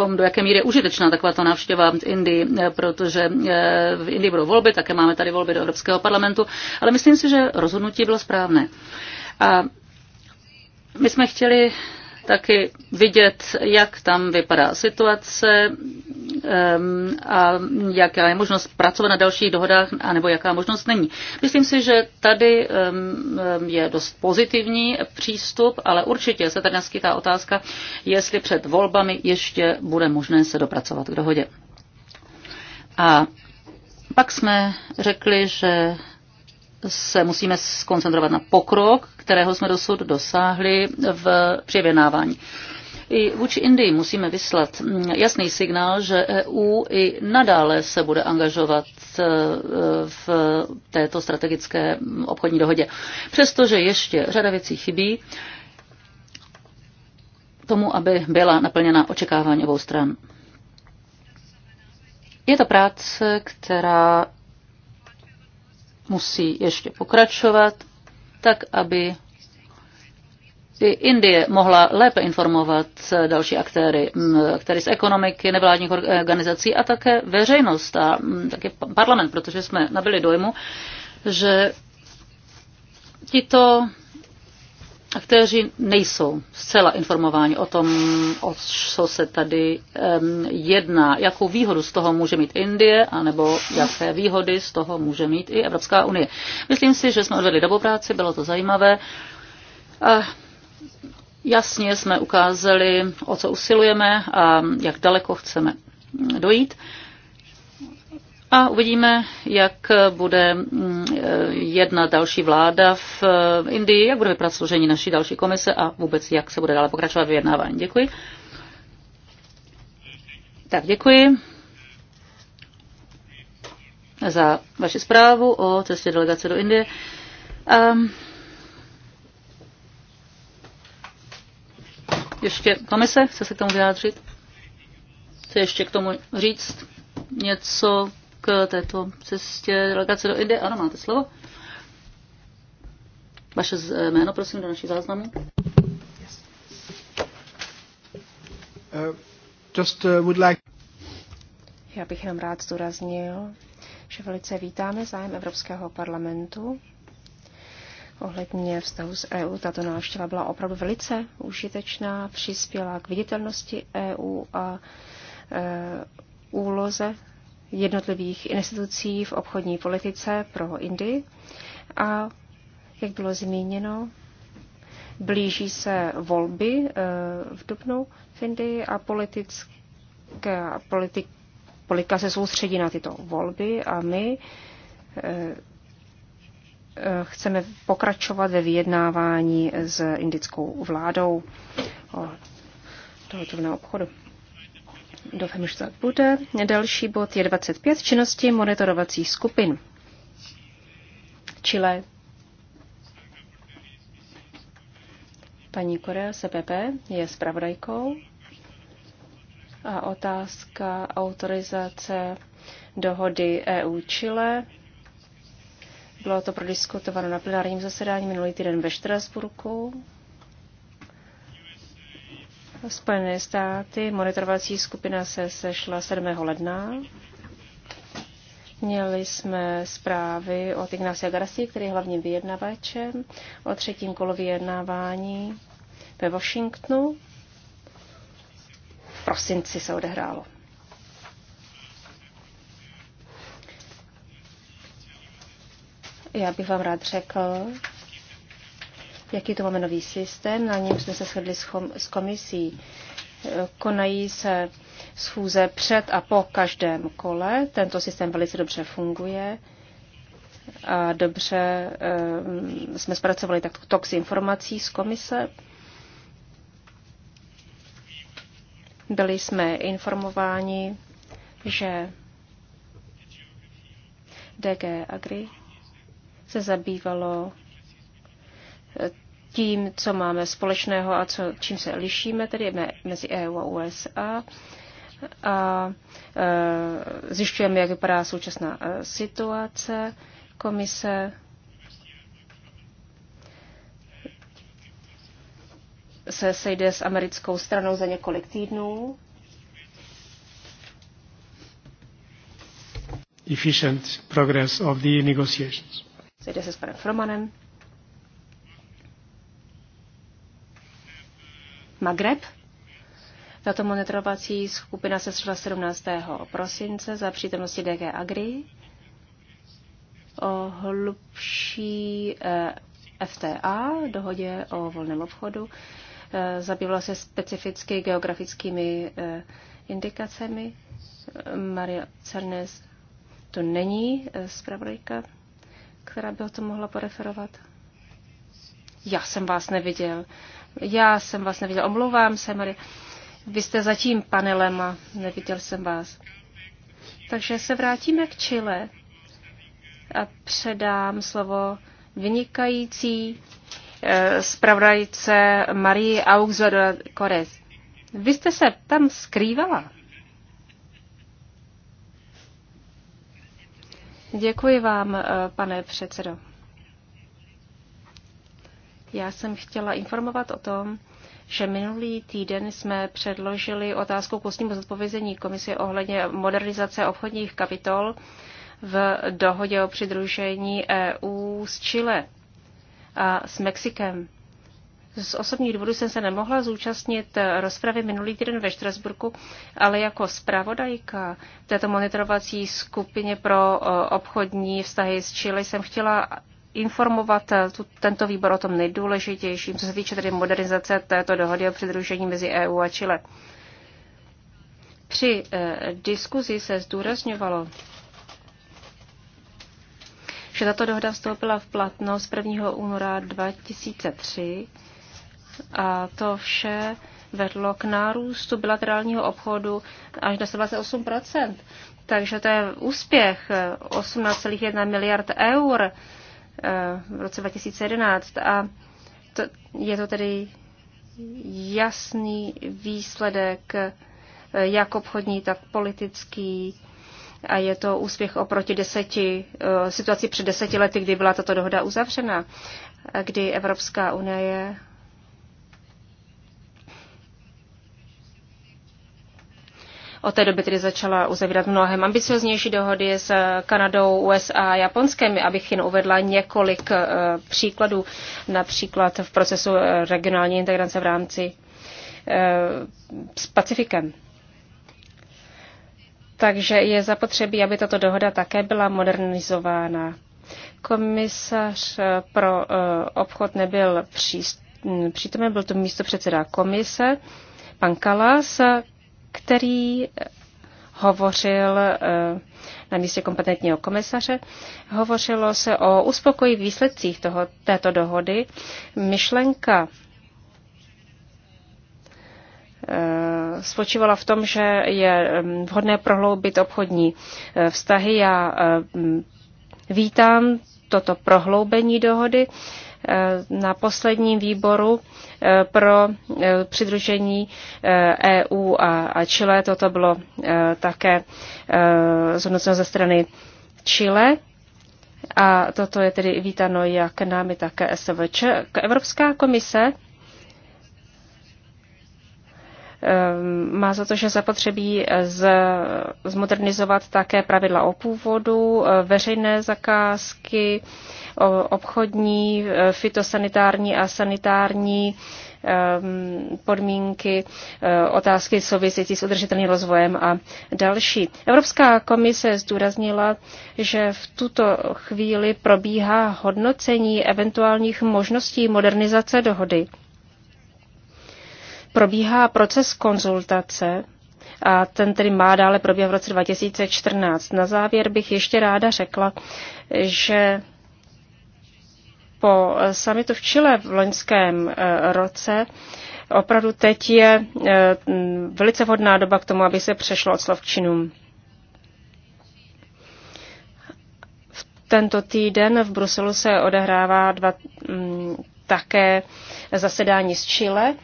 tom, do jaké míry je užitečná ta návštěva v Indii, eh, protože eh, v Indii budou volby, také máme tady volby do Evropského parlamentu, ale myslím si, že rozhodnutí bylo správné. A my jsme chtěli taky vidět, jak tam vypadá situace a jaká je možnost pracovat na dalších dohodách, anebo jaká možnost není. Myslím si, že tady je dost pozitivní přístup, ale určitě se tady naskytá otázka, jestli před volbami ještě bude možné se dopracovat k dohodě. A pak jsme řekli, že se musíme skoncentrovat na pokrok, kterého jsme dosud dosáhli v, přivěnávání. I vůči Indii musíme vyslat jasný signál, že EU i nadále se bude angažovat e, v této strategické obchodní dohodě. Přestože ještě řada věcí chybí, tomu, aby byla naplněna očekávání obou stran. Je to práce, která musí ještě pokračovat, tak aby i Indie mohla lépe informovat další aktéry, aktéry z ekonomiky, nevládních organizací a také veřejnost a také parlament, protože jsme nabili dojmu, že tito kteří nejsou zcela informováni o tom, o co se tady um, jedná, jakou výhodu z toho může mít Indie, anebo jaké výhody z toho může mít i Evropská unie. Myslím si, že jsme odvedli dobrou práci, bylo to zajímavé. A jasně jsme ukázali, o co usilujeme a jak daleko chceme dojít. A uvidíme, jak bude mm, Eh, jedna další vláda v eh, Indii, jak bude vypadat složení naší další komise a vůbec jak se bude dále pokračovat vyjednávání. Děkuji. Tak děkuji za vaši zprávu o cestě delegace do Indie. Um, ještě komise, chce se k tomu vyjádřit? Chce ještě k tomu říct něco k této cestě delegace do Indie. Ano, máte slovo. Vaše jméno, prosím, do naší záznamu. Uh, just, uh, would like... Já bych jenom rád zdůraznil, že velice vítáme zájem Evropského parlamentu ohledně vztahu s EU. Tato návštěva byla opravdu velice užitečná, přispěla k viditelnosti EU a e, úloze jednotlivých institucí v obchodní politice pro Indii. A jak bylo zmíněno, blíží se volby eh, v Dubnu v Indii a politická, politik, politika se soustředí na tyto volby a my eh, eh, chceme pokračovat ve vyjednávání s indickou vládou o tohoto obchodu. Doufám, že to tak bude. Další bod je 25. Činnosti monitorovacích skupin. Chile. Paní Korea CPP je zpravodajkou a otázka autorizace dohody EU Chile. Bylo to prodiskutováno na plenárním zasedání minulý týden ve Štrasburku. Spojené státy. Monitorovací skupina se sešla 7. ledna. Měli jsme zprávy od Ignacia Garcia, který je hlavním vyjednavačem, o třetím kolu vyjednávání ve Washingtonu. V prosinci se odehrálo. Já bych vám rád řekl, jaký to máme nový systém, na něm jsme se shodli s komisí. Konají se schůze před a po každém kole. Tento systém velice dobře funguje a dobře ehm, jsme zpracovali tak tox informací z komise. Byli jsme informováni, že DG Agri se zabývalo tím, co máme společného a co, čím se lišíme, tedy mezi EU a USA. A e, zjišťujeme, jak vypadá současná e, situace komise. se sejde s americkou stranou za několik týdnů. Efficient progress of the negotiations. Sejde se s panem Fromanem. Magreb. Tato monitorovací skupina se sešla 17. prosince za přítomnosti DG Agri o hlubší eh, FTA, dohodě o volném obchodu. Eh, zabývala se specificky geografickými eh, indikacemi. Maria Cernes to není zpravodajka, která by o tom mohla poreferovat. Já jsem vás neviděl. Já jsem vás neviděl, omlouvám se, Mary. Vy jste zatím panelem a neviděl jsem vás. Takže se vrátíme k Chile a předám slovo vynikající eh, zpravodajce Marie Auxor Corez. Vy jste se tam skrývala. Děkuji vám, eh, pane předsedo. Já jsem chtěla informovat o tom, že minulý týden jsme předložili otázku k ústnímu zodpovězení Komise ohledně modernizace obchodních kapitol v dohodě o přidružení EU s Chile a s Mexikem. Z osobních důvodů jsem se nemohla zúčastnit rozpravy minulý týden ve Štrasburku, ale jako zpravodajka této monitorovací skupině pro obchodní vztahy s Chile jsem chtěla informovat eh, tento výbor o tom nejdůležitějším, co se týče tedy modernizace této dohody o přidružení mezi EU a Chile. Při eh, diskuzi se zdůrazňovalo, že tato dohoda vstoupila v platnost 1. února 2003 a to vše vedlo k nárůstu bilaterálního obchodu až na 28 takže to je úspěch 18,1 eh, miliard eur Eh, v roce 2011. A to, je to tedy jasný výsledek eh, jak obchodní, tak politický a je to úspěch oproti deseti, eh, situaci před deseti lety, kdy byla tato dohoda uzavřena, kdy Evropská unie Od té doby tedy začala uzavírat mnohem ambicioznější dohody s Kanadou, USA a Japonskem, abych jen uvedla několik eh, příkladů, například v procesu eh, regionální integrace v rámci eh, s Pacifikem. Takže je zapotřebí, aby tato dohoda také byla modernizována. Komisař pro obchod nebyl přítomen, byl to místo předseda komise, pan Kalas, který eh, hovořil eh, na místě kompetentního komisaře. Hovořilo se o uspokojivých výsledcích toho, této dohody. Myšlenka eh, spočívala v tom, že je mm, vhodné prohloubit obchodní vztahy. Já mm, vítám toto prohloubení dohody na posledním výboru eh, pro eh, přidružení EU eh, e a Chile. Toto bylo také zhodnoceno ze strany Chile. A toto je tedy vítáno jak námi, tak SVČ. Evropská komise Ehm, má za to, že zapotřebí eh, z, zmodernizovat také pravidla o původu, eh, veřejné zakázky, obchodní, eh, fitosanitární a sanitární ehm, podmínky, otázky související s udržitelným rozvojem a další. Evropská komise zdůraznila, že v tuto chvíli probíhá hodnocení eventuálních možností modernizace dohody probíhá proces konzultace a ten tedy má dále probíhat v roce 2014. Na závěr bych ještě ráda řekla, že po samitu v Chile v loňském eh, roce opravdu teď je eh, velice vhodná doba k tomu, aby se přešlo od slov k činům. Tento týden v Bruselu se odehrává dva, mm, také zasedání z Chile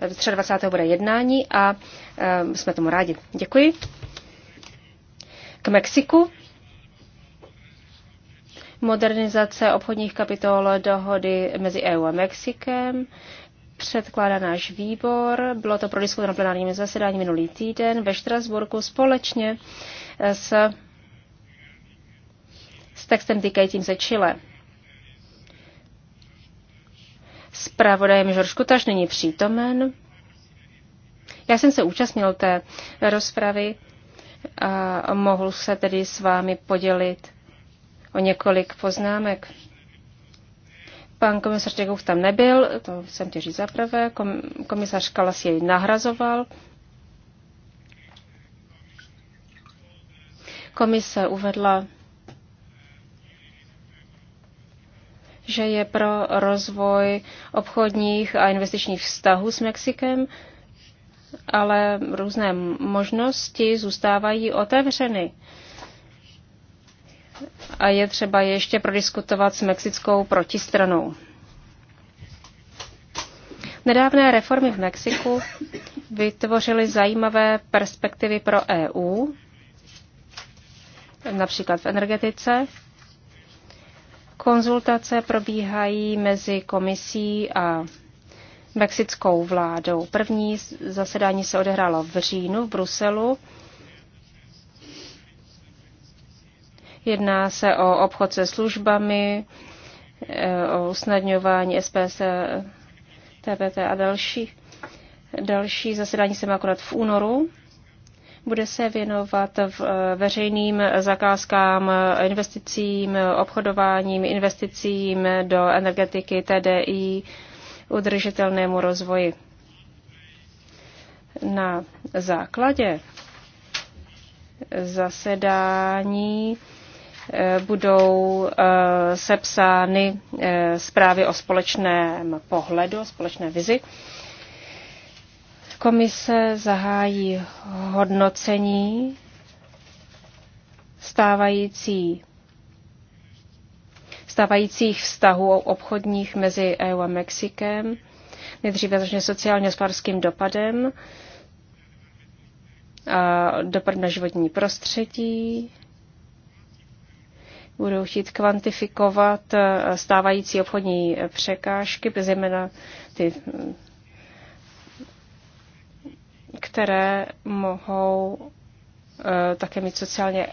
23. bude jednání a e, jsme tomu rádi. Děkuji. K Mexiku. Modernizace obchodních kapitol dohody mezi EU a Mexikem předkládá náš výbor. Bylo to pro prodiskutováno na plenárním zasedání minulý týden ve Štrasburku společně s, s textem týkajícím se Chile. Spravodajem Žoršku Kutaš není přítomen. Já jsem se účastnil té rozpravy a mohl se tedy s vámi podělit o několik poznámek. Pan komisař Čekův tam nebyl, to jsem ti prvé. zaprvé, komisař Kalas jej nahrazoval. Komise uvedla že je pro rozvoj obchodních a investičních vztahů s Mexikem, ale různé možnosti zůstávají otevřeny. A je třeba ještě prodiskutovat s mexickou protistranou. Nedávné reformy v Mexiku vytvořily zajímavé perspektivy pro EU, například v energetice, Konzultace probíhají mezi komisí a mexickou vládou. První zasedání se odehrálo v říjnu v Bruselu. Jedná se o obchod se službami, eh, o usnadňování SPS, TPT a další. Další zasedání se má konat v únoru bude se věnovat v eh, veřejným zakázkám, investicím, obchodováním, investicím do energetiky, TDI, udržitelnému rozvoji. Na základě zasedání eh, budou eh, sepsány zprávy o společném pohledu, o společné vizi. Komise zahájí hodnocení stávající, stávajících vztahů obchodních mezi EU a Mexikem. Nejdříve začne sociálně hospodářským dopadem, a dopad na životní prostředí, budou chtít kvantifikovat stávající obchodní překážky, zejména ty které mohou eh, také mít sociálně,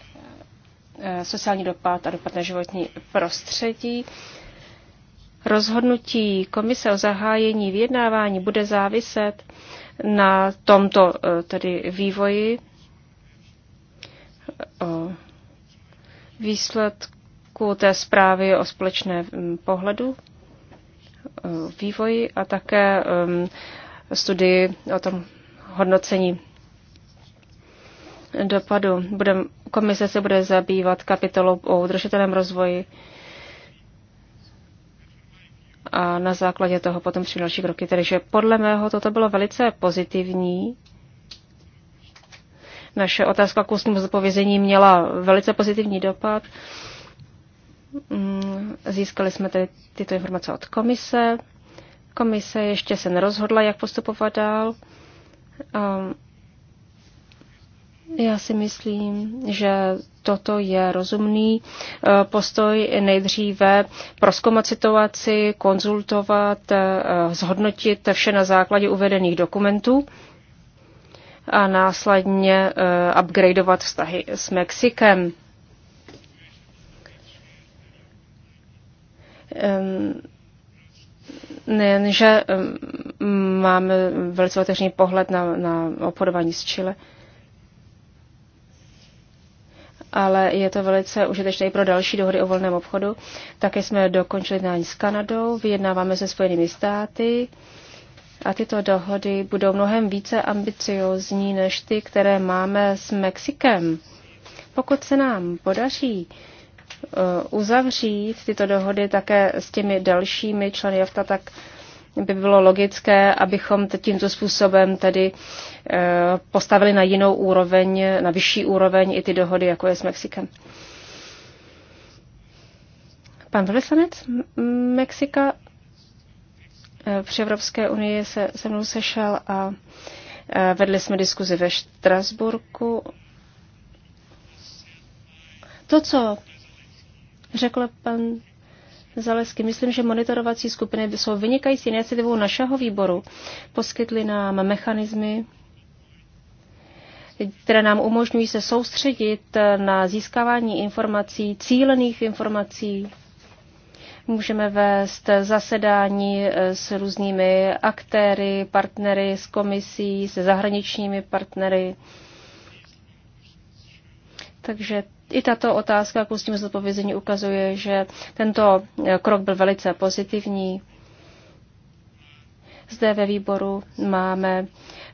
eh, sociální dopad a dopad na životní prostředí. Rozhodnutí komise o zahájení vyjednávání bude záviset na tomto eh, tedy vývoji o výsledku té zprávy o společné hm, pohledu vývoji a také hm, studii o tom hodnocení dopadu. Budem, komise se bude zabývat kapitolou o udržitelném rozvoji a na základě toho potom přijde další kroky. Takže podle mého toto bylo velice pozitivní. Naše otázka k ústnímu zodpovězení měla velice pozitivní dopad. Mm, získali jsme tedy tyto informace od komise. Komise ještě se nerozhodla, jak postupovat dál. A já si myslím, že toto je rozumný eh, postoj nejdříve proskoumat situaci, konzultovat, eh, zhodnotit vše na základě uvedených dokumentů a následně eh, upgradeovat vztahy s Mexikem nejenže máme velice otevřený pohled na, na obchodování s Chile, ale je to velice užitečné i pro další dohody o volném obchodu. Také jsme dokončili jednání s Kanadou, vyjednáváme se Spojenými státy a tyto dohody budou mnohem více ambiciozní než ty, které máme s Mexikem. Pokud se nám podaří uh, Eh, uzavřít tyto dohody také s těmi dalšími členy JAFTA, tak by bylo logické, abychom tímto způsobem tedy eh, postavili na jinou úroveň, na vyšší úroveň i ty dohody, jako je s Mexikem. Pan velvyslanec Mexika eh, při Evropské unii se se mnou sešel a vedli jsme diskuzi ve Štrasburku. To, co řekl pan Zalesky. Myslím, že monitorovací skupiny jsou vynikající iniciativou našeho výboru. Poskytly nám mechanismy, které nám umožňují se soustředit na získávání informací, cílených informací. Můžeme vést zasedání s různými aktéry, partnery, s komisí, se zahraničními partnery. Takže i tato otázka k ústnímu zodpovězení ukazuje, že tento eh, krok byl velice pozitivní. Zde ve výboru máme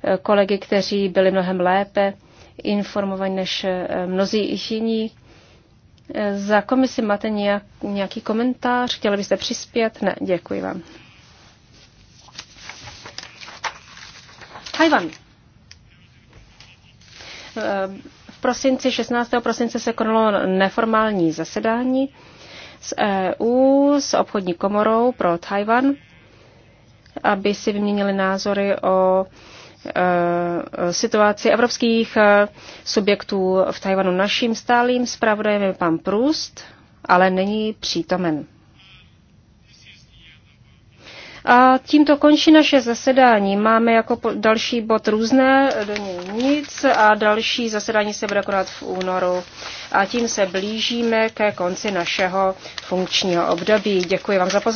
eh, kolegy, kteří byli mnohem lépe informovaní než eh, mnozí jiní. Za komisi máte nějak, nějaký komentář? Chtěli byste přispět? Ne, děkuji vám. Tajvan prosinci 16. prosince se konalo neformální zasedání s EU, s obchodní komorou pro Tajvan, aby si vyměnili názory o e, situaci evropských e, subjektů v Tajvanu. Naším stálým zpravodajem je pan Prust, ale není přítomen. A tímto končí naše zasedání. Máme jako další bod různé, do něj nic a další zasedání se bude konat v únoru. A tím se blížíme ke konci našeho funkčního období. Děkuji vám za pozornost.